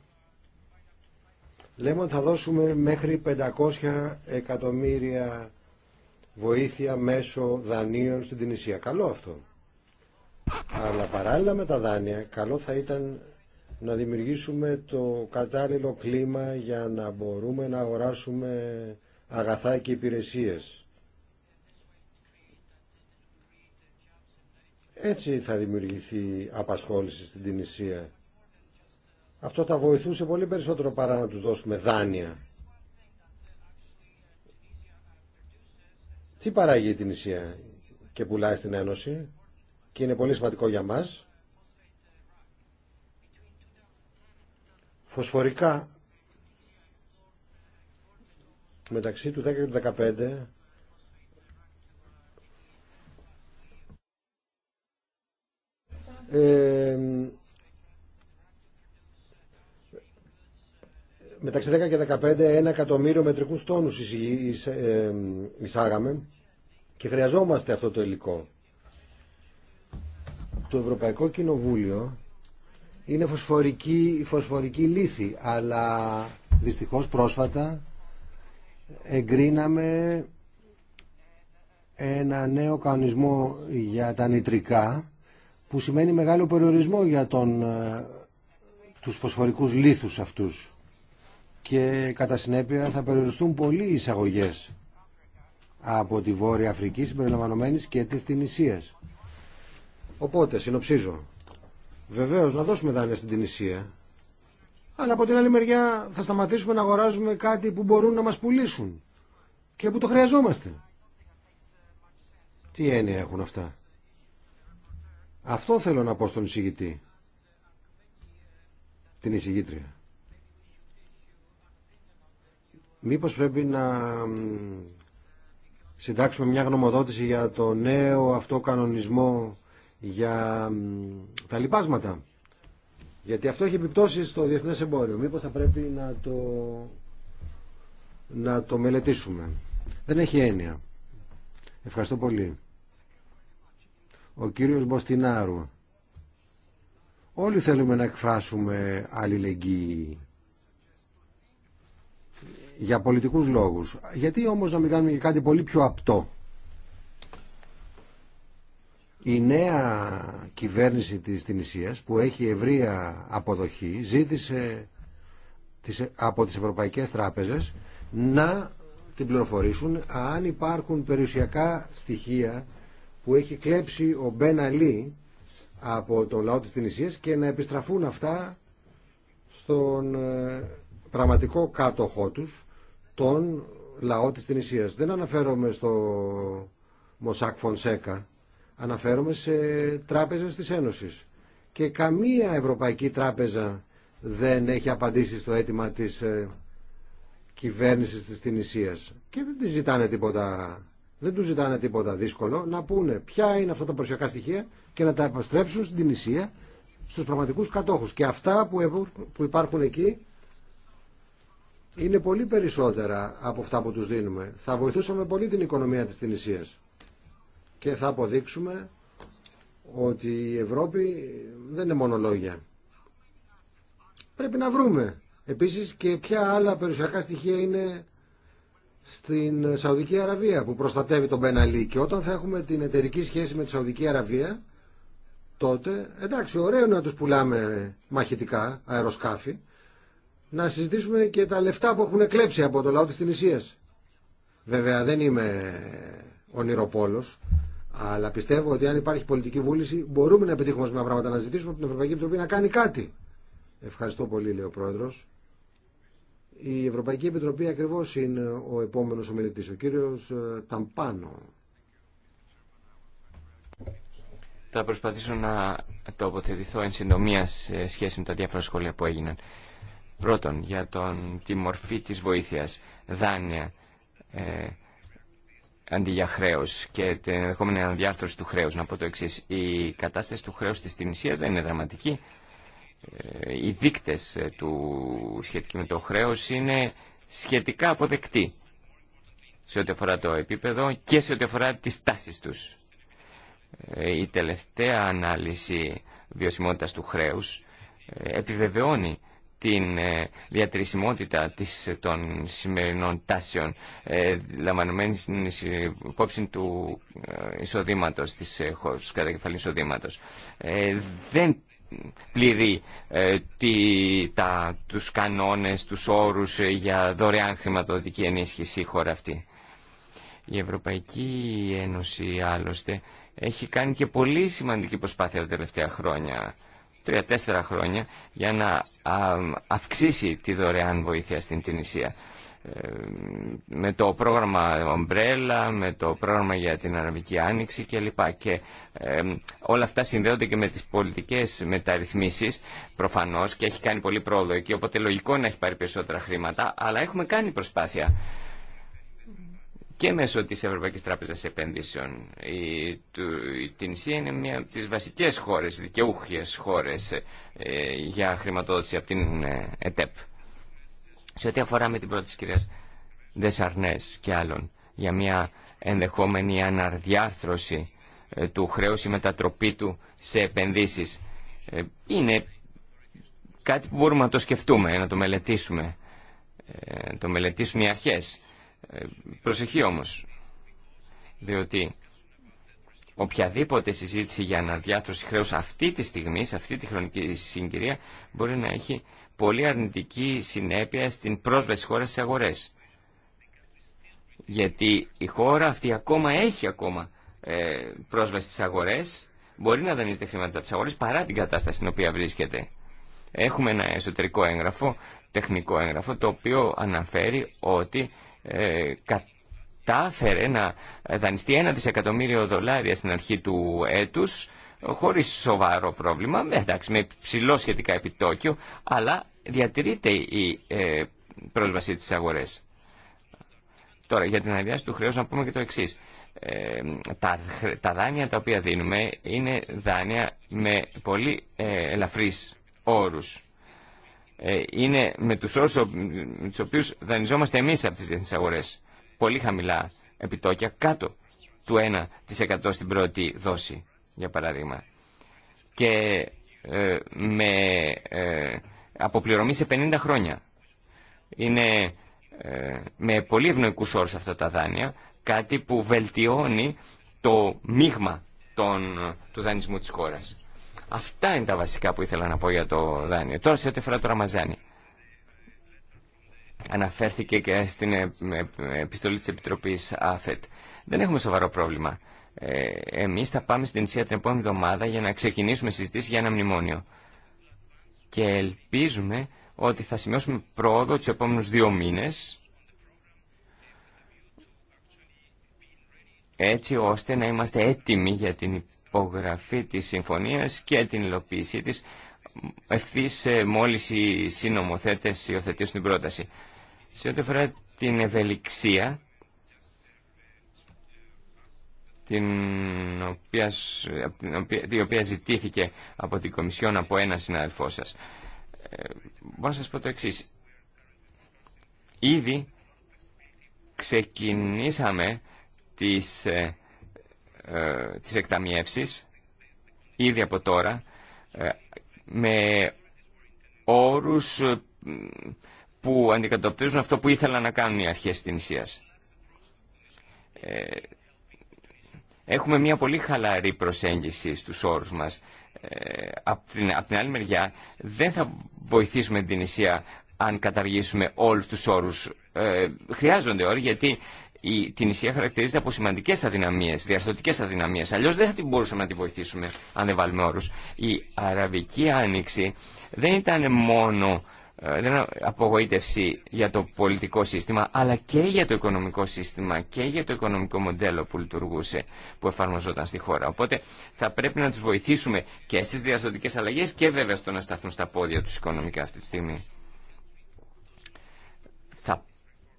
Λέμε ότι θα δώσουμε μέχρι 500 εκατομμύρια βοήθεια μέσω δανείων στην Τινησία. Καλό αυτό. Αλλά παράλληλα με τα δάνεια, καλό θα ήταν να δημιουργήσουμε το κατάλληλο κλίμα για να μπορούμε να αγοράσουμε αγαθά και υπηρεσίες. Έτσι θα δημιουργηθεί απασχόληση στην Τινησία αυτό θα βοηθούσε πολύ περισσότερο παρά να τους δώσουμε δάνεια. Τι παράγει η Τινησία και πουλάει στην Ένωση και είναι πολύ σημαντικό για μας. Φωσφορικά μεταξύ του 10 και του 15 ε, μεταξύ 10 και 15 ένα εκατομμύριο μετρικού τόνου ε, εισάγαμε και χρειαζόμαστε αυτό το υλικό. Το Ευρωπαϊκό Κοινοβούλιο είναι φωσφορική, φωσφορική λύθη, αλλά δυστυχώς πρόσφατα εγκρίναμε ένα νέο κανονισμό για τα νητρικά που σημαίνει μεγάλο περιορισμό για τον, ε, τους φωσφορικούς λίθους αυτούς και κατά συνέπεια θα περιοριστούν πολλοί οι από τη Βόρεια Αφρική συμπεριλαμβανομένης και τη Τινησία. Οπότε, συνοψίζω, βεβαίω να δώσουμε δάνεια στην Τινησία, αλλά από την άλλη μεριά θα σταματήσουμε να αγοράζουμε κάτι που μπορούν να μας πουλήσουν και που το χρειαζόμαστε. Τι έννοια έχουν αυτά. Αυτό θέλω να πω στον εισηγητή. Την εισηγήτρια. Μήπως πρέπει να συντάξουμε μια γνωμοδότηση για το νέο αυτό κανονισμό για τα λοιπάσματα. Γιατί αυτό έχει επιπτώσει στο διεθνές εμπόριο. Μήπως θα πρέπει να το, να το μελετήσουμε. Δεν έχει έννοια. Ευχαριστώ πολύ. Ο κύριος Μποστινάρου. Όλοι θέλουμε να εκφράσουμε αλληλεγγύη για πολιτικούς λόγους. Γιατί όμως να μην κάνουμε και κάτι πολύ πιο απτό. Η νέα κυβέρνηση της Τινησίας που έχει ευρεία αποδοχή ζήτησε από τις ευρωπαϊκές τράπεζες να την πληροφορήσουν αν υπάρχουν περιουσιακά στοιχεία που έχει κλέψει ο Μπεν Αλή από τον λαό της Τινησίας και να επιστραφούν αυτά στον ε, πραγματικό κάτοχό τους τον λαό της Τινησίας. Δεν αναφέρομαι στο Μοσάκ Φονσέκα, αναφέρομαι σε τράπεζες της Ένωσης. Και καμία ευρωπαϊκή τράπεζα δεν έχει απαντήσει στο αίτημα της ε, κυβέρνησης της Τινησίας. Και δεν τη ζητάνε τίποτα δεν του ζητάνε τίποτα δύσκολο να πούνε ποια είναι αυτά τα προσιακά στοιχεία και να τα επαστρέψουν στην Τινησία στους πραγματικούς κατόχους. Και αυτά που υπάρχουν εκεί είναι πολύ περισσότερα από αυτά που τους δίνουμε. Θα βοηθούσαμε πολύ την οικονομία της Τινησίας και θα αποδείξουμε ότι η Ευρώπη δεν είναι μόνο λόγια. Πρέπει να βρούμε επίσης και ποια άλλα περιουσιακά στοιχεία είναι στην Σαουδική Αραβία που προστατεύει τον Μπεναλή και όταν θα έχουμε την εταιρική σχέση με τη Σαουδική Αραβία τότε εντάξει ωραίο να τους πουλάμε μαχητικά αεροσκάφη να συζητήσουμε και τα λεφτά που έχουν κλέψει από το λαό της Τινησίας. Βέβαια δεν είμαι ονειροπόλος, αλλά πιστεύω ότι αν υπάρχει πολιτική βούληση μπορούμε να επιτύχουμε πράγματα, να ζητήσουμε από την Ευρωπαϊκή Επιτροπή να κάνει κάτι. Ευχαριστώ πολύ, λέει ο Πρόεδρος. Η Ευρωπαϊκή Επιτροπή ακριβώς είναι ο επόμενος ομιλητής, ο κύριος ε, Ταμπάνο. Θα προσπαθήσω να τοποθετηθώ εν συντομία σε σχέση με τα διάφορα σχόλια που έγιναν. Πρώτον, για τον, τη μορφή της βοήθειας, δάνεια, ε, αντί για χρέο και την ενδεχόμενη αναδιάρθρωση του χρέου. Να πω το εξή: Η κατάσταση του χρέου τη Τινησία δεν είναι δραματική. Ε, οι δείκτε ε, του σχετικοί με το χρέο είναι σχετικά αποδεκτοί σε ό,τι αφορά το επίπεδο και σε ό,τι αφορά τις τάσεις τους. Ε, η τελευταία ανάλυση βιωσιμότητας του χρέους επιβεβαιώνει την ε, διατρισιμότητα της, των σημερινών τάσεων ε, στην υπόψη του ε, εισοδήματος της ε, χώρας, του κατακεφαλής εισοδήματος. δεν πληρεί ε, τι, τα, τους κανόνες, τους όρους για δωρεάν χρηματοδοτική ενίσχυση η χώρα αυτή. Η Ευρωπαϊκή Ένωση άλλωστε έχει κάνει και πολύ σημαντική προσπάθεια τα τελευταία χρόνια τρία-τέσσερα χρόνια για να αυξήσει τη δωρεάν βοήθεια στην Τινησία. Ε, με το πρόγραμμα Ομπρέλα, με το πρόγραμμα για την Αραβική Άνοιξη κλπ. Και ε, όλα αυτά συνδέονται και με τις πολιτικές μεταρρυθμίσεις προφανώς και έχει κάνει πολύ πρόοδο εκεί, οπότε λογικό να έχει πάρει περισσότερα χρήματα, αλλά έχουμε κάνει προσπάθεια και μέσω της Ευρωπαϊκής Τράπεζας Επενδύσεων. Η, του, Τινησία είναι μια από τις βασικές χώρες, δικαιούχιες χώρες ε, για χρηματοδότηση από την ε, ΕΤΕΠ. Σε ό,τι αφορά με την πρώτη της κυρίας Δεσαρνές και άλλων για μια ενδεχόμενη αναρδιάρθρωση ε, του χρέους ή μετατροπή του σε επενδύσεις. είναι κάτι που μπορούμε να το σκεφτούμε, να το μελετήσουμε. το μελετήσουν οι αρχές ε, προσοχή όμως, διότι οποιαδήποτε συζήτηση για αναδιάθρωση χρέους αυτή τη στιγμή, σε αυτή τη χρονική συγκυρία, μπορεί να έχει πολύ αρνητική συνέπεια στην πρόσβαση χώρας στις αγορές. Γιατί η χώρα αυτή ακόμα έχει ακόμα ε, πρόσβαση στις αγορές, μπορεί να δανείζεται χρήματα από τις αγορές παρά την κατάσταση στην οποία βρίσκεται. Έχουμε ένα εσωτερικό έγγραφο, τεχνικό έγγραφο, το οποίο αναφέρει ότι ε, κατάφερε να δανειστεί ένα δισεκατομμύριο δολάρια στην αρχή του έτους χωρίς σοβαρό πρόβλημα, εντάξει με ψηλό σχετικά επιτόκιο, αλλά διατηρείται η ε, πρόσβαση της αγορές. Τώρα, για την αδειάση του χρέους να πούμε και το εξής. Ε, τα, δάνεια τα οποία δίνουμε είναι δάνεια με πολύ ε, ελαφρύς όρους. Ε, είναι με τους όρους με τους οποίους δανειζόμαστε εμείς από τις διεθνείς αγορές. Πολύ χαμηλά επιτόκια, κάτω του 1% στην πρώτη δόση, για παράδειγμα. Και ε, με ε, αποπληρωμή σε 50 χρόνια. Είναι με πολύ ευνοϊκούς όρους αυτά τα δάνεια, κάτι που βελτιώνει το μείγμα των, του δανεισμού της χώρας. Αυτά είναι τα βασικά που ήθελα να πω για το δάνειο. Τώρα σε ό,τι αφορά το Ραμαζάνι. Αναφέρθηκε και στην ε, ε, επιστολή της Επιτροπής ΑΦΕΤ. Δεν έχουμε σοβαρό πρόβλημα. Ε, εμείς θα πάμε στην Ισία την επόμενη εβδομάδα για να ξεκινήσουμε συζητήσεις για ένα μνημόνιο. Και ελπίζουμε ότι θα σημειώσουμε πρόοδο τους επόμενους δύο μήνες έτσι ώστε να είμαστε έτοιμοι για την υπογραφή της συμφωνίας και την υλοποίησή της ευθύς ε, μόλις οι συνομοθέτες υιοθετήσουν την πρόταση. Σε ό,τι αφορά την ευελιξία, την οποία, οποία ζητήθηκε από την Κομισιόν από ένα συναδελφό σας. Ε, μπορώ να σας πω το εξής. Ήδη ξεκινήσαμε τις, ε, ε εκταμιεύσεις ήδη από τώρα ε, με όρους ε, που αντικατοπτρίζουν αυτό που ήθελαν να κάνουν οι αρχές της νησίας. Έχουμε μια πολύ χαλαρή προσέγγιση στους όρους μας. Από την, από την άλλη μεριά δεν θα βοηθήσουμε την νησία αν καταργήσουμε όλους τους όρους. χρειάζονται όροι γιατί η, την Ισία χαρακτηρίζεται από σημαντικέ αδυναμίε, διαρθωτικές αδυναμίε. Αλλιώ δεν θα την μπορούσαμε να τη βοηθήσουμε αν δεν βάλουμε όρου. Η Αραβική Άνοιξη δεν ήταν μόνο ε, δεν απογοήτευση για το πολιτικό σύστημα, αλλά και για το οικονομικό σύστημα και για το οικονομικό μοντέλο που λειτουργούσε, που εφαρμοζόταν στη χώρα. Οπότε θα πρέπει να τους βοηθήσουμε και στις διαρθωτικές αλλαγές και βέβαια στο να σταθούν στα πόδια τους οικονομικά αυτή τη στιγμή.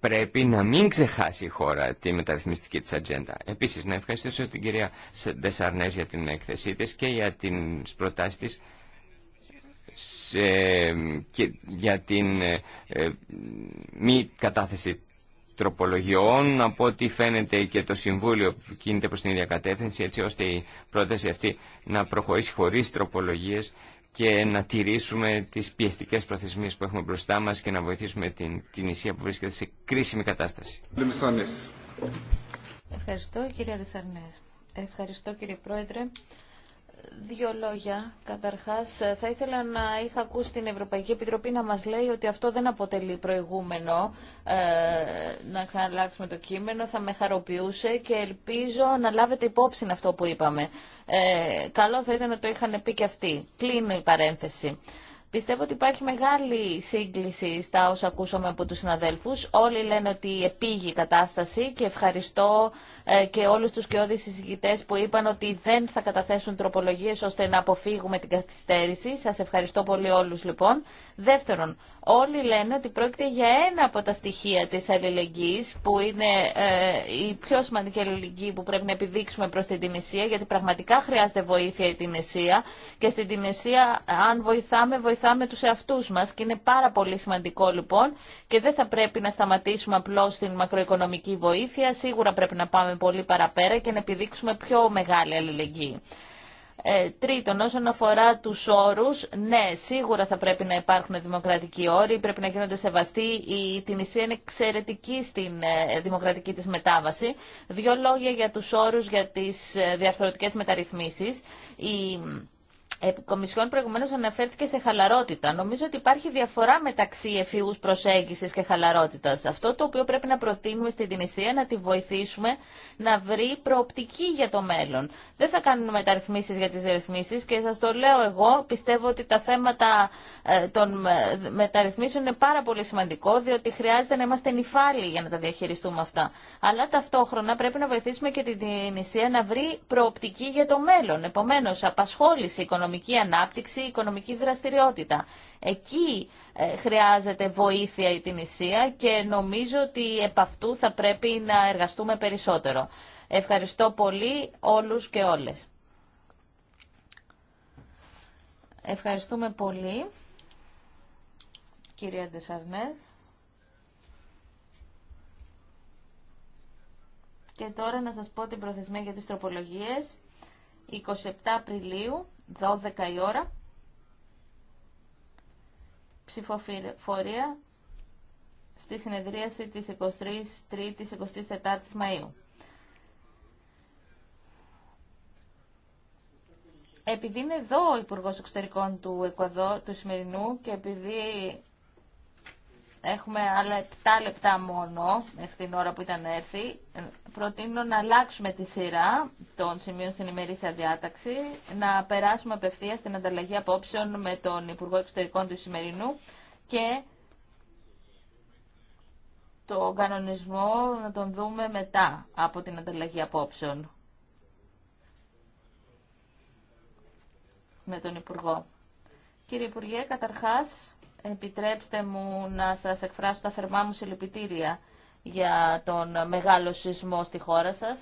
πρέπει να μην ξεχάσει η χώρα τη μεταρρυθμιστική της ατζέντα. Επίσης, να ευχαριστήσω την κυρία Δεσσαρνές για την έκθεσή της και για την προτάσει τη και για την ε, ε, μη κατάθεση τροπολογιών. Από ό,τι φαίνεται και το Συμβούλιο που κινείται προς την ίδια κατεύθυνση, έτσι ώστε η πρόταση αυτή να προχωρήσει χωρίς τροπολογίες και να τηρήσουμε τις πιεστικές προθεσμίες που έχουμε μπροστά μας και να βοηθήσουμε την, την Ισία που βρίσκεται σε κρίσιμη κατάσταση. Ευχαριστώ κύριε Δεσσαρνέ. Ευχαριστώ κύριε Πρόεδρε. Δύο λόγια. Καταρχάς, ε, θα ήθελα να είχα ακούσει την Ευρωπαϊκή Επιτροπή να μας λέει ότι αυτό δεν αποτελεί προηγούμενο ε, να ξαναλλάξουμε το κείμενο. Θα με χαροποιούσε και ελπίζω να λάβετε υπόψη αυτό που είπαμε. Ε, καλό θα ήταν να το είχαν πει και αυτοί. Κλείνω η παρένθεση. Πιστεύω ότι υπάρχει μεγάλη σύγκληση στα όσα ακούσαμε από τους συναδέλφους. Όλοι λένε ότι επήγει η κατάσταση και ευχαριστώ ε, και όλους τους κοιόδης συζητητές που είπαν ότι δεν θα καταθέσουν τροπολογίες ώστε να αποφύγουμε την καθυστέρηση. Σας ευχαριστώ πολύ όλους λοιπόν. Δεύτερον, όλοι λένε ότι πρόκειται για ένα από τα στοιχεία της αλληλεγγύης που είναι ε, η πιο σημαντική αλληλεγγύη που πρέπει να επιδείξουμε προς την Τινησία γιατί πραγματικά χρειάζεται βοήθεια η Τινησία και στην Τινησία αν βοηθάμε, βοηθάμε τους εαυτούς μας και είναι πάρα πολύ σημαντικό λοιπόν και δεν θα πρέπει να σταματήσουμε απλώς την μακροοικονομική βοήθεια. Σίγουρα πρέπει να πάμε πολύ παραπέρα και να επιδείξουμε πιο μεγάλη αλληλεγγύη. Ε, τρίτον, όσον αφορά του όρου, ναι, σίγουρα θα πρέπει να υπάρχουν δημοκρατικοί όροι, πρέπει να γίνονται σεβαστοί. Η Τινησία είναι εξαιρετική στην ε, δημοκρατική τη μετάβαση. Δύο λόγια για του όρου για τι ε, διαρθρωτικέ μεταρρυθμίσει. Η ε, η Κομισιόν προηγουμένως αναφέρθηκε σε χαλαρότητα. Νομίζω ότι υπάρχει διαφορά μεταξύ εφήγους προσέγγισης και χαλαρότητας. Αυτό το οποίο πρέπει να προτείνουμε στην Τινησία να τη βοηθήσουμε να βρει προοπτική για το μέλλον. Δεν θα κάνουμε μεταρρυθμίσεις για τις ρυθμίσεις και σας το λέω εγώ, πιστεύω ότι τα θέματα ε, των ε, μεταρρυθμίσεων είναι πάρα πολύ σημαντικό, διότι χρειάζεται να είμαστε νυφάλιοι για να τα διαχειριστούμε αυτά. Αλλά ταυτόχρονα πρέπει να βοηθήσουμε και την Τινησία να βρει προοπτική για το μέλλον. Επομένως, απασχόληση, οικονομική ανάπτυξη, οικονομική δραστηριότητα. Εκεί ε, χρειάζεται βοήθεια η την και νομίζω ότι επ' αυτού θα πρέπει να εργαστούμε περισσότερο. Ευχαριστώ πολύ όλους και όλες. Ευχαριστούμε πολύ, κυρία Ντεσαρνές. Και τώρα να σας πω την προθεσμία για τις τροπολογίες. 27 Απριλίου, 12 η ώρα. Ψηφοφορία στη συνεδρίαση της 23ης, 24ης Μαΐου. Επειδή είναι εδώ ο Υπουργός Εξωτερικών του Εκουαδό, του σημερινού και επειδή Έχουμε άλλα 7 λεπτά μόνο μέχρι την ώρα που ήταν έρθει. Προτείνω να αλλάξουμε τη σειρά των σημείων στην ημερήσια διάταξη, να περάσουμε απευθεία στην ανταλλαγή απόψεων με τον Υπουργό Εξωτερικών του Ισημερινού και το κανονισμό να τον δούμε μετά από την ανταλλαγή απόψεων με τον Υπουργό. Κύριε Υπουργέ, καταρχάς Επιτρέψτε μου να σας εκφράσω τα θερμά μου συλληπιτήρια για τον μεγάλο σεισμό στη χώρα σας.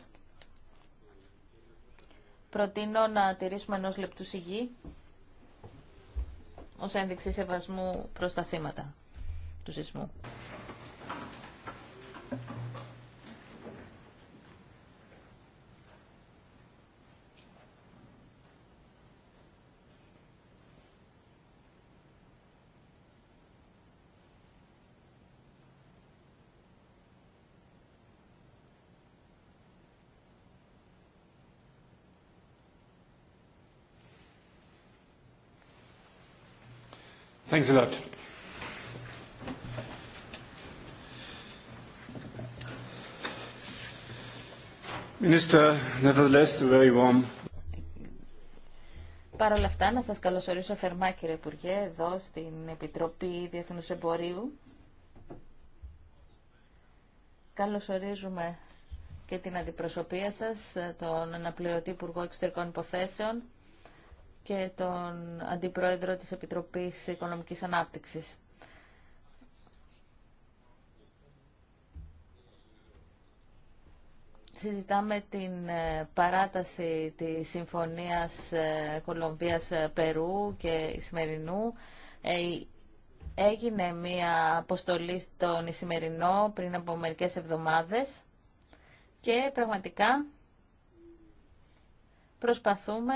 Προτείνω να τηρήσουμε ενός λεπτού σιγή ως ένδειξη σεβασμού προς τα θύματα του σεισμού. Thanks a lot. Minister, nevertheless, very warm. Παρ' όλα αυτά, να σας καλωσορίσω θερμά, κύριε Υπουργέ, εδώ στην Επιτροπή Διεθνούς Εμπορίου. Καλωσορίζουμε και την αντιπροσωπεία σας, τον αναπληρωτή Υπουργό Εξωτερικών Υποθέσεων, και τον Αντιπρόεδρο της Επιτροπής Οικονομικής Ανάπτυξης. Συζητάμε την ε, παράταση της Συμφωνίας ε, Κολομβίας-Περού ε, και Ισημερινού. Έγινε μία αποστολή στον Ισημερινό πριν από μερικές εβδομάδες και πραγματικά προσπαθούμε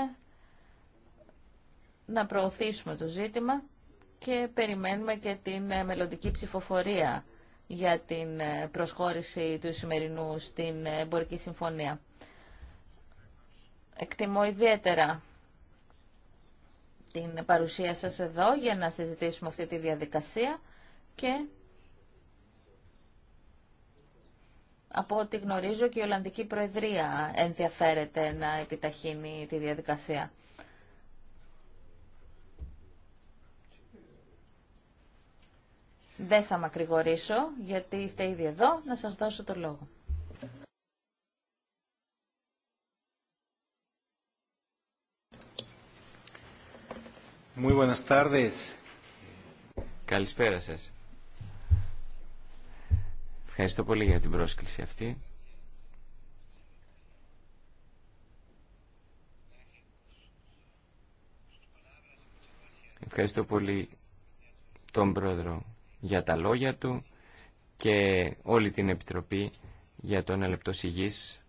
να προωθήσουμε το ζήτημα και περιμένουμε και την ε, μελλοντική ψηφοφορία για την ε, προσχώρηση του σημερινού στην ε, εμπορική συμφωνία. Εκτιμώ ιδιαίτερα την παρουσία σας εδώ για να συζητήσουμε αυτή τη διαδικασία και από ό,τι γνωρίζω και η Ολλανδική Προεδρία ενδιαφέρεται να επιταχύνει τη διαδικασία. Δεν θα μακρηγορήσω, γιατί είστε ήδη εδώ, να σας δώσω το λόγο. Muy buenas tardes. Καλησπέρα σας. Ευχαριστώ πολύ για την πρόσκληση αυτή. Ευχαριστώ πολύ τον πρόεδρο για τα λόγια του και όλη την Επιτροπή για το ένα λεπτό σιγής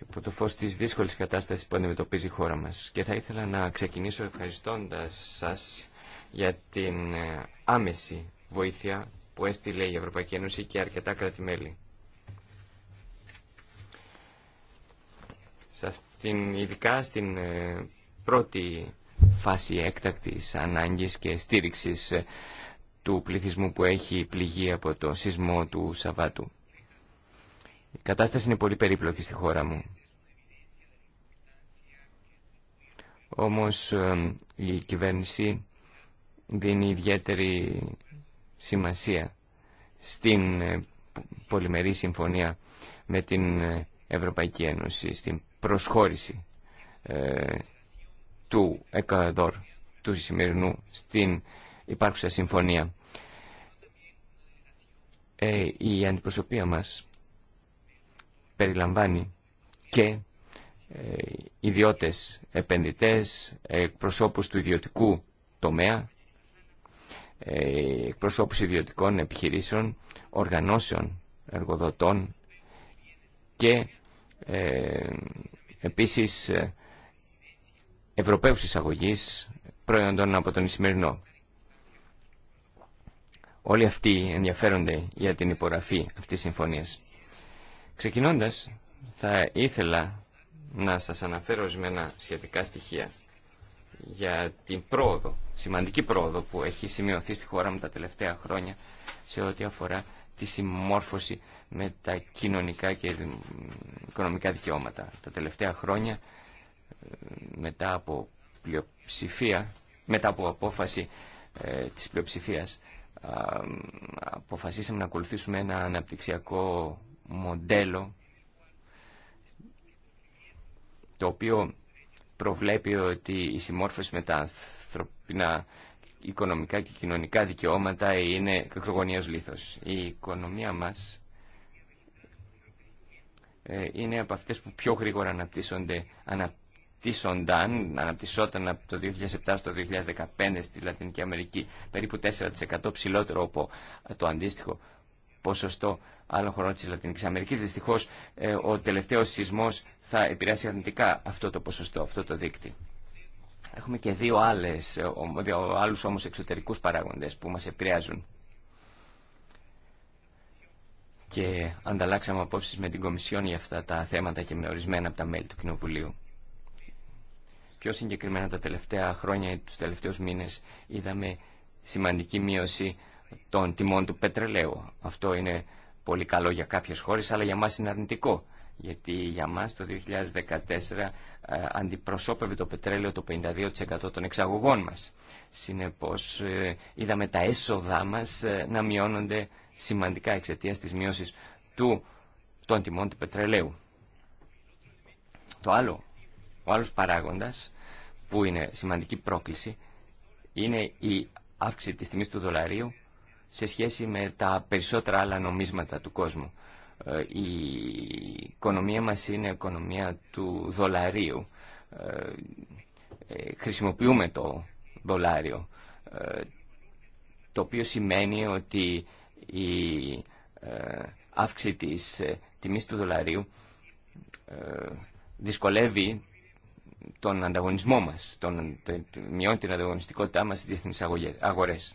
υπό το φως της δύσκολης κατάστασης που αντιμετωπίζει η χώρα μας. Και θα ήθελα να ξεκινήσω ευχαριστώντας σας για την ε, άμεση βοήθεια που έστειλε η Ευρωπαϊκή Ένωση και αρκετά κράτη-μέλη. Ειδικά στην ε, πρώτη φάση έκτακτης ανάγκης και στήριξης ε, του πληθυσμού που έχει πληγεί από το σεισμό του Σαββάτου. Η κατάσταση είναι πολύ περίπλοκη στη χώρα μου. Όμως ε, η κυβέρνηση δίνει ιδιαίτερη σημασία στην ε, πολυμερή συμφωνία με την Ευρωπαϊκή Ένωση, στην προσχώρηση του Εκαδόρ του σημερινού στην υπάρχουσα συμφωνία. Ε, η αντιπροσωπεία μας περιλαμβάνει και ε, ιδιώτες επενδυτές, εκπροσώπους του ιδιωτικού τομέα, ε, εκπροσώπους ιδιωτικών επιχειρήσεων, οργανώσεων εργοδοτών και ε, επίσης ε, Ευρωπαίους εισαγωγή προϊόντων από τον Ισημερινό. Όλοι αυτοί ενδιαφέρονται για την υπογραφή αυτής της συμφωνίας. Ξεκινώντας, θα ήθελα να σας αναφέρω ορισμένα σχετικά στοιχεία για την πρόοδο, σημαντική πρόοδο που έχει σημειωθεί στη χώρα με τα τελευταία χρόνια σε ό,τι αφορά τη συμμόρφωση με τα κοινωνικά και οικονομικά δικαιώματα. Τα τελευταία χρόνια μετά από πλειοψηφία, μετά από απόφαση ε, της πλειοψηφίας, αποφασίσαμε να ακολουθήσουμε ένα αναπτυξιακό μοντέλο το οποίο προβλέπει ότι η συμμόρφωση με τα ανθρωπινά οικονομικά και κοινωνικά δικαιώματα είναι κακρογωνίως λήθος. Η οικονομία μας ε, είναι από αυτές που πιο γρήγορα αναπτύσσονται, ανα, αναπτύσσονταν, αναπτυσσόταν από το 2007 στο 2015 στη Λατινική Αμερική, περίπου 4% ψηλότερο από ε, το αντίστοιχο ποσοστό άλλων χωρών της Λατινικής Αμερικής. Δυστυχώς ε, ο τελευταίος σεισμός θα επηρεάσει αρνητικά αυτό το ποσοστό, αυτό το δίκτυο. Έχουμε και δύο, άλλες, ε, δύο άλλους όμως εξωτερικούς παράγοντες που μας επηρεάζουν. Και ανταλλάξαμε απόψεις με την Κομισιόν για αυτά τα θέματα και με ορισμένα από τα μέλη του Κοινοβουλίου. Πιο συγκεκριμένα τα τελευταία χρόνια ή τους τελευταίους μήνες είδαμε σημαντική μείωση των τιμών του πετρελαίου. Αυτό είναι πολύ καλό για κάποιες χώρες, αλλά για μας είναι αρνητικό. Γιατί για μας το 2014 ε, αντιπροσώπευε το πετρέλαιο το 52% των εξαγωγών μας. Συνεπώς ε, είδαμε τα έσοδά μας ε, να μειώνονται σημαντικά εξαιτίας της μείωσης του, των τιμών του πετρελαίου. Το άλλο ο άλλο παράγοντα που είναι σημαντική πρόκληση είναι η αύξηση της τιμής του δολαρίου σε σχέση με τα περισσότερα άλλα νομίσματα του κόσμου. Ε, η οικονομία μας είναι οικονομία του δολαρίου. Ε, ε, χρησιμοποιούμε το δολάριο, το οποίο σημαίνει ότι η αύξηση της τιμής του δολαρίου δυσκολεύει τον ανταγωνισμό μας, τον, μειώνει την ανταγωνιστικότητά μας στις διεθνείς αγορές.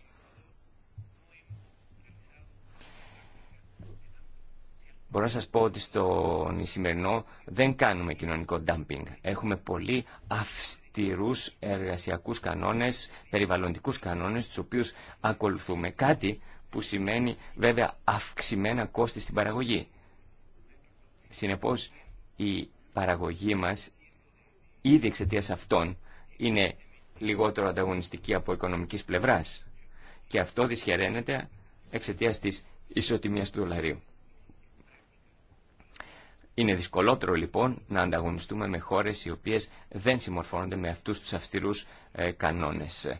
Μπορώ να σας πω ότι στο σημερινό δεν κάνουμε κοινωνικό dumping. Έχουμε πολύ αυστηρούς εργασιακούς κανόνες, περιβαλλοντικούς κανόνες, τους οποίους ακολουθούμε. Κάτι που σημαίνει βέβαια αυξημένα κόστη στην παραγωγή. Συνεπώς η παραγωγή μας ήδη εξαιτία αυτών είναι λιγότερο ανταγωνιστική από οικονομικής πλευράς και αυτό δυσχεραίνεται εξαιτία της ισοτιμίας του δολαρίου. Είναι δυσκολότερο λοιπόν να ανταγωνιστούμε με χώρες οι οποίες δεν συμμορφώνονται με αυτούς τους αυστηρούς ε, κανόνες ε,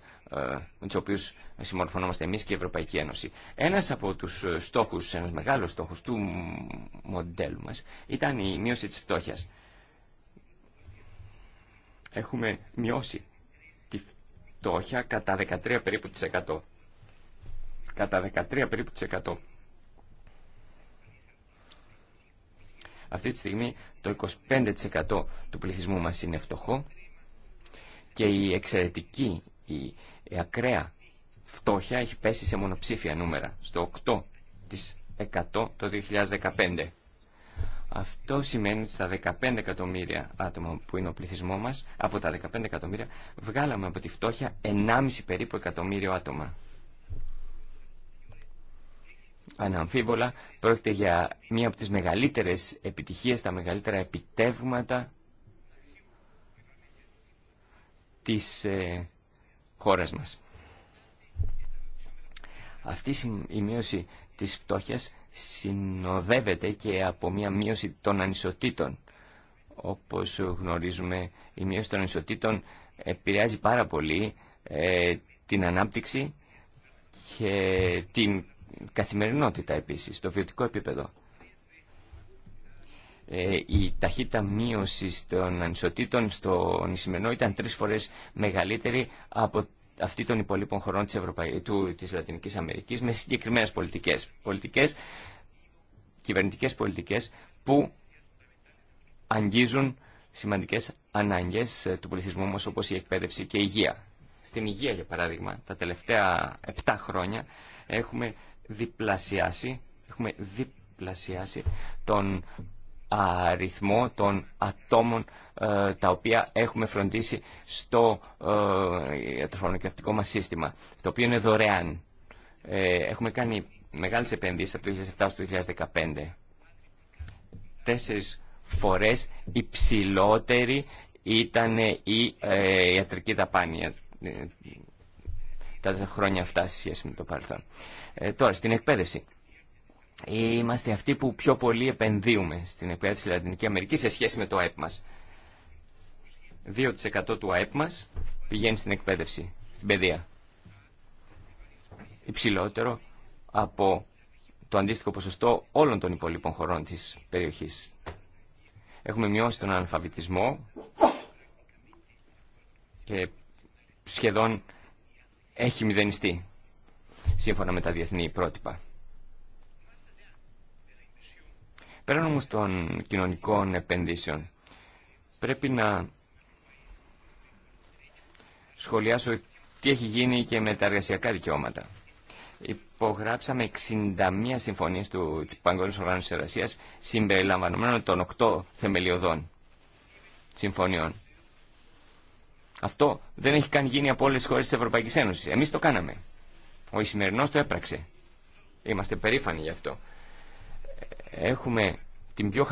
με τους οποίους συμμορφωνόμαστε εμείς και η Ευρωπαϊκή Ένωση. Ένας από τους ε, στόχους, ένας μεγάλος στόχος του μοντέλου μας ήταν η μείωση της φτώχειας έχουμε μειώσει τη φτώχεια κατά 13 περίπου της 100. Κατά 13 περίπου της 100. Αυτή τη στιγμή το 25% του πληθυσμού μας είναι φτωχό και η εξαιρετική, η, η ακραία φτώχεια έχει πέσει σε μονοψήφια νούμερα, στο 8% το 2015. Αυτό σημαίνει ότι στα 15 εκατομμύρια άτομα που είναι ο πληθυσμό μας, από τα 15 εκατομμύρια, βγάλαμε από τη φτώχεια 1,5 περίπου εκατομμύριο άτομα. Αναμφίβολα πρόκειται για μία από τις μεγαλύτερες επιτυχίες, τα μεγαλύτερα επιτεύγματα της ε, χώρας μας. Αυτή η μείωση της φτώχειας συνοδεύεται και από μια μείωση των ανισοτήτων. Όπως γνωρίζουμε, η μείωση των ανισοτήτων επηρεάζει πάρα πολύ ε, την ανάπτυξη και την καθημερινότητα επίσης, στο βιωτικό επίπεδο. Ε, η ταχύτητα μείωση των ανισοτήτων στο νησιμενό ήταν τρεις φορές μεγαλύτερη από αυτή των υπολείπων χωρών της, Ευρωπαϊ... του, της Λατινικής Αμερικής με συγκεκριμένες πολιτικές. Πολιτικές, κυβερνητικές πολιτικές που αγγίζουν σημαντικές ανάγκες ε, του πολιτισμού μας όπως η εκπαίδευση και η υγεία. Στην υγεία για παράδειγμα τα τελευταία 7 χρόνια έχουμε διπλασιάσει, έχουμε διπλασιάσει τον αριθμό των ατόμων ε, τα οποία έχουμε φροντίσει στο ιατροφαρμακευτικό ε, μας σύστημα, το οποίο είναι δωρεάν. Ε, έχουμε κάνει μεγάλες επενδύσεις από το 2007 στο 2015. Τέσσερις φορές υψηλότερη ήταν η ε, ιατρική δαπάνη τα χρόνια αυτά σε σχέση με το παρελθόν. τώρα, στην εκπαίδευση είμαστε αυτοί που πιο πολύ επενδύουμε στην εκπαίδευση στη Λατινική Αμερική σε σχέση με το ΑΕΠ μα. 2% του ΑΕΠ μα πηγαίνει στην εκπαίδευση, στην παιδεία. Υψηλότερο από το αντίστοιχο ποσοστό όλων των υπολείπων χωρών της περιοχής. Έχουμε μειώσει τον αναλφαβητισμό και σχεδόν έχει μηδενιστεί σύμφωνα με τα διεθνή πρότυπα. Πέραν όμως των κοινωνικών επενδύσεων, πρέπει να σχολιάσω τι έχει γίνει και με τα εργασιακά δικαιώματα. Υπογράψαμε 61 συμφωνίες του Παγκόσμιου Οργάνωσης Εργασίας συμπεριλαμβανομένων των 8 θεμελιωδών συμφωνιών. Αυτό δεν έχει καν γίνει από όλες τις χώρες της Ευρωπαϊκής Ένωσης. Εμείς το κάναμε. Ο Ισημερινός το έπραξε. Είμαστε περήφανοι γι' αυτό έχουμε την πιο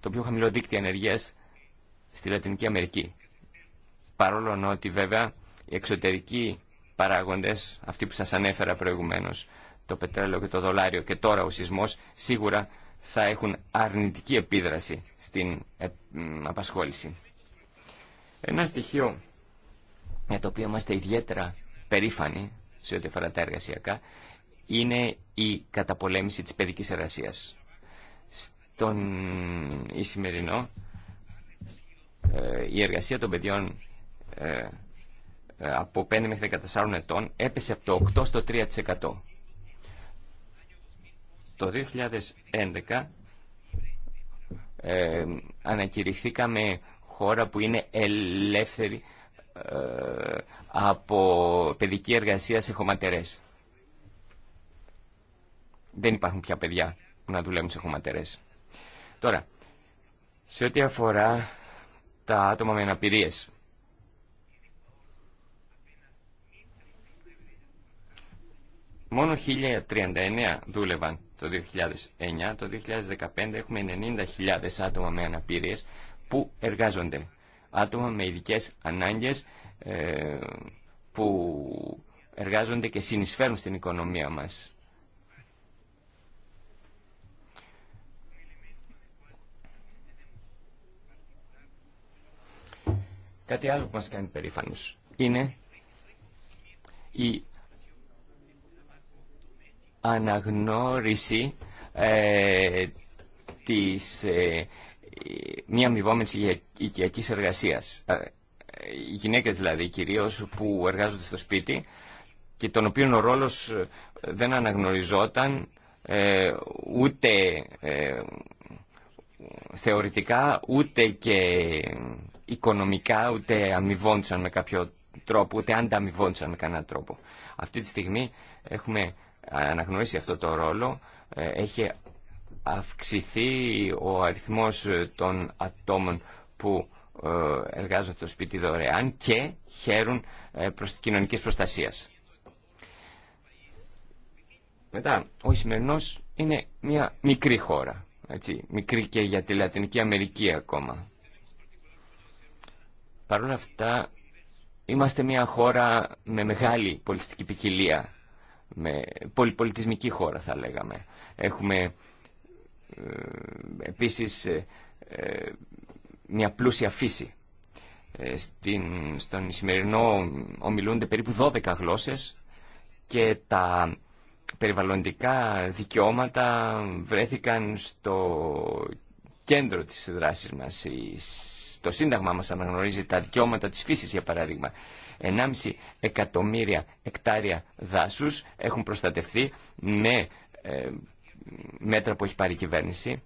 το πιο χαμηλό δίκτυο ενεργείας στη Λατινική Αμερική. Παρόλο ότι βέβαια οι εξωτερικοί παράγοντες, αυτοί που σας ανέφερα προηγουμένως, το πετρέλαιο και το δολάριο και τώρα ο σεισμός, σίγουρα θα έχουν αρνητική επίδραση στην ε, απασχόληση. Ένα στοιχείο για το οποίο είμαστε ιδιαίτερα περήφανοι σε ό,τι αφορά τα εργασιακά είναι η καταπολέμηση της παιδικής εργασίας στον Ισημερινό ε, η εργασία των παιδιών ε, ε, από 5 μέχρι 14 ετών έπεσε από το 8% στο 3%. Το 2011 ανακηρυχθήκαμε χώρα που είναι ελεύθερη από παιδική εργασία σε χωματερές. Δεν υπάρχουν πια παιδιά που να δουλεύουν σε χωματερές. Τώρα, σε ό,τι αφορά τα άτομα με αναπηρίε. Μόνο 1039 δούλευαν το 2009. Το 2015 έχουμε 90.000 άτομα με αναπηρίες που εργάζονται. Άτομα με ειδικέ ανάγκες ε, που εργάζονται και συνεισφέρουν στην οικονομία μας. Κάτι άλλο που μας κάνει περήφανους είναι η αναγνώριση ε, της ε, μη αμοιβόμενης οικιακής εργασίας. Οι ε, γυναίκες δηλαδή κυρίως που εργάζονται στο σπίτι και τον οποίον ο ρόλος ε, δεν αναγνωριζόταν ε, ούτε θεωρητικά ούτε και οικονομικά, ούτε αμοιβόντουσαν με κάποιο τρόπο, ούτε ανταμοιβόντουσαν με κανέναν τρόπο. Αυτή τη στιγμή έχουμε ε, αναγνωρίσει αυτό το ρόλο, ε, έχει αυξηθεί ο αριθμός ε, των ατόμων που εργάζονται στο σπίτι δωρεάν και χαίρουν προς κοινωνικής προστασίας. Μετά, ο Ισημερινός είναι μια μικρή χώρα, έτσι, μικρή και για τη Λατινική Αμερική ακόμα. Παρ' όλα αυτά, είμαστε μια χώρα με μεγάλη πολιτιστική ποικιλία. Με πολυπολιτισμική χώρα θα λέγαμε. Έχουμε ε, επίσης ε, ε, μια πλούσια φύση. Στην, στον Ισημερινό ομιλούνται περίπου 12 γλώσσες και τα περιβαλλοντικά δικαιώματα βρέθηκαν στο κέντρο της δράσης μας. Η το Σύνταγμα μας αναγνωρίζει τα δικαιώματα της φύσης, για παράδειγμα. 1,5 εκατομμύρια εκτάρια δάσους έχουν προστατευθεί με ε, μέτρα που έχει πάρει η κυβέρνηση.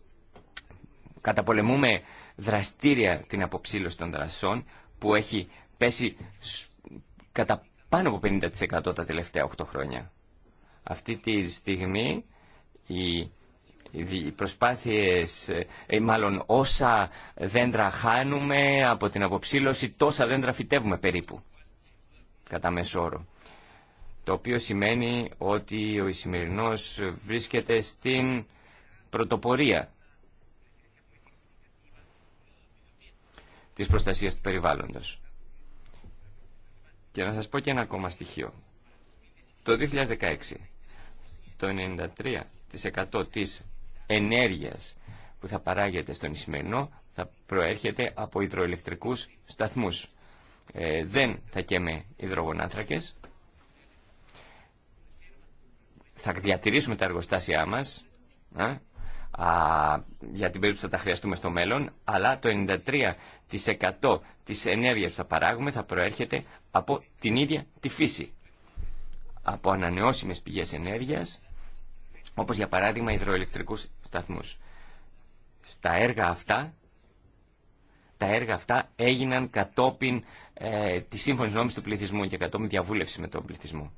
Καταπολεμούμε δραστήρια την αποψήλωση των δρασών που έχει πέσει κατά πάνω από 50% τα τελευταία 8 χρόνια. Αυτή τη στιγμή η οι προσπάθειες, ε, μάλλον όσα δέντρα χάνουμε από την αποψήλωση, τόσα δέντρα φυτεύουμε περίπου, κατά μέσο όρο Το οποίο σημαίνει ότι ο Ισημερινός βρίσκεται στην πρωτοπορία της προστασίας του περιβάλλοντος. Και να σας πω και ένα ακόμα στοιχείο. Το 2016, το 93% της ενέργειας που θα παράγεται στον Ισημερινό θα προέρχεται από υδροελεκτρικούς σταθμούς. Ε, δεν θα καίμε υδρογονάνθρακες. Θα διατηρήσουμε τα εργοστάσια μας α, για την περίπτωση θα τα χρειαστούμε στο μέλλον, αλλά το 93% της ενέργειας που θα παράγουμε θα προέρχεται από την ίδια τη φύση. Από ανανεώσιμες πηγές ενέργειας όπως για παράδειγμα υδροελεκτρικούς σταθμούς. Στα έργα αυτά, τα έργα αυτά έγιναν κατόπιν ε, της σύμφωνης του πληθυσμού και κατόπιν διαβούλευση με τον πληθυσμό.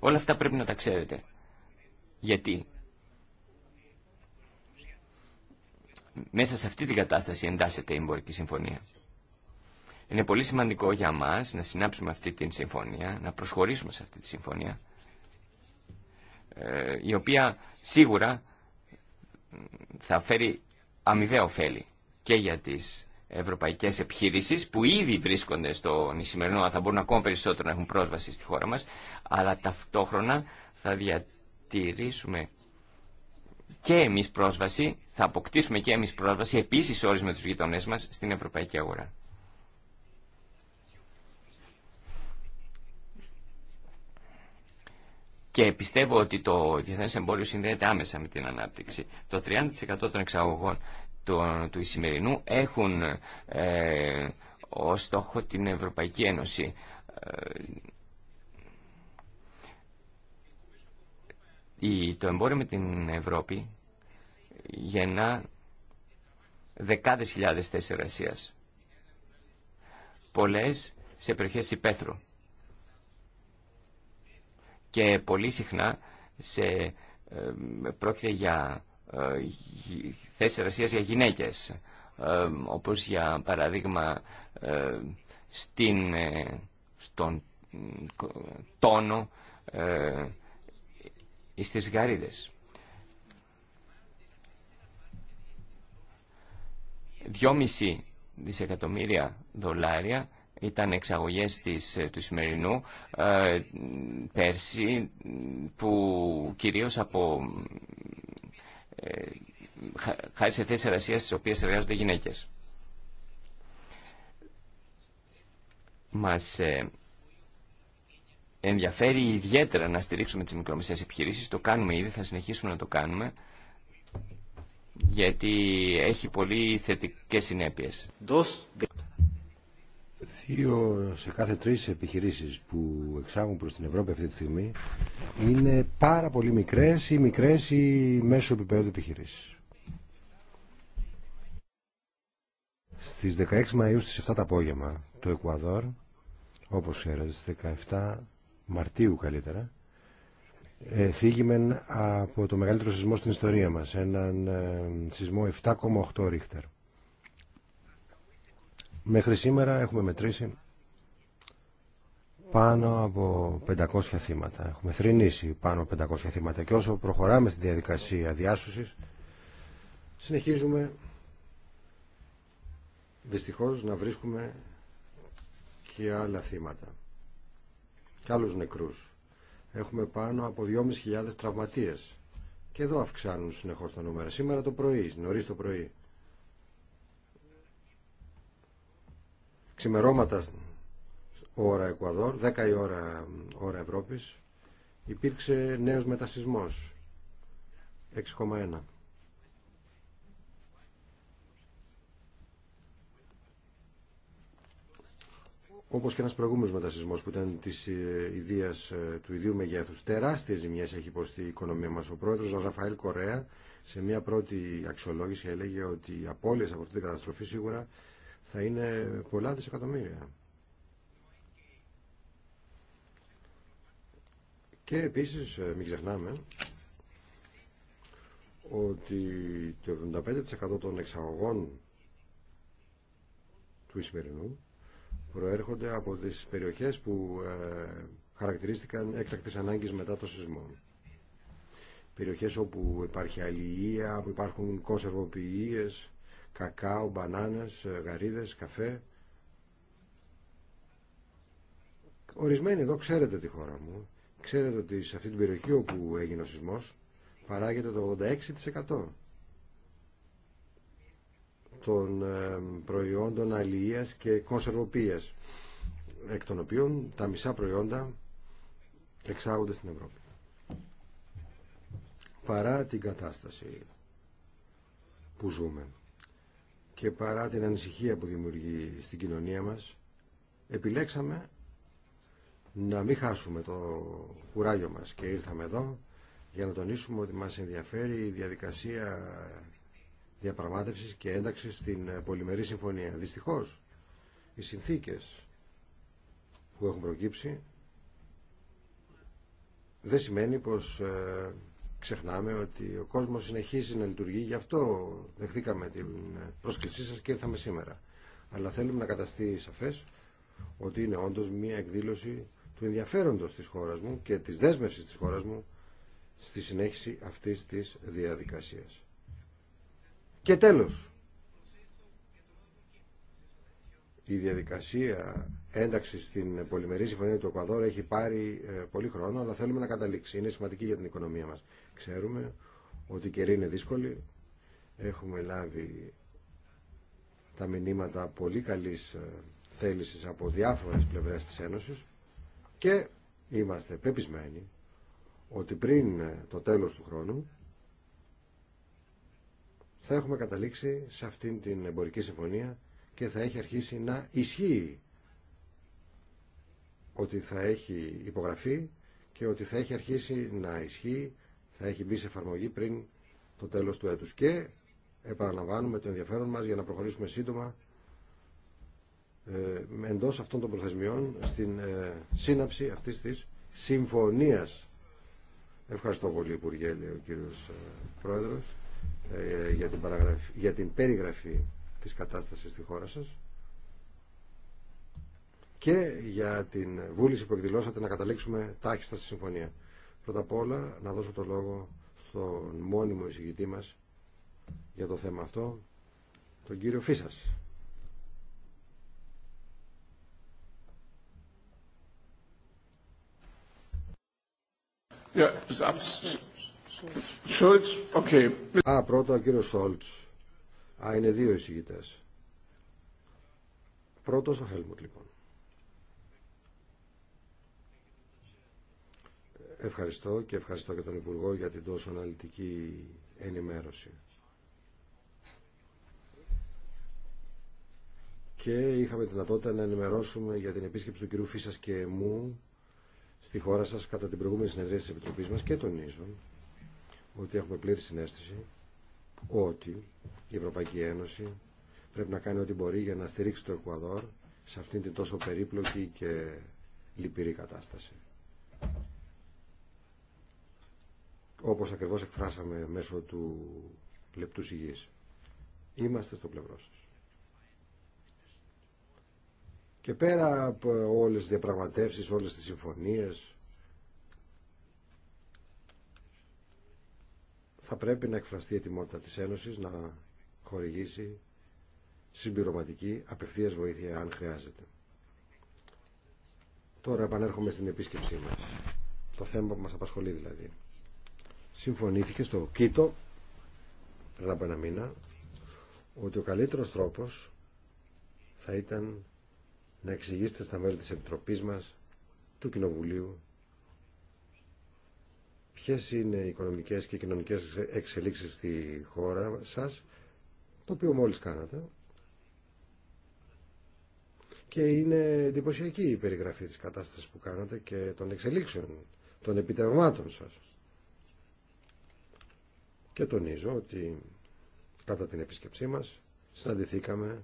Όλα αυτά πρέπει να τα ξέρετε. Γιατί μέσα σε αυτή την κατάσταση εντάσσεται η εμπορική συμφωνία. Είναι πολύ σημαντικό για μας να συνάψουμε αυτή τη συμφωνία, να προσχωρήσουμε σε αυτή τη συμφωνία, ε, η οποία σίγουρα θα φέρει αμοιβαία ωφέλη και για τις ευρωπαϊκές επιχειρήσεις που ήδη βρίσκονται στο νησιμερινό, θα μπορούν ακόμα περισσότερο να έχουν πρόσβαση στη χώρα μας, αλλά ταυτόχρονα θα διατηρήσουμε και εμείς πρόσβαση, θα αποκτήσουμε και εμείς πρόσβαση επίσης όρις με τους γειτονές μας στην ευρωπαϊκή αγορά. Και πιστεύω ότι το διεθνές εμπόριο συνδέεται άμεσα με την ανάπτυξη. Το 30% των εξαγωγών του, του Ισημερινού έχουν ε, ως στόχο την Ευρωπαϊκή Ένωση. Ε, το εμπόριο με την Ευρώπη γεννά δεκάδες χιλιάδες θέσεις εργασίας. Πολλές σε περιοχές υπαίθρου και πολύ συχνά σε, ε, πρόκειται για ε, θέσεις εργασίας για γυναίκες, ε, όπως για παράδειγμα ε, στην, ε, στον τόνο ή στις γαρίδες. 2,5 δισεκατομμύρια δολάρια ήταν εξαγωγές της, ε, του σημερινού ε, πέρσι που κυρίως από ε, χάρη σε θέσεις εργασίας στις οποίες εργάζονται γυναίκες. Μας ε, ενδιαφέρει ιδιαίτερα να στηρίξουμε τις μικρομεσαίες επιχειρήσεις. Το κάνουμε ήδη, θα συνεχίσουμε να το κάνουμε γιατί έχει πολύ θετικές συνέπειες σε κάθε τρεις επιχειρήσεις που εξάγουν προς την Ευρώπη αυτή τη στιγμή είναι πάρα πολύ μικρές ή μικρές ή μέσω επίπεδου επιχειρήσεις. Στις 16 Μαΐου στις 7 το απόγευμα το Εκουαδόρ, όπως ξέρετε, στις 17 Μαρτίου καλύτερα, ε, θίγημεν από το μεγαλύτερο σεισμό στην ιστορία μας, έναν ε, σεισμό 7,8 ρίχτερ. Μέχρι σήμερα έχουμε μετρήσει πάνω από 500 θύματα. Έχουμε θρυνήσει πάνω από 500 θύματα και όσο προχωράμε στη διαδικασία διάσωσης συνεχίζουμε δυστυχώς να βρίσκουμε και άλλα θύματα και άλλους νεκρούς. Έχουμε πάνω από 2.500 τραυματίες και εδώ αυξάνουν συνεχώς τα νούμερα. Σήμερα το πρωί, νωρίς το πρωί, ξημερώματα ώρα Εκουαδόρ, 10 η ώρα, ώρα Ευρώπης, υπήρξε νέος μετασυσμός, 6,1. όπως και ένας προηγούμενος μετασυσμός που ήταν της ε, ιδίας, ε, του ιδίου μεγέθους. Τεράστιες ζημιές έχει υποστεί η οικονομία μας. Ο πρόεδρος Ραφαήλ Κορέα σε μια πρώτη αξιολόγηση έλεγε ότι οι απώλειες από αυτή την καταστροφή σίγουρα θα είναι πολλά δισεκατομμύρια. Και επίσης ε, μην ξεχνάμε ότι το 75% των εξαγωγών του Ισημερινού προέρχονται από τις περιοχές που ε, χαρακτηρίστηκαν έκτακτες ανάγκες μετά το σεισμό. Περιοχές όπου υπάρχει αλληλεία, που υπάρχουν κονσερβοποιίες, κακάο, μπανάνες, γαρίδες, καφέ. Ορισμένοι εδώ ξέρετε τη χώρα μου. Ξέρετε ότι σε αυτή την περιοχή όπου έγινε ο σεισμός παράγεται το 86% των ε, προϊόντων αλληλείας και κονσερβοποίησης εκ των οποίων τα μισά προϊόντα εξάγονται στην Ευρώπη. Παρά την κατάσταση που ζούμε και παρά την ανησυχία που δημιουργεί στην κοινωνία μας, επιλέξαμε να μην χάσουμε το κουράγιο μας και ήρθαμε εδώ για να τονίσουμε ότι μας ενδιαφέρει η διαδικασία διαπραγμάτευσης και ένταξης στην πολυμερή συμφωνία. Δυστυχώς, οι συνθήκες που έχουν προκύψει δεν σημαίνει πως ε, ξεχνάμε ότι ο κόσμος συνεχίζει να λειτουργεί, γι' αυτό δεχτήκαμε την πρόσκλησή σας και ήρθαμε σήμερα. Αλλά θέλουμε να καταστεί σαφές ότι είναι όντως μια εκδήλωση του ενδιαφέροντος της χώρας μου και της δέσμευσης της χώρας μου στη συνέχιση αυτής της διαδικασίας. Και τέλος, η διαδικασία ένταξη στην πολυμερή συμφωνία του Εκουαδόρ έχει πάρει ε, πολύ χρόνο, αλλά θέλουμε να καταλήξει. Είναι σημαντική για την οικονομία μας. Ξέρουμε ότι η καιρή είναι δύσκολη. Έχουμε λάβει τα μηνύματα πολύ καλής ε, θέλησης από διάφορες πλευρές της Ένωσης και είμαστε πεπισμένοι ότι πριν ε, το τέλος του χρόνου θα έχουμε καταλήξει σε αυτήν την εμπορική συμφωνία και θα έχει αρχίσει να ισχύει ότι θα έχει υπογραφεί και ότι θα έχει αρχίσει να ισχύει θα έχει μπει σε εφαρμογή πριν το τέλος του έτους. Και επαναλαμβάνουμε το ενδιαφέρον μας για να προχωρήσουμε σύντομα ε, εντός αυτών των προθεσμιών στην ε, σύναψη αυτής της συμφωνίας. Ευχαριστώ πολύ Υπουργέ, λέει ο κύριος ε, Πρόεδρος, ε, για, την για την περιγραφή της κατάστασης στη χώρα σας και για την βούληση που εκδηλώσατε να καταλήξουμε τάχιστα στη συμφωνία. Πρώτα απ' όλα να δώσω το λόγο στον μόνιμο εισηγητή μας για το θέμα αυτό, τον κύριο Φίσας. okay. Α, πρώτο, ο κύριος Σόλτς. Α, είναι δύο εισηγητές. Πρώτος ο Χέλμουτ, λοιπόν. Ευχαριστώ και ευχαριστώ και τον Υπουργό για την τόσο αναλυτική ενημέρωση. Και είχαμε τη δυνατότητα να ενημερώσουμε για την επίσκεψη του κυρίου Φίσας και μου στη χώρα σας κατά την προηγούμενη συνεδρία της Επιτροπής μας και τονίζω ότι έχουμε πλήρη συνέστηση ότι η Ευρωπαϊκή Ένωση πρέπει να κάνει ό,τι μπορεί για να στηρίξει το Εκουαδόρ σε αυτήν την τόσο περίπλοκη και λυπηρή κατάσταση. όπως ακριβώς εκφράσαμε μέσω του λεπτού υγιής. Είμαστε στο πλευρό σας. Και πέρα από όλες τις διαπραγματεύσεις, όλες τις συμφωνίες, θα πρέπει να εκφραστεί η ετοιμότητα της Ένωσης να χορηγήσει συμπληρωματική απευθείας βοήθεια αν χρειάζεται. Τώρα επανέρχομαι στην επίσκεψή μας. Το θέμα που μας απασχολεί δηλαδή συμφωνήθηκε στο Κίτο πριν από ένα μήνα ότι ο καλύτερος τρόπος θα ήταν να εξηγήσετε στα μέλη της Επιτροπής μας του Κοινοβουλίου ποιες είναι οι οικονομικές και κοινωνικές εξελίξεις στη χώρα σας το οποίο μόλις κάνατε και είναι εντυπωσιακή η περιγραφή της κατάστασης που κάνατε και των εξελίξεων των επιτευγμάτων σας και τονίζω ότι κατά την επίσκεψή μας συναντηθήκαμε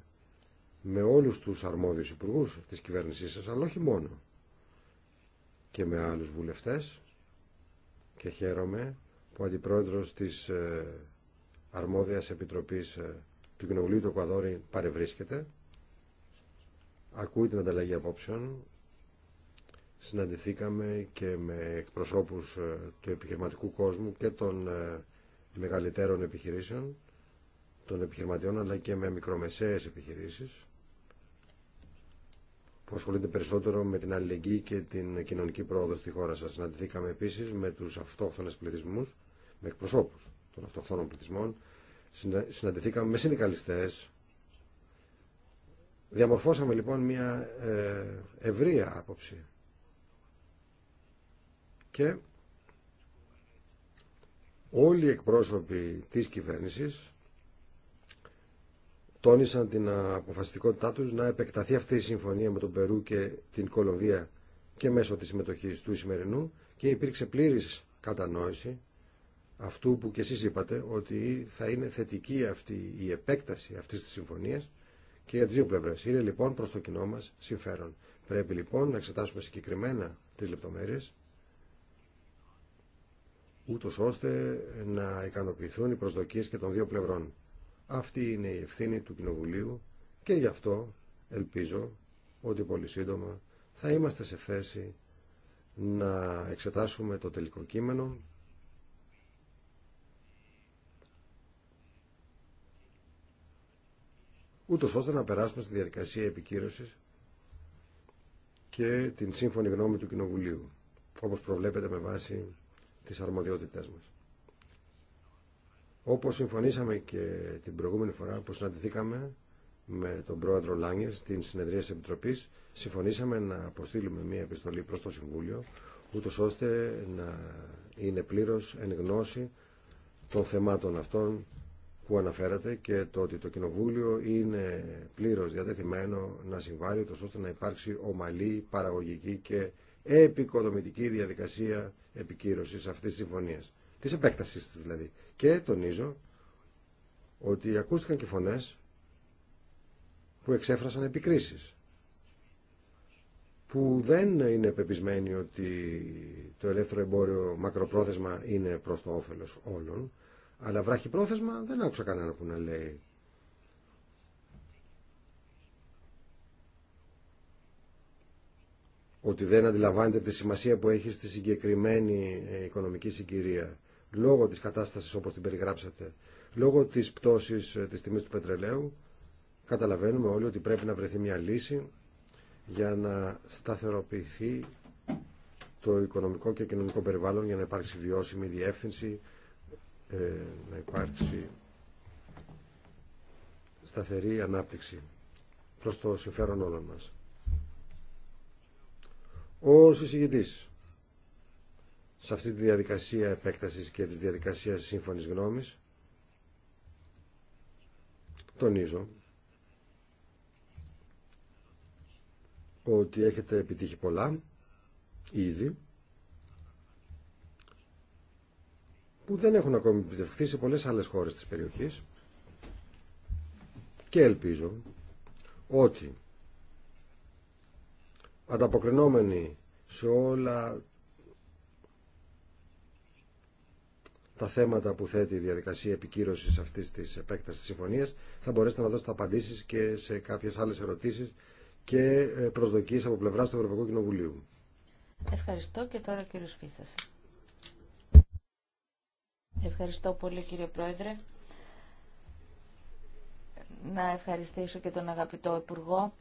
με όλους τους αρμόδιους υπουργούς της κυβέρνησής σας, αλλά όχι μόνο, και με άλλους βουλευτές και χαίρομαι που ο Αντιπρόεδρος της ε, Αρμόδιας Επιτροπής ε, του Κοινοβουλίου του Εκουαδόρη παρευρίσκεται, ακούει την ανταλλαγή απόψεων, συναντηθήκαμε και με εκπροσώπους ε, του επιχειρηματικού κόσμου και των μεγαλύτερων επιχειρήσεων, των επιχειρηματιών αλλά και με μικρομεσαίες επιχειρήσεις που ασχολείται περισσότερο με την αλληλεγγύη και την κοινωνική πρόοδο στη χώρα σας. Συναντηθήκαμε επίσης με τους αυτόχθονες πληθυσμούς, με εκπροσώπους των αυτοχθόνων πληθυσμών. Συναντηθήκαμε με συνδικαλιστές. Διαμορφώσαμε λοιπόν μια ε, ευρεία άποψη και Όλοι οι εκπρόσωποι της κυβέρνησης τόνισαν την αποφασιστικότητά τους να επεκταθεί αυτή η συμφωνία με τον Περού και την Κολομβία και μέσω της συμμετοχής του σημερινού και υπήρξε πλήρης κατανόηση αυτού που και εσείς είπατε ότι θα είναι θετική αυτή η επέκταση αυτής της συμφωνίας και για τις δύο πλευρές. Είναι λοιπόν προς το κοινό μας συμφέρον. Πρέπει λοιπόν να εξετάσουμε συγκεκριμένα τις λεπτομέρειες ούτω ώστε να ικανοποιηθούν οι προσδοκίες και των δύο πλευρών. Αυτή είναι η ευθύνη του Κοινοβουλίου και γι' αυτό ελπίζω ότι πολύ σύντομα θα είμαστε σε θέση να εξετάσουμε το τελικό κείμενο ούτω ώστε να περάσουμε στη διαδικασία επικύρωσης και την σύμφωνη γνώμη του Κοινοβουλίου, όπως προβλέπεται με βάση τις αρμοδιότητές μας. Όπως συμφωνήσαμε και την προηγούμενη φορά που συναντηθήκαμε με τον πρόεδρο Λάγκερ στην συνεδρία της Επιτροπής, συμφωνήσαμε να αποστείλουμε μία επιστολή προς το Συμβούλιο, ούτως ώστε να είναι πλήρως εν γνώση των θεμάτων αυτών που αναφέρατε και το ότι το Κοινοβούλιο είναι πλήρως διατεθειμένο να συμβάλλει ώστε να υπάρξει ομαλή, παραγωγική και επικοδομητική διαδικασία επικύρωση αυτής της συμφωνίας. τη επέκταση τη δηλαδή. Και τονίζω ότι ακούστηκαν και φωνές που εξέφρασαν επικρίσεις που δεν είναι πεπισμένοι ότι το ελεύθερο εμπόριο μακροπρόθεσμα είναι προς το όφελος όλων, αλλά βράχει πρόθεσμα δεν άκουσα κανένα που να λέει ότι δεν αντιλαμβάνεται τη σημασία που έχει στη συγκεκριμένη ε, οικονομική συγκυρία λόγω της κατάστασης όπως την περιγράψατε, λόγω της πτώσης ε, της τιμής του πετρελαίου, καταλαβαίνουμε όλοι ότι πρέπει να βρεθεί μια λύση για να σταθεροποιηθεί το οικονομικό και κοινωνικό περιβάλλον για να υπάρξει βιώσιμη διεύθυνση, ε, να υπάρξει σταθερή ανάπτυξη προς το συμφέρον όλων μας. Ο εισηγητής σε αυτή τη διαδικασία επέκτασης και της διαδικασίας σύμφωνης γνώμης τονίζω ότι έχετε επιτύχει πολλά ήδη που δεν έχουν ακόμη επιτευχθεί σε πολλές άλλες χώρες της περιοχής και ελπίζω ότι ανταποκρινόμενοι σε όλα τα θέματα που θέτει η διαδικασία επικύρωσης αυτής της επέκταση της συμφωνίας θα μπορέσετε να δώσετε απαντήσεις και σε κάποιες άλλες ερωτήσεις και ε, προσδοκίε από πλευράς του Ευρωπαϊκού Κοινοβουλίου. Ευχαριστώ και τώρα κύριο Φίσα. Ευχαριστώ πολύ κύριε Πρόεδρε. Να ευχαριστήσω και τον αγαπητό Υπουργό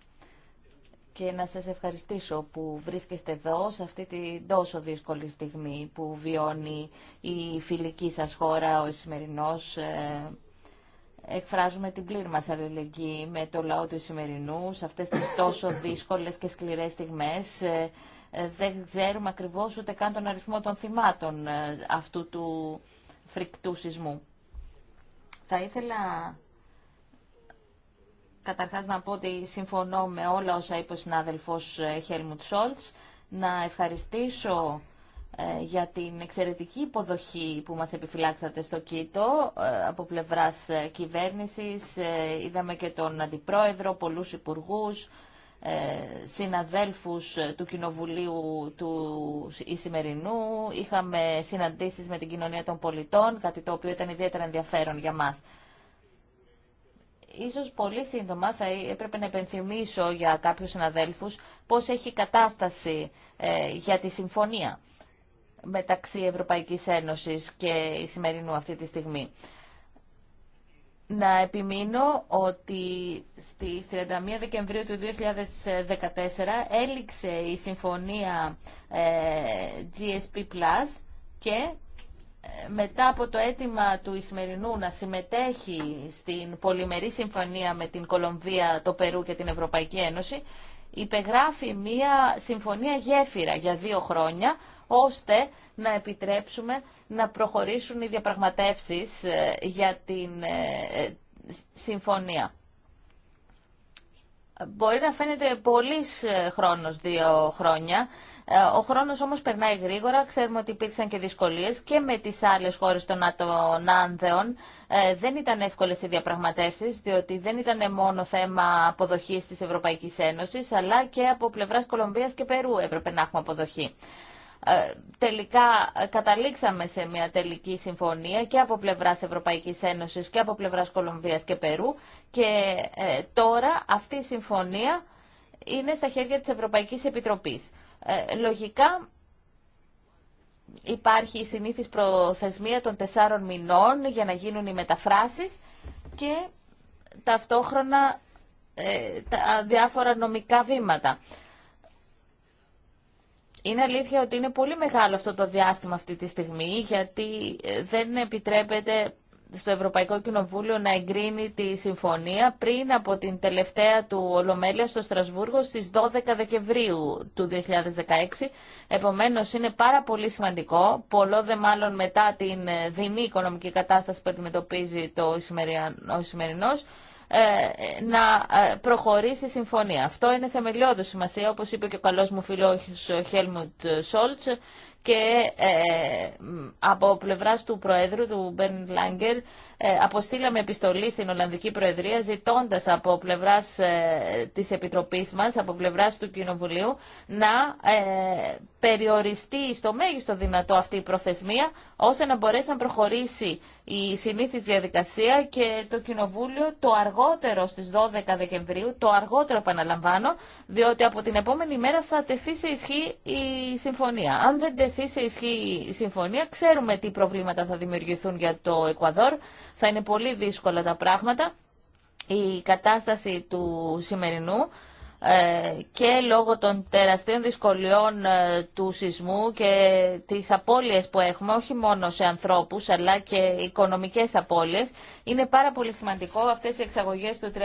και να σας ευχαριστήσω που βρίσκεστε εδώ σε αυτή την τόσο δύσκολη στιγμή που βιώνει η φιλική σας χώρα, ο Ισημερινός. Ε, εκφράζουμε την πλήρη μας αλληλεγγύη με το λαό του Ισημερινού σε αυτές τις τόσο δύσκολες και σκληρές στιγμές. Ε, ε, δεν ξέρουμε ακριβώς ούτε καν τον αριθμό των θυμάτων αυτού του φρικτού σεισμού. Θα ήθελα καταρχάς να πω ότι συμφωνώ με όλα όσα είπε ο συνάδελφος ε, Χέλμουντ Σόλτς. Να ευχαριστήσω ε, για την εξαιρετική υποδοχή που μας επιφυλάξατε στο ΚΙΤΟ ε, από πλευράς κυβέρνησης. Είδαμε και τον Αντιπρόεδρο, πολλούς υπουργούς, συναδέλφους του Κοινοβουλίου του Ισημερινού. Είχαμε συναντήσεις με την κοινωνία των πολιτών, κάτι το οποίο ήταν ιδιαίτερα ενδιαφέρον για μα. Ίσως πολύ σύντομα θα έπρεπε να επενθυμίσω για κάποιους συναδέλφους πώς έχει κατάσταση ε, για τη συμφωνία μεταξύ Ευρωπαϊκής Ένωσης και η σημερινού αυτή τη στιγμή. Να επιμείνω ότι στις 31 Δεκεμβρίου του 2014 έληξε η συμφωνία ε, GSP Plus και μετά από το αίτημα του Ισμερινού να συμμετέχει στην πολυμερή συμφωνία με την Κολομβία, το Περού και την Ευρωπαϊκή Ένωση, υπεγράφει μία συμφωνία γέφυρα για δύο χρόνια, ώστε να επιτρέψουμε να προχωρήσουν οι διαπραγματεύσεις ε, για την ε, ε, συμφωνία. Μπορεί να φαίνεται πολύς χρόνος δύο χρόνια, ε, ο χρόνος όμως περνάει γρήγορα, ξέρουμε ότι υπήρξαν και δυσκολίες και με τις άλλες χώρες των Άνδεων. Ε, δεν ήταν εύκολες οι διαπραγματεύσεις, διότι δεν ήταν μόνο θέμα αποδοχής της Ευρωπαϊκής Ένωσης, αλλά και από πλευράς Κολομβίας και Περού έπρεπε να έχουμε αποδοχή. Ε, τελικά καταλήξαμε σε μια τελική συμφωνία και από πλευράς Ευρωπαϊκής Ένωσης και από πλευράς Κολομβίας και Περού και τώρα αυτή η συμφωνία είναι στα χέρια της Ευρωπαϊκής Επιτροπής. Ε, λογικά υπάρχει η συνήθις προθεσμία των τεσσάρων μηνών για να γίνουν οι μεταφράσεις και ταυτόχρονα ε, τα διάφορα νομικά βήματα. Είναι αλήθεια ότι είναι πολύ μεγάλο αυτό το διάστημα αυτή τη στιγμή γιατί ε, δεν επιτρέπεται στο Ευρωπαϊκό Κοινοβούλιο να εγκρίνει τη συμφωνία πριν από την τελευταία του Ολομέλεια στο Στρασβούργο στις 12 Δεκεμβρίου του 2016. Επομένως είναι πάρα πολύ σημαντικό, πολλό δε μάλλον μετά την δινή οικονομική κατάσταση που αντιμετωπίζει το ο σημερινός, ε, να ε, προχωρήσει η συμφωνία. Αυτό είναι θεμελιώδη σημασία, όπως είπε και ο καλός μου φίλος Χέλμουντ Σόλτς και ε, από πλευράς του Προέδρου, του Μπεν Λάγκερ, ε, αποστήλαμε επιστολή στην Ολλανδική Προεδρία ζητώντας από πλευράς ε, της Επιτροπής μας, από πλευράς του Κοινοβουλίου, να ε, περιοριστεί στο μέγιστο δυνατό αυτή η προθεσμία, ώστε να μπορέσει να προχωρήσει η συνήθις διαδικασία και το Κοινοβούλιο το αργότερο στις 12 Δεκεμβρίου, το αργότερο επαναλαμβάνω, διότι από την επόμενη μέρα θα τεθεί σε ισχύ η συμφωνία. Αν δεν τεθεί σε ισχύ η συμφωνία, ξέρουμε τι προβλήματα θα δημιουργηθούν για το Εκουαδόρ θα είναι πολύ δύσκολα τα πράγματα. Η κατάσταση του σημερινού ε, και λόγω των τεραστίων δυσκολιών ε, του σεισμού και τις απώλειες που έχουμε, όχι μόνο σε ανθρώπους αλλά και οικονομικές απώλειες, είναι πάρα πολύ σημαντικό αυτές οι εξαγωγές του 30%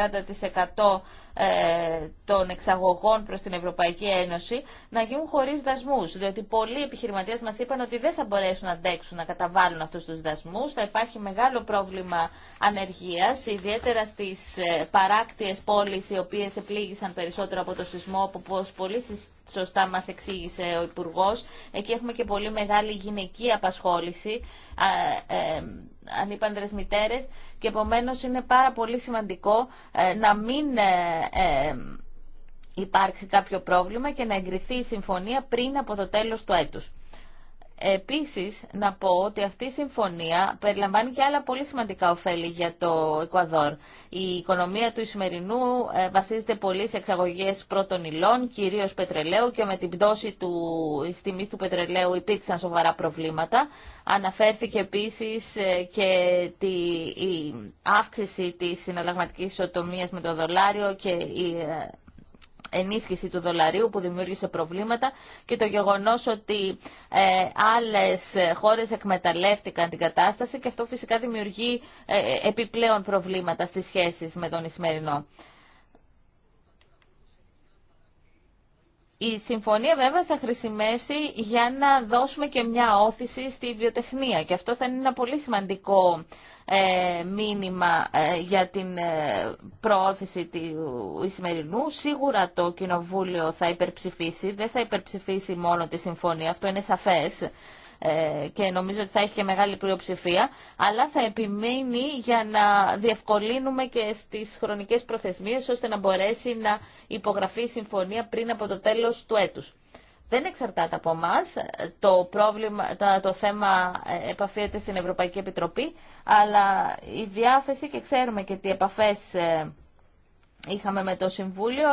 ε, των εξαγωγών προς την Ευρωπαϊκή Ένωση να γίνουν χωρίς δασμούς. Διότι πολλοί επιχειρηματίες μας είπαν ότι δεν θα μπορέσουν να αντέξουν να καταβάλουν αυτούς τους δασμούς. Θα υπάρχει μεγάλο πρόβλημα ανεργίας, ιδιαίτερα στις ε, παράκτιες πόλεις οι οποίες επλήγησαν περισσότερο από το σεισμό, όπως πολλοί σωστά μας εξήγησε ο Υπουργός. Εκεί έχουμε και πολύ μεγάλη γυναική απασχόληση, ε, ανήπαντρες μητέρες και επομένως είναι πάρα πολύ σημαντικό ε, να μην ε, υπάρξει κάποιο πρόβλημα και να εγκριθεί η συμφωνία πριν από το τέλος του έτους. Επίσης, να πω ότι αυτή η συμφωνία περιλαμβάνει και άλλα πολύ σημαντικά ωφέλη για το Εκουαδόρ. Η οικονομία του Ισημερινού ε, βασίζεται πολύ σε εξαγωγές πρώτων υλών, κυρίως πετρελαίου και με την πτώση του τιμή του πετρελαίου υπήρξαν σοβαρά προβλήματα. Αναφέρθηκε επίσης ε, και τη, η αύξηση της συναλλαγματικής ισοτομίας με το δολάριο και η ε, ενίσχυση του δολαρίου που δημιούργησε προβλήματα και το γεγονός ότι ε, άλλες χώρες εκμεταλλεύτηκαν την κατάσταση και αυτό φυσικά δημιουργεί ε, επιπλέον προβλήματα στις σχέσεις με τον Ισμερινό. Η συμφωνία βέβαια θα χρησιμεύσει για να δώσουμε και μια όθηση στη βιοτεχνία και αυτό θα είναι ένα πολύ σημαντικό ε, μήνυμα ε, για την ε, προώθηση του Ισημερινού. Σίγουρα το Κοινοβούλιο θα υπερψηφίσει. Δεν θα υπερψηφίσει μόνο τη συμφωνία. Αυτό είναι σαφές και νομίζω ότι θα έχει και μεγάλη πλειοψηφία, αλλά θα επιμείνει για να διευκολύνουμε και στις χρονικές προθεσμίες, ώστε να μπορέσει να υπογραφεί η συμφωνία πριν από το τέλος του έτους δεν εξαρτάται από εμά. Το, πρόβλημα, το θέμα ε, επαφίεται στην Ευρωπαϊκή Επιτροπή, αλλά η διάθεση και ξέρουμε και τι επαφές ε, είχαμε με το Συμβούλιο,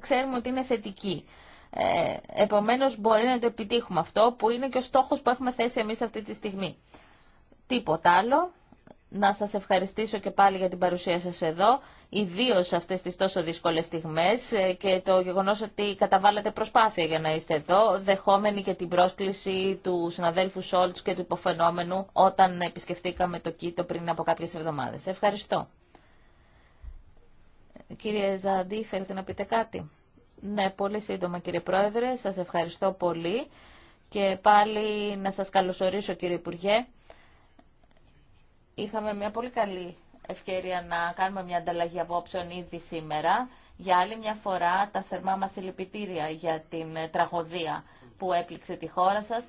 ξέρουμε ότι είναι θετική. Ε, επομένως μπορεί να το επιτύχουμε αυτό που είναι και ο στόχος που έχουμε θέσει εμείς αυτή τη στιγμή. Τίποτα άλλο. Να σας ευχαριστήσω και πάλι για την παρουσία σας εδώ ιδίω αυτέ τι τόσο δύσκολε στιγμέ ε, και το γεγονό ότι καταβάλλατε προσπάθεια για να είστε εδώ, δεχόμενοι και την πρόσκληση του συναδέλφου Σόλτ και του υποφαινόμενου όταν επισκεφτήκαμε το Κίτο πριν από κάποιε εβδομάδε. Ευχαριστώ. Κύριε Ζαντή, θέλετε να πείτε κάτι. Ναι, πολύ σύντομα κύριε Πρόεδρε, σας ευχαριστώ πολύ και πάλι να σα καλωσορίσω κύριε Υπουργέ. Είχαμε μια πολύ καλή ευκαιρία να κάνουμε μια ανταλλαγή απόψεων ήδη σήμερα. Για άλλη μια φορά τα θερμά μας συλληπιτήρια για την ε, τραγωδία που έπληξε τη χώρα σας.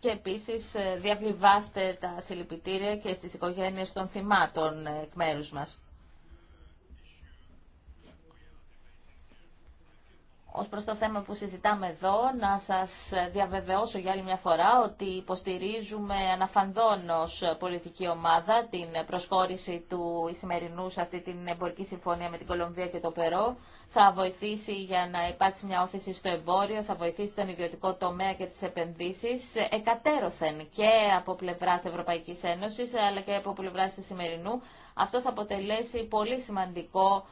Και επίσης ε, διαβιβάστε τα συλληπιτήρια και στις οικογένειες των θυμάτων ε, εκ μέρους μας. Ως προς το θέμα που συζητάμε εδώ, να σας διαβεβαιώσω για άλλη μια φορά ότι υποστηρίζουμε αναφανδόν ως πολιτική ομάδα την προσχώρηση του Ισημερινού σε αυτή την εμπορική συμφωνία με την Κολομβία και το Περό. Θα βοηθήσει για να υπάρξει μια όθηση στο εμπόριο, θα βοηθήσει τον ιδιωτικό τομέα και τις επενδύσεις εκατέρωθεν και από πλευράς Ευρωπαϊκής Ένωσης αλλά και από πλευράς Ισημερινού, αυτό θα αποτελέσει πολύ σημαντικό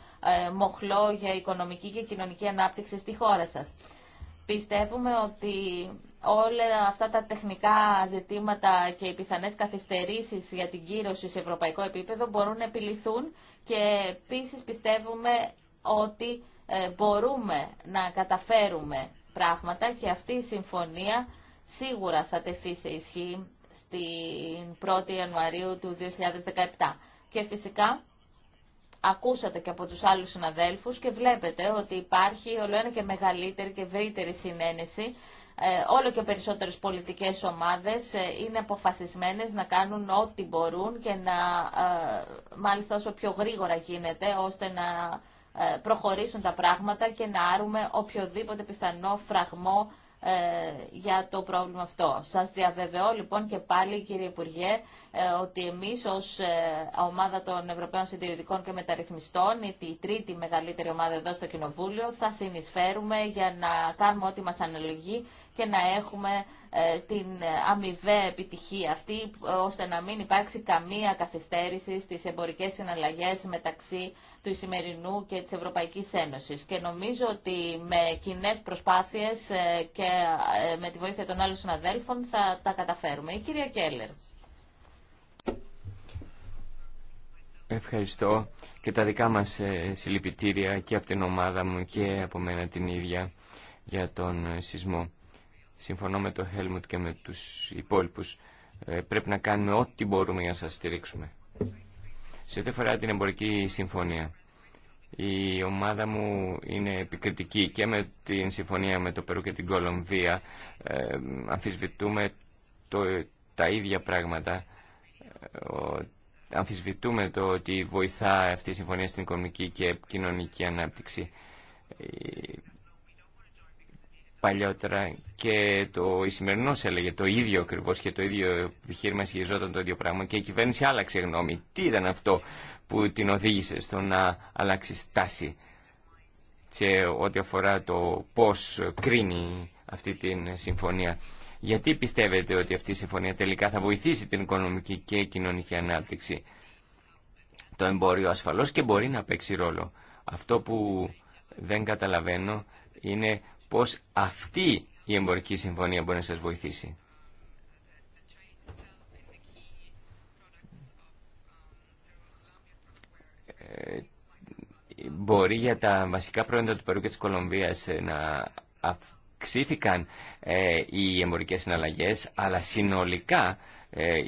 ε, μοχλό για οικονομική και κοινωνική ανάπτυξη στη χώρα σας. Πιστεύουμε ότι όλα αυτά τα τεχνικά ζητήματα και οι πιθανές καθυστερήσεις για την κύρωση σε ευρωπαϊκό επίπεδο μπορούν να επιληθούν και επίση πιστεύουμε ότι ε, μπορούμε να καταφέρουμε πράγματα και αυτή η συμφωνία σίγουρα θα τεθεί σε ισχύ στην 1η Ιανουαρίου του 2017. Και φυσικά ακούσατε και από τους άλλους συναδέλφους και βλέπετε ότι υπάρχει όλο ένα και μεγαλύτερη και ευρύτερη συνένεση ε, όλο και περισσότερες πολιτικές ομάδες ε, είναι αποφασισμένες να κάνουν ό,τι μπορούν και να ε, μάλιστα όσο πιο γρήγορα γίνεται ώστε να προχωρήσουν τα πράγματα και να άρουμε οποιοδήποτε πιθανό φραγμό ε, για το πρόβλημα αυτό. Σας διαβεβαιώ λοιπόν και πάλι κύριε Υπουργέ ε, ότι εμείς ως ε, ομάδα των Ευρωπαίων Συντηρητικών και Μεταρρυθμιστών, η τρίτη μεγαλύτερη ομάδα εδώ στο Κοινοβούλιο, θα συνεισφέρουμε για να κάνουμε ό,τι μας αναλογεί και να έχουμε ε, την αμοιβαία επιτυχία αυτή, ώστε να μην υπάρξει καμία καθυστέρηση στις εμπορικές συναλλαγές μεταξύ του Ισημερινού και της Ευρωπαϊκής Ένωσης. Και νομίζω ότι με κοινέ προσπάθειες ε, και ε, με τη βοήθεια των άλλων συναδέλφων θα τα καταφέρουμε. Η κυρία Κέλλερ. Ευχαριστώ και τα δικά μας συλληπιτήρια και από την ομάδα μου και από μένα την ίδια για τον σεισμό συμφωνώ με τον Χέλμουτ και με τους υπόλοιπους. Ε, πρέπει να κάνουμε ό,τι μπορούμε για να σας στηρίξουμε. Σε ό,τι αφορά την εμπορική συμφωνία, η ομάδα μου είναι επικριτική και με την συμφωνία με το Περού και την Κολομβία. Ε, αμφισβητούμε το, τα ίδια πράγματα. Ο, αμφισβητούμε το ότι βοηθά αυτή η συμφωνία στην οικονομική και κοινωνική ανάπτυξη. Ε, παλιότερα και το, η σημερινό έλεγε το ίδιο ακριβώ και το ίδιο επιχείρημα ισχυριζόταν το ίδιο πράγμα και η κυβέρνηση άλλαξε γνώμη. Τι ήταν αυτό που την οδήγησε στο να αλλάξει στάση σε ό,τι αφορά το πώς κρίνει αυτή την συμφωνία. Γιατί πιστεύετε ότι αυτή η συμφωνία τελικά θα βοηθήσει την οικονομική και κοινωνική ανάπτυξη. Το εμπόριο ασφαλώς και μπορεί να παίξει ρόλο. Αυτό που δεν καταλαβαίνω είναι πώς αυτή η εμπορική συμφωνία μπορεί να σας βοηθήσει. Ε, μπορεί για τα βασικά προϊόντα του Περού και της Κολομβίας ε, να αυξήθηκαν ε, οι εμπορικές συναλλαγές, αλλά συνολικά ε,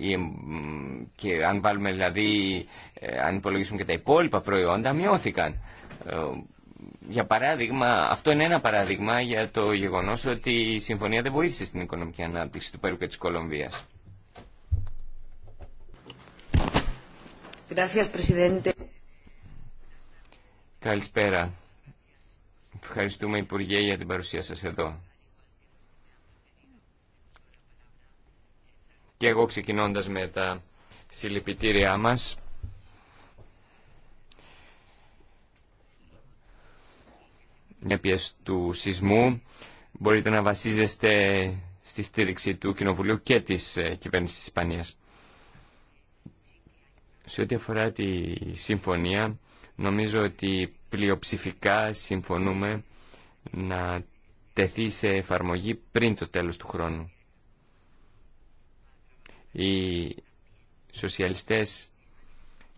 και αν βάλουμε δηλαδή, αν υπολογίσουμε και τα υπόλοιπα προϊόντα, μειώθηκαν για παράδειγμα, αυτό είναι ένα παράδειγμα για το γεγονός ότι η συμφωνία δεν βοήθησε στην οικονομική ανάπτυξη του Περού και της Κολομβίας. Καλησπέρα. Ευχαριστούμε, Υπουργέ, για την παρουσία σας εδώ. Και εγώ ξεκινώντας με τα συλληπιτήριά μας, πίεση του σεισμού. Μπορείτε να βασίζεστε στη στήριξη του Κοινοβουλίου και της ε, κυβέρνησης της Ισπανίας. Σε ό,τι αφορά τη συμφωνία, νομίζω ότι πλειοψηφικά συμφωνούμε να τεθεί σε εφαρμογή πριν το τέλος του χρόνου. Οι σοσιαλιστές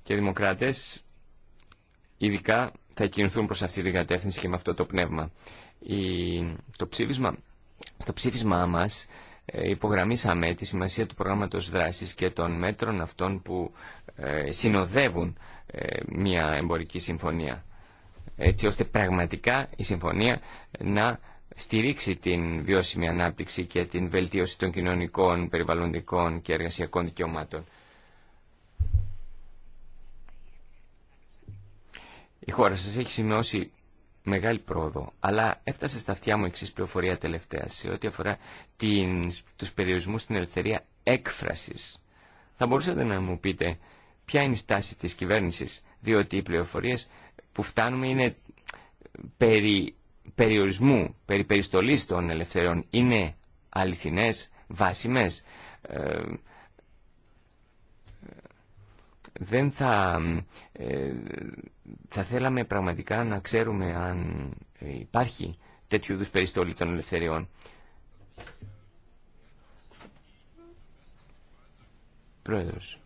και δημοκράτες ειδικά θα κινηθούν προς αυτή την κατεύθυνση και με αυτό το πνεύμα. Η, το ψήφισμα, στο ψήφισμα μας ε, υπογραμμίσαμε τη σημασία του προγράμματος δράσης και των μέτρων αυτών που ε, συνοδεύουν ε, μια εμπορική συμφωνία. Έτσι ώστε πραγματικά η συμφωνία να στηρίξει την βιώσιμη ανάπτυξη και την βελτίωση των κοινωνικών, περιβαλλοντικών και εργασιακών δικαιωμάτων. Η χώρα σας έχει σημειώσει μεγάλη πρόοδο, αλλά έφτασε στα αυτιά μου εξής πληροφορία τελευταία σε ό,τι αφορά την, τους περιορισμούς στην ελευθερία έκφρασης. Θα μπορούσατε να μου πείτε ποια είναι η στάση της κυβέρνησης, διότι οι πληροφορίες που φτάνουμε είναι περί περιορισμού, περί περιστολής των ελευθερών. Είναι αληθινές, βάσιμες. Ε, ε, δεν θα... Ε, θα θέλαμε πραγματικά να ξέρουμε αν υπάρχει τέτοιου είδου περιστολή των ελευθεριών. Πρόεδρος.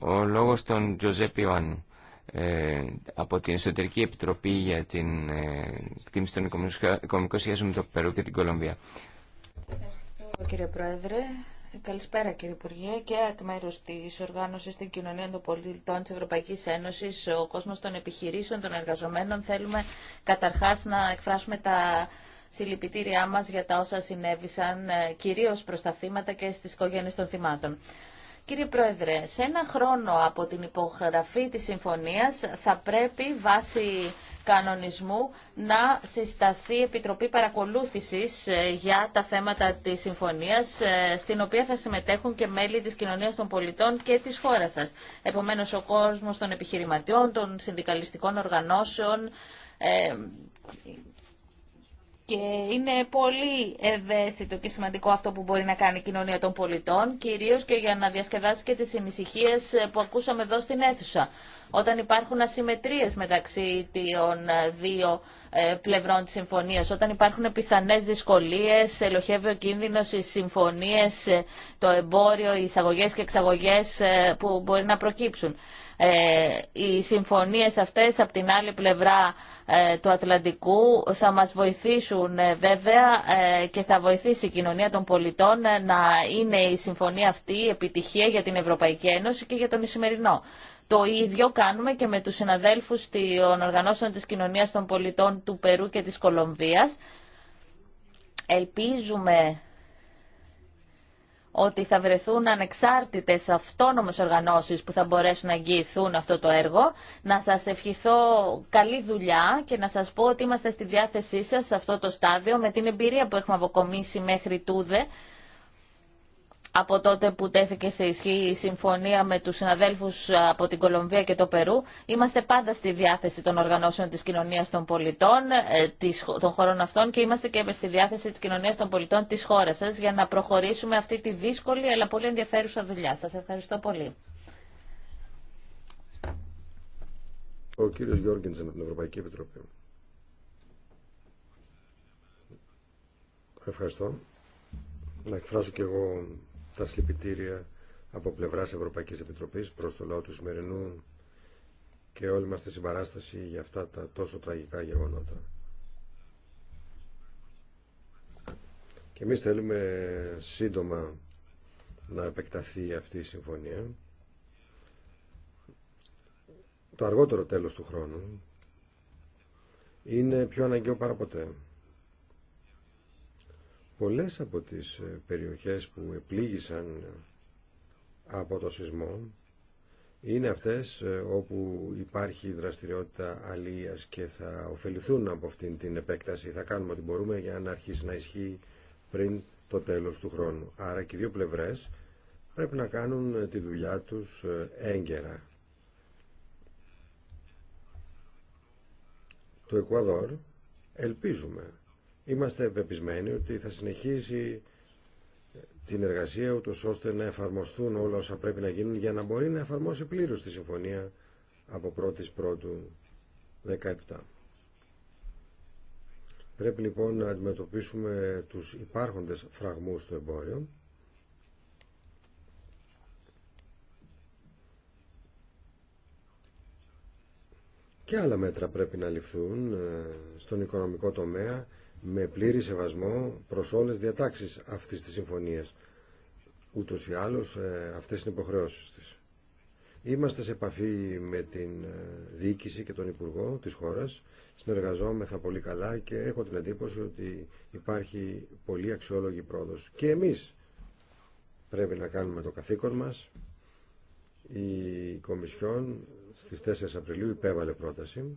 Ο λόγος των Τζοζέπιων ε, από την Εσωτερική Επιτροπή για την ε, κτίμηση των οικονομικών σχέσεων με το Περού και την Κολομβία κύριε Πρόεδρε. Καλησπέρα κύριε Υπουργέ και εκ μέρου τη Οργάνωση στην Κοινωνία των Πολιτών τη Ευρωπαϊκή Ένωση, ο κόσμο των επιχειρήσεων, των εργαζομένων, θέλουμε καταρχά να εκφράσουμε τα συλληπιτήριά μα για τα όσα συνέβησαν, ε, κυρίω προ τα θύματα και στι οικογένειε των θυμάτων. Κύριε Πρόεδρε, σε ένα χρόνο από την υπογραφή της συμφωνίας θα πρέπει βάσει κανονισμού να συσταθεί Επιτροπή Παρακολούθησης ε, για τα θέματα της συμφωνίας, ε, στην οποία θα συμμετέχουν και μέλη της κοινωνίας των πολιτών και της χώρας σας. Επομένως, ο κόσμος των επιχειρηματιών, των συνδικαλιστικών οργανώσεων, ε, και είναι πολύ ευαίσθητο και σημαντικό αυτό που μπορεί να κάνει η κοινωνία των πολιτών, κυρίως και για να διασκεδάσει και τις ανησυχίε που ακούσαμε εδώ στην αίθουσα. Όταν υπάρχουν ασυμμετρίες μεταξύ των δύο ε, πλευρών της συμφωνίας, όταν υπάρχουν πιθανές δυσκολίες, ελοχεύει ο κίνδυνος, οι συμφωνίες, ε, το εμπόριο, οι εισαγωγές και εξαγωγές ε, που μπορεί να προκύψουν. Ε, οι συμφωνίες αυτές από την άλλη πλευρά ε, του Ατλαντικού θα μας βοηθήσουν ε, βέβαια και θα βοηθήσει η κοινωνία των πολιτών να είναι η συμφωνία αυτή επιτυχία για την Ευρωπαϊκή Ένωση και για τον Ισημερινό. Το ίδιο κάνουμε και με τους συναδέλφους των οργανώσεων της κοινωνίας των πολιτών του Περού και της Κολομβίας. Ελπίζουμε ότι θα βρεθούν ανεξάρτητες αυτόνομες οργανώσεις που θα μπορέσουν να εγγυηθούν αυτό το έργο. Να σας ευχηθώ καλή δουλειά και να σας πω ότι είμαστε στη διάθεσή σας σε αυτό το στάδιο με την εμπειρία που έχουμε αποκομίσει μέχρι τούδε από τότε που τέθηκε σε ισχύ η συμφωνία με τους συναδέλφους ε, από την Κολομβία και το Περού. Είμαστε πάντα στη διάθεση των οργανώσεων της κοινωνίας των πολιτών ε, των χωρών αυτών και είμαστε και στη διάθεση της κοινωνίας των πολιτών της χώρας σας για να προχωρήσουμε αυτή τη δύσκολη αλλά πολύ ενδιαφέρουσα δουλειά. Σας ευχαριστώ πολύ. Ο κύριος από την Ευρωπαϊκή Επιτροπή. Ευχαριστώ. Να εκφράσω και εγώ τα συλληπιτήρια από πλευρά Ευρωπαϊκή Επιτροπή προ το λαό του σημερινού και όλοι μα τη συμπαράσταση για αυτά τα τόσο τραγικά γεγονότα. Και εμεί θέλουμε σύντομα να επεκταθεί αυτή η συμφωνία. Το αργότερο τέλος του χρόνου είναι πιο αναγκαίο παρά ποτέ. Πολλές από τις ε, περιοχές που επλήγησαν από το σεισμό είναι αυτές ε, όπου υπάρχει δραστηριότητα αλίας και θα ωφεληθούν από αυτήν την επέκταση. Θα κάνουμε ό,τι μπορούμε για να αρχίσει να ισχύει πριν το τέλος του χρόνου. Άρα και οι δύο πλευρές πρέπει να κάνουν ε, τη δουλειά τους έγκαιρα. Το Εκουαδόρ ελπίζουμε Είμαστε πεπισμένοι ότι θα συνεχίσει την εργασία ούτω ώστε να εφαρμοστούν όλα όσα πρέπει να γίνουν για να μπορεί να εφαρμόσει πλήρω τη συμφωνία από 1η Πρώτου 17. Πρέπει λοιπόν να αντιμετωπίσουμε τους υπάρχοντες φραγμούς του εμπόριου και άλλα μέτρα πρέπει να ληφθούν ε, στον οικονομικό τομέα με πλήρη σεβασμό προς όλες τις διατάξεις αυτής της συμφωνίας. Ούτως ή άλλως ε, αυτές είναι υποχρεώσεις της. Είμαστε σε επαφή με την ε, διοίκηση και τον Υπουργό της χώρας. Συνεργαζόμεθα πολύ καλά και έχω την εντύπωση ότι υπάρχει πολύ αξιόλογη πρόοδος. Και εμείς πρέπει να κάνουμε το καθήκον μας. Η Κομισιόν στις 4 Απριλίου υπέβαλε πρόταση.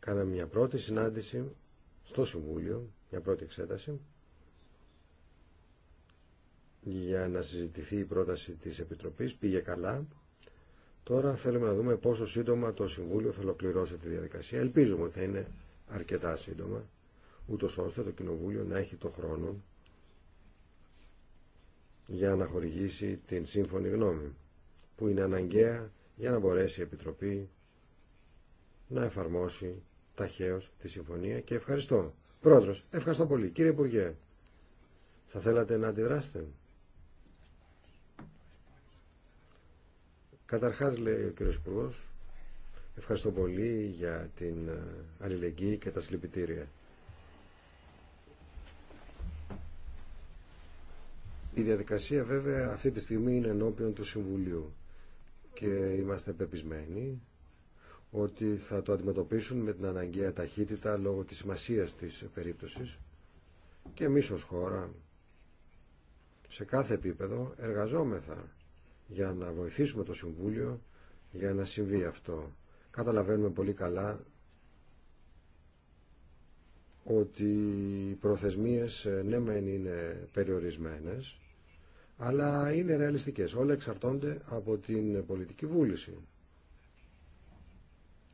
Κάναμε μια πρώτη συνάντηση στο Συμβούλιο μια πρώτη εξέταση για να συζητηθεί η πρόταση της Επιτροπής. Πήγε καλά. Τώρα θέλουμε να δούμε πόσο σύντομα το Συμβούλιο θα ολοκληρώσει τη διαδικασία. Ελπίζουμε ότι θα είναι αρκετά σύντομα, ούτως ώστε το Κοινοβούλιο να έχει το χρόνο για να χορηγήσει την σύμφωνη γνώμη, που είναι αναγκαία για να μπορέσει η Επιτροπή να εφαρμόσει ταχαίω τη συμφωνία και ευχαριστώ. Πρόεδρο, ευχαριστώ πολύ. Κύριε Υπουργέ, θα θέλατε να αντιδράσετε. Καταρχάς, λέει ο κύριο Υπουργό, ευχαριστώ πολύ για την ε, αλληλεγγύη και τα συλληπιτήρια. Η διαδικασία βέβαια αυτή τη στιγμή είναι ενώπιον του Συμβουλίου και είμαστε πεπισμένοι ότι θα το αντιμετωπίσουν με την αναγκαία ταχύτητα λόγω της σημασίας της περίπτωσης και εμείς ως χώρα σε κάθε επίπεδο εργαζόμεθα για να βοηθήσουμε το Συμβούλιο για να συμβεί αυτό. Καταλαβαίνουμε πολύ καλά ότι οι προθεσμίες ε, ναι μεν είναι περιορισμένες αλλά είναι ρεαλιστικές. Όλα εξαρτώνται από την πολιτική βούληση.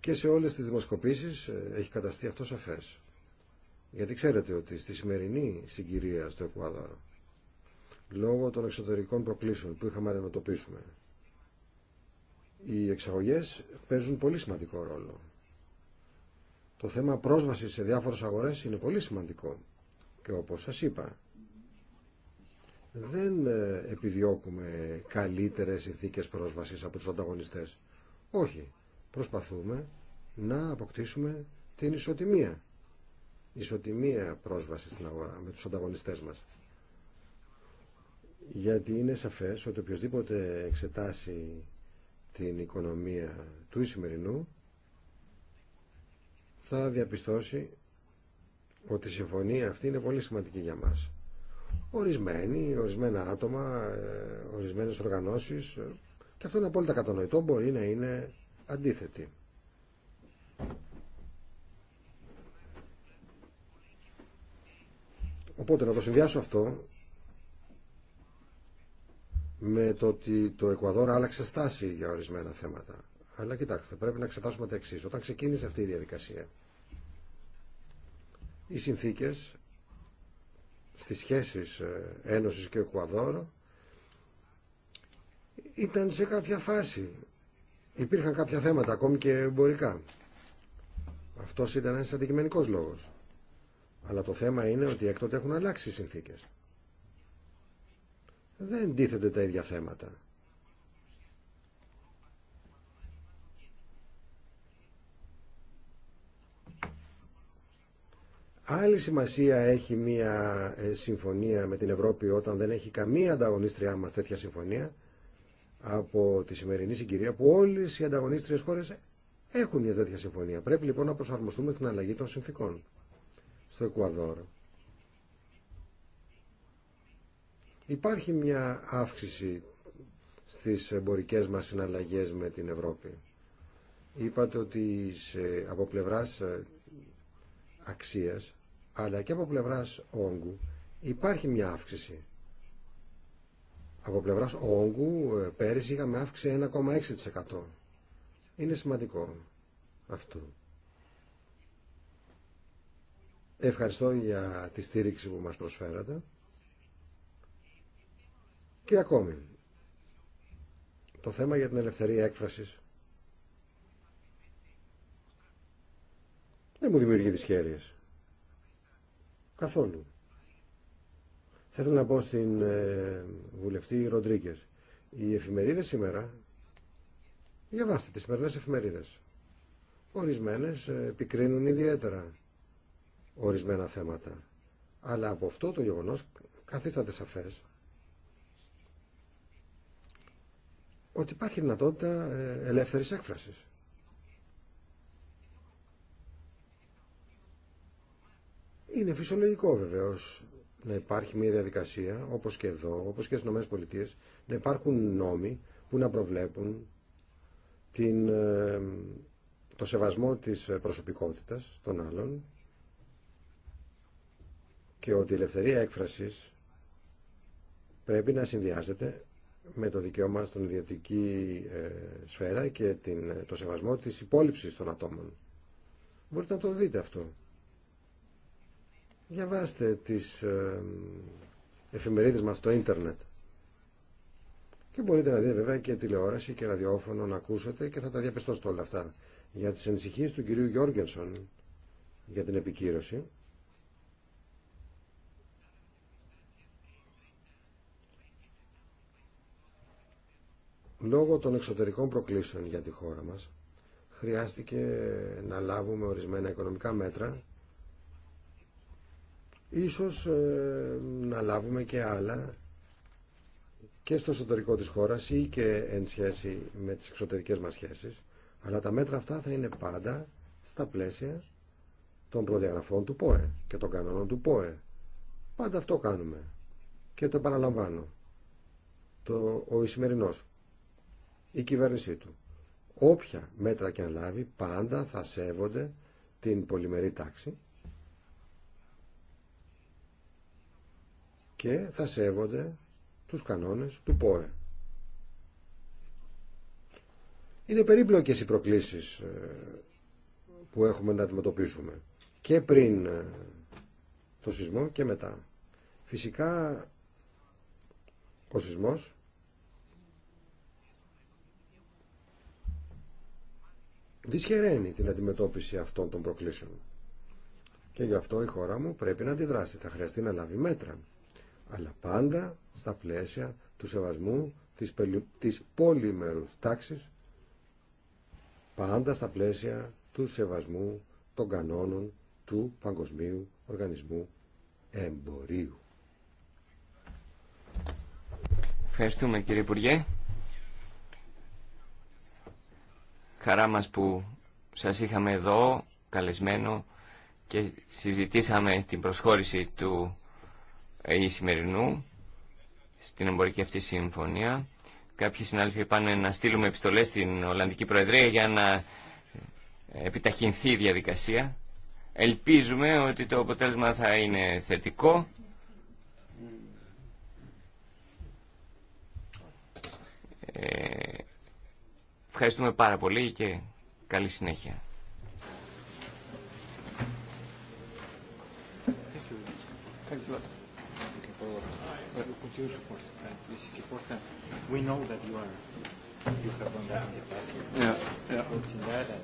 και σε όλες τις δημοσκοπήσεις ε, έχει καταστεί αυτό σαφές. Γιατί ξέρετε ότι στη σημερινή συγκυρία στο Εκουάδωρο, λόγω των εξωτερικών προκλήσεων που είχαμε να αντιμετωπίσουμε, οι εξαγωγές παίζουν πολύ σημαντικό ρόλο. Το θέμα πρόσβασης σε διάφορες αγορές είναι πολύ σημαντικό. Και όπως σας είπα, δεν ε, επιδιώκουμε καλύτερες συνθήκες πρόσβασης από τους ανταγωνιστές. Όχι προσπαθούμε να αποκτήσουμε την ισοτιμία. Ισοτιμία πρόσβαση στην αγορά με τους ανταγωνιστές μας. Γιατί είναι σαφές ότι οποιοδήποτε εξετάσει την οικονομία του Ισημερινού θα διαπιστώσει ότι η συμφωνία αυτή είναι πολύ σημαντική για μας. Ορισμένοι, ορισμένα άτομα, ε, ορισμένες οργανώσεις ε, και αυτό είναι απόλυτα κατανοητό, μπορεί να είναι αντίθετη. Οπότε να το συνδυάσω αυτό με το ότι το Εκουαδόρ άλλαξε στάση για ορισμένα θέματα. Αλλά κοιτάξτε, πρέπει να εξετάσουμε τα εξή. Όταν ξεκίνησε αυτή η διαδικασία, οι συνθήκες στις σχέσεις ε, Ένωσης και Εκουαδόρ ήταν σε κάποια φάση υπήρχαν κάποια θέματα ακόμη και εμπορικά. Αυτό ήταν ένα αντικειμενικό λόγο. Αλλά το θέμα είναι ότι έκτοτε έχουν αλλάξει οι συνθήκε. Δεν τίθενται τα ίδια θέματα. Άλλη σημασία έχει μια ε, συμφωνία με την Ευρώπη όταν δεν έχει καμία ανταγωνίστριά μας τέτοια συμφωνία από τη σημερινή συγκυρία που όλε οι ανταγωνίστριε χώρε έχουν μια τέτοια συμφωνία. Πρέπει λοιπόν να προσαρμοστούμε στην αλλαγή των συνθήκων στο Εκουαδόρ. Υπάρχει μια αύξηση στις εμπορικές μας συναλλαγές με την Ευρώπη. Είπατε ότι από πλευράς ε, αξίας αλλά και από πλευράς όγκου υπάρχει μια αύξηση. Από πλευράς όγκου ε, πέρυσι είχαμε αύξηση 1,6%. Είναι σημαντικό αυτό. Ευχαριστώ για τη στήριξη που μας προσφέρατε. Και ακόμη, το θέμα για την ελευθερία έκφρασης δεν μου δημιουργεί δυσχέρειες. Καθόλου. Θέλω να πω στην ε, βουλευτή Ροντρίγκε. Οι εφημερίδε σήμερα, διαβάστε τις σημερινέ εφημερίδες. Ορισμένες ε, επικρίνουν ιδιαίτερα ορισμένα θέματα. Αλλά από αυτό το γεγονό καθίσταται σαφέ ότι υπάρχει δυνατότητα ε, ελεύθερης έκφρασης. Είναι φυσιολογικό βεβαίω να υπάρχει μια διαδικασία, όπως και εδώ, όπως και στις ΗΠΑ, να υπάρχουν νόμοι που να προβλέπουν ε, το σεβασμό της προσωπικότητας των άλλων και ότι η ελευθερία έκφρασης πρέπει να συνδυάζεται με το δικαίωμα στον ιδιωτική ε, σφαίρα και την, το σεβασμό της υπόλοιψης των ατόμων. Μπορείτε να το δείτε αυτό. Διαβάστε τις ε, εφημερίδες μας στο ίντερνετ. Και μπορείτε να δείτε βέβαια και τηλεόραση και ραδιόφωνο να ακούσετε και θα τα διαπιστώσετε όλα αυτά. Για τις ενσυχίες του κυρίου Γιόργενσον για την επικύρωση. Λόγω των εξωτερικών προκλήσεων για τη χώρα μας, χρειάστηκε να λάβουμε ορισμένα οικονομικά μέτρα Ίσως ε, να λάβουμε και άλλα και στο εσωτερικό της χώρας ή και εν σχέση με τις εξωτερικές μας σχέσεις, αλλά τα μέτρα αυτά θα είναι πάντα στα πλαίσια των προδιαγραφών του ΠΟΕ και των κανόνων του ΠΟΕ. Πάντα αυτό κάνουμε και το επαναλαμβάνω. Το, ο Ισημερινός, η κυβέρνησή του, όποια μέτρα και αν λάβει, πάντα θα σέβονται την πολυμερή τάξη και θα σέβονται τους κανόνες του ΠΟΕ. Είναι περίπλοκες οι προκλήσεις ε, που έχουμε να αντιμετωπίσουμε και πριν ε, το σεισμό και μετά. Φυσικά ο σεισμός δυσχεραίνει την αντιμετώπιση αυτών των προκλήσεων. Και γι' αυτό η χώρα μου πρέπει να αντιδράσει. Θα χρειαστεί να λάβει μέτρα αλλά πάντα στα πλαίσια του σεβασμού της, της πολυμερούς τάξης, πάντα στα πλαίσια του σεβασμού των κανόνων του Παγκοσμίου Οργανισμού Εμπορίου. Ευχαριστούμε κύριε Υπουργέ. Χαρά μας που σας είχαμε εδώ καλεσμένο και συζητήσαμε την προσχώρηση του η σημερινού στην εμπορική αυτή συμφωνία. Κάποιοι συνάδελφοι πάνε να στείλουμε επιστολές στην Ολλανδική Προεδρία για να επιταχυνθεί η διαδικασία. Ελπίζουμε ότι το αποτέλεσμα θα είναι θετικό. Ε, ευχαριστούμε πάρα πολύ και καλή συνέχεια your, your continued support. And this is important. We know that you are, you have done that in the past. Yeah, yeah.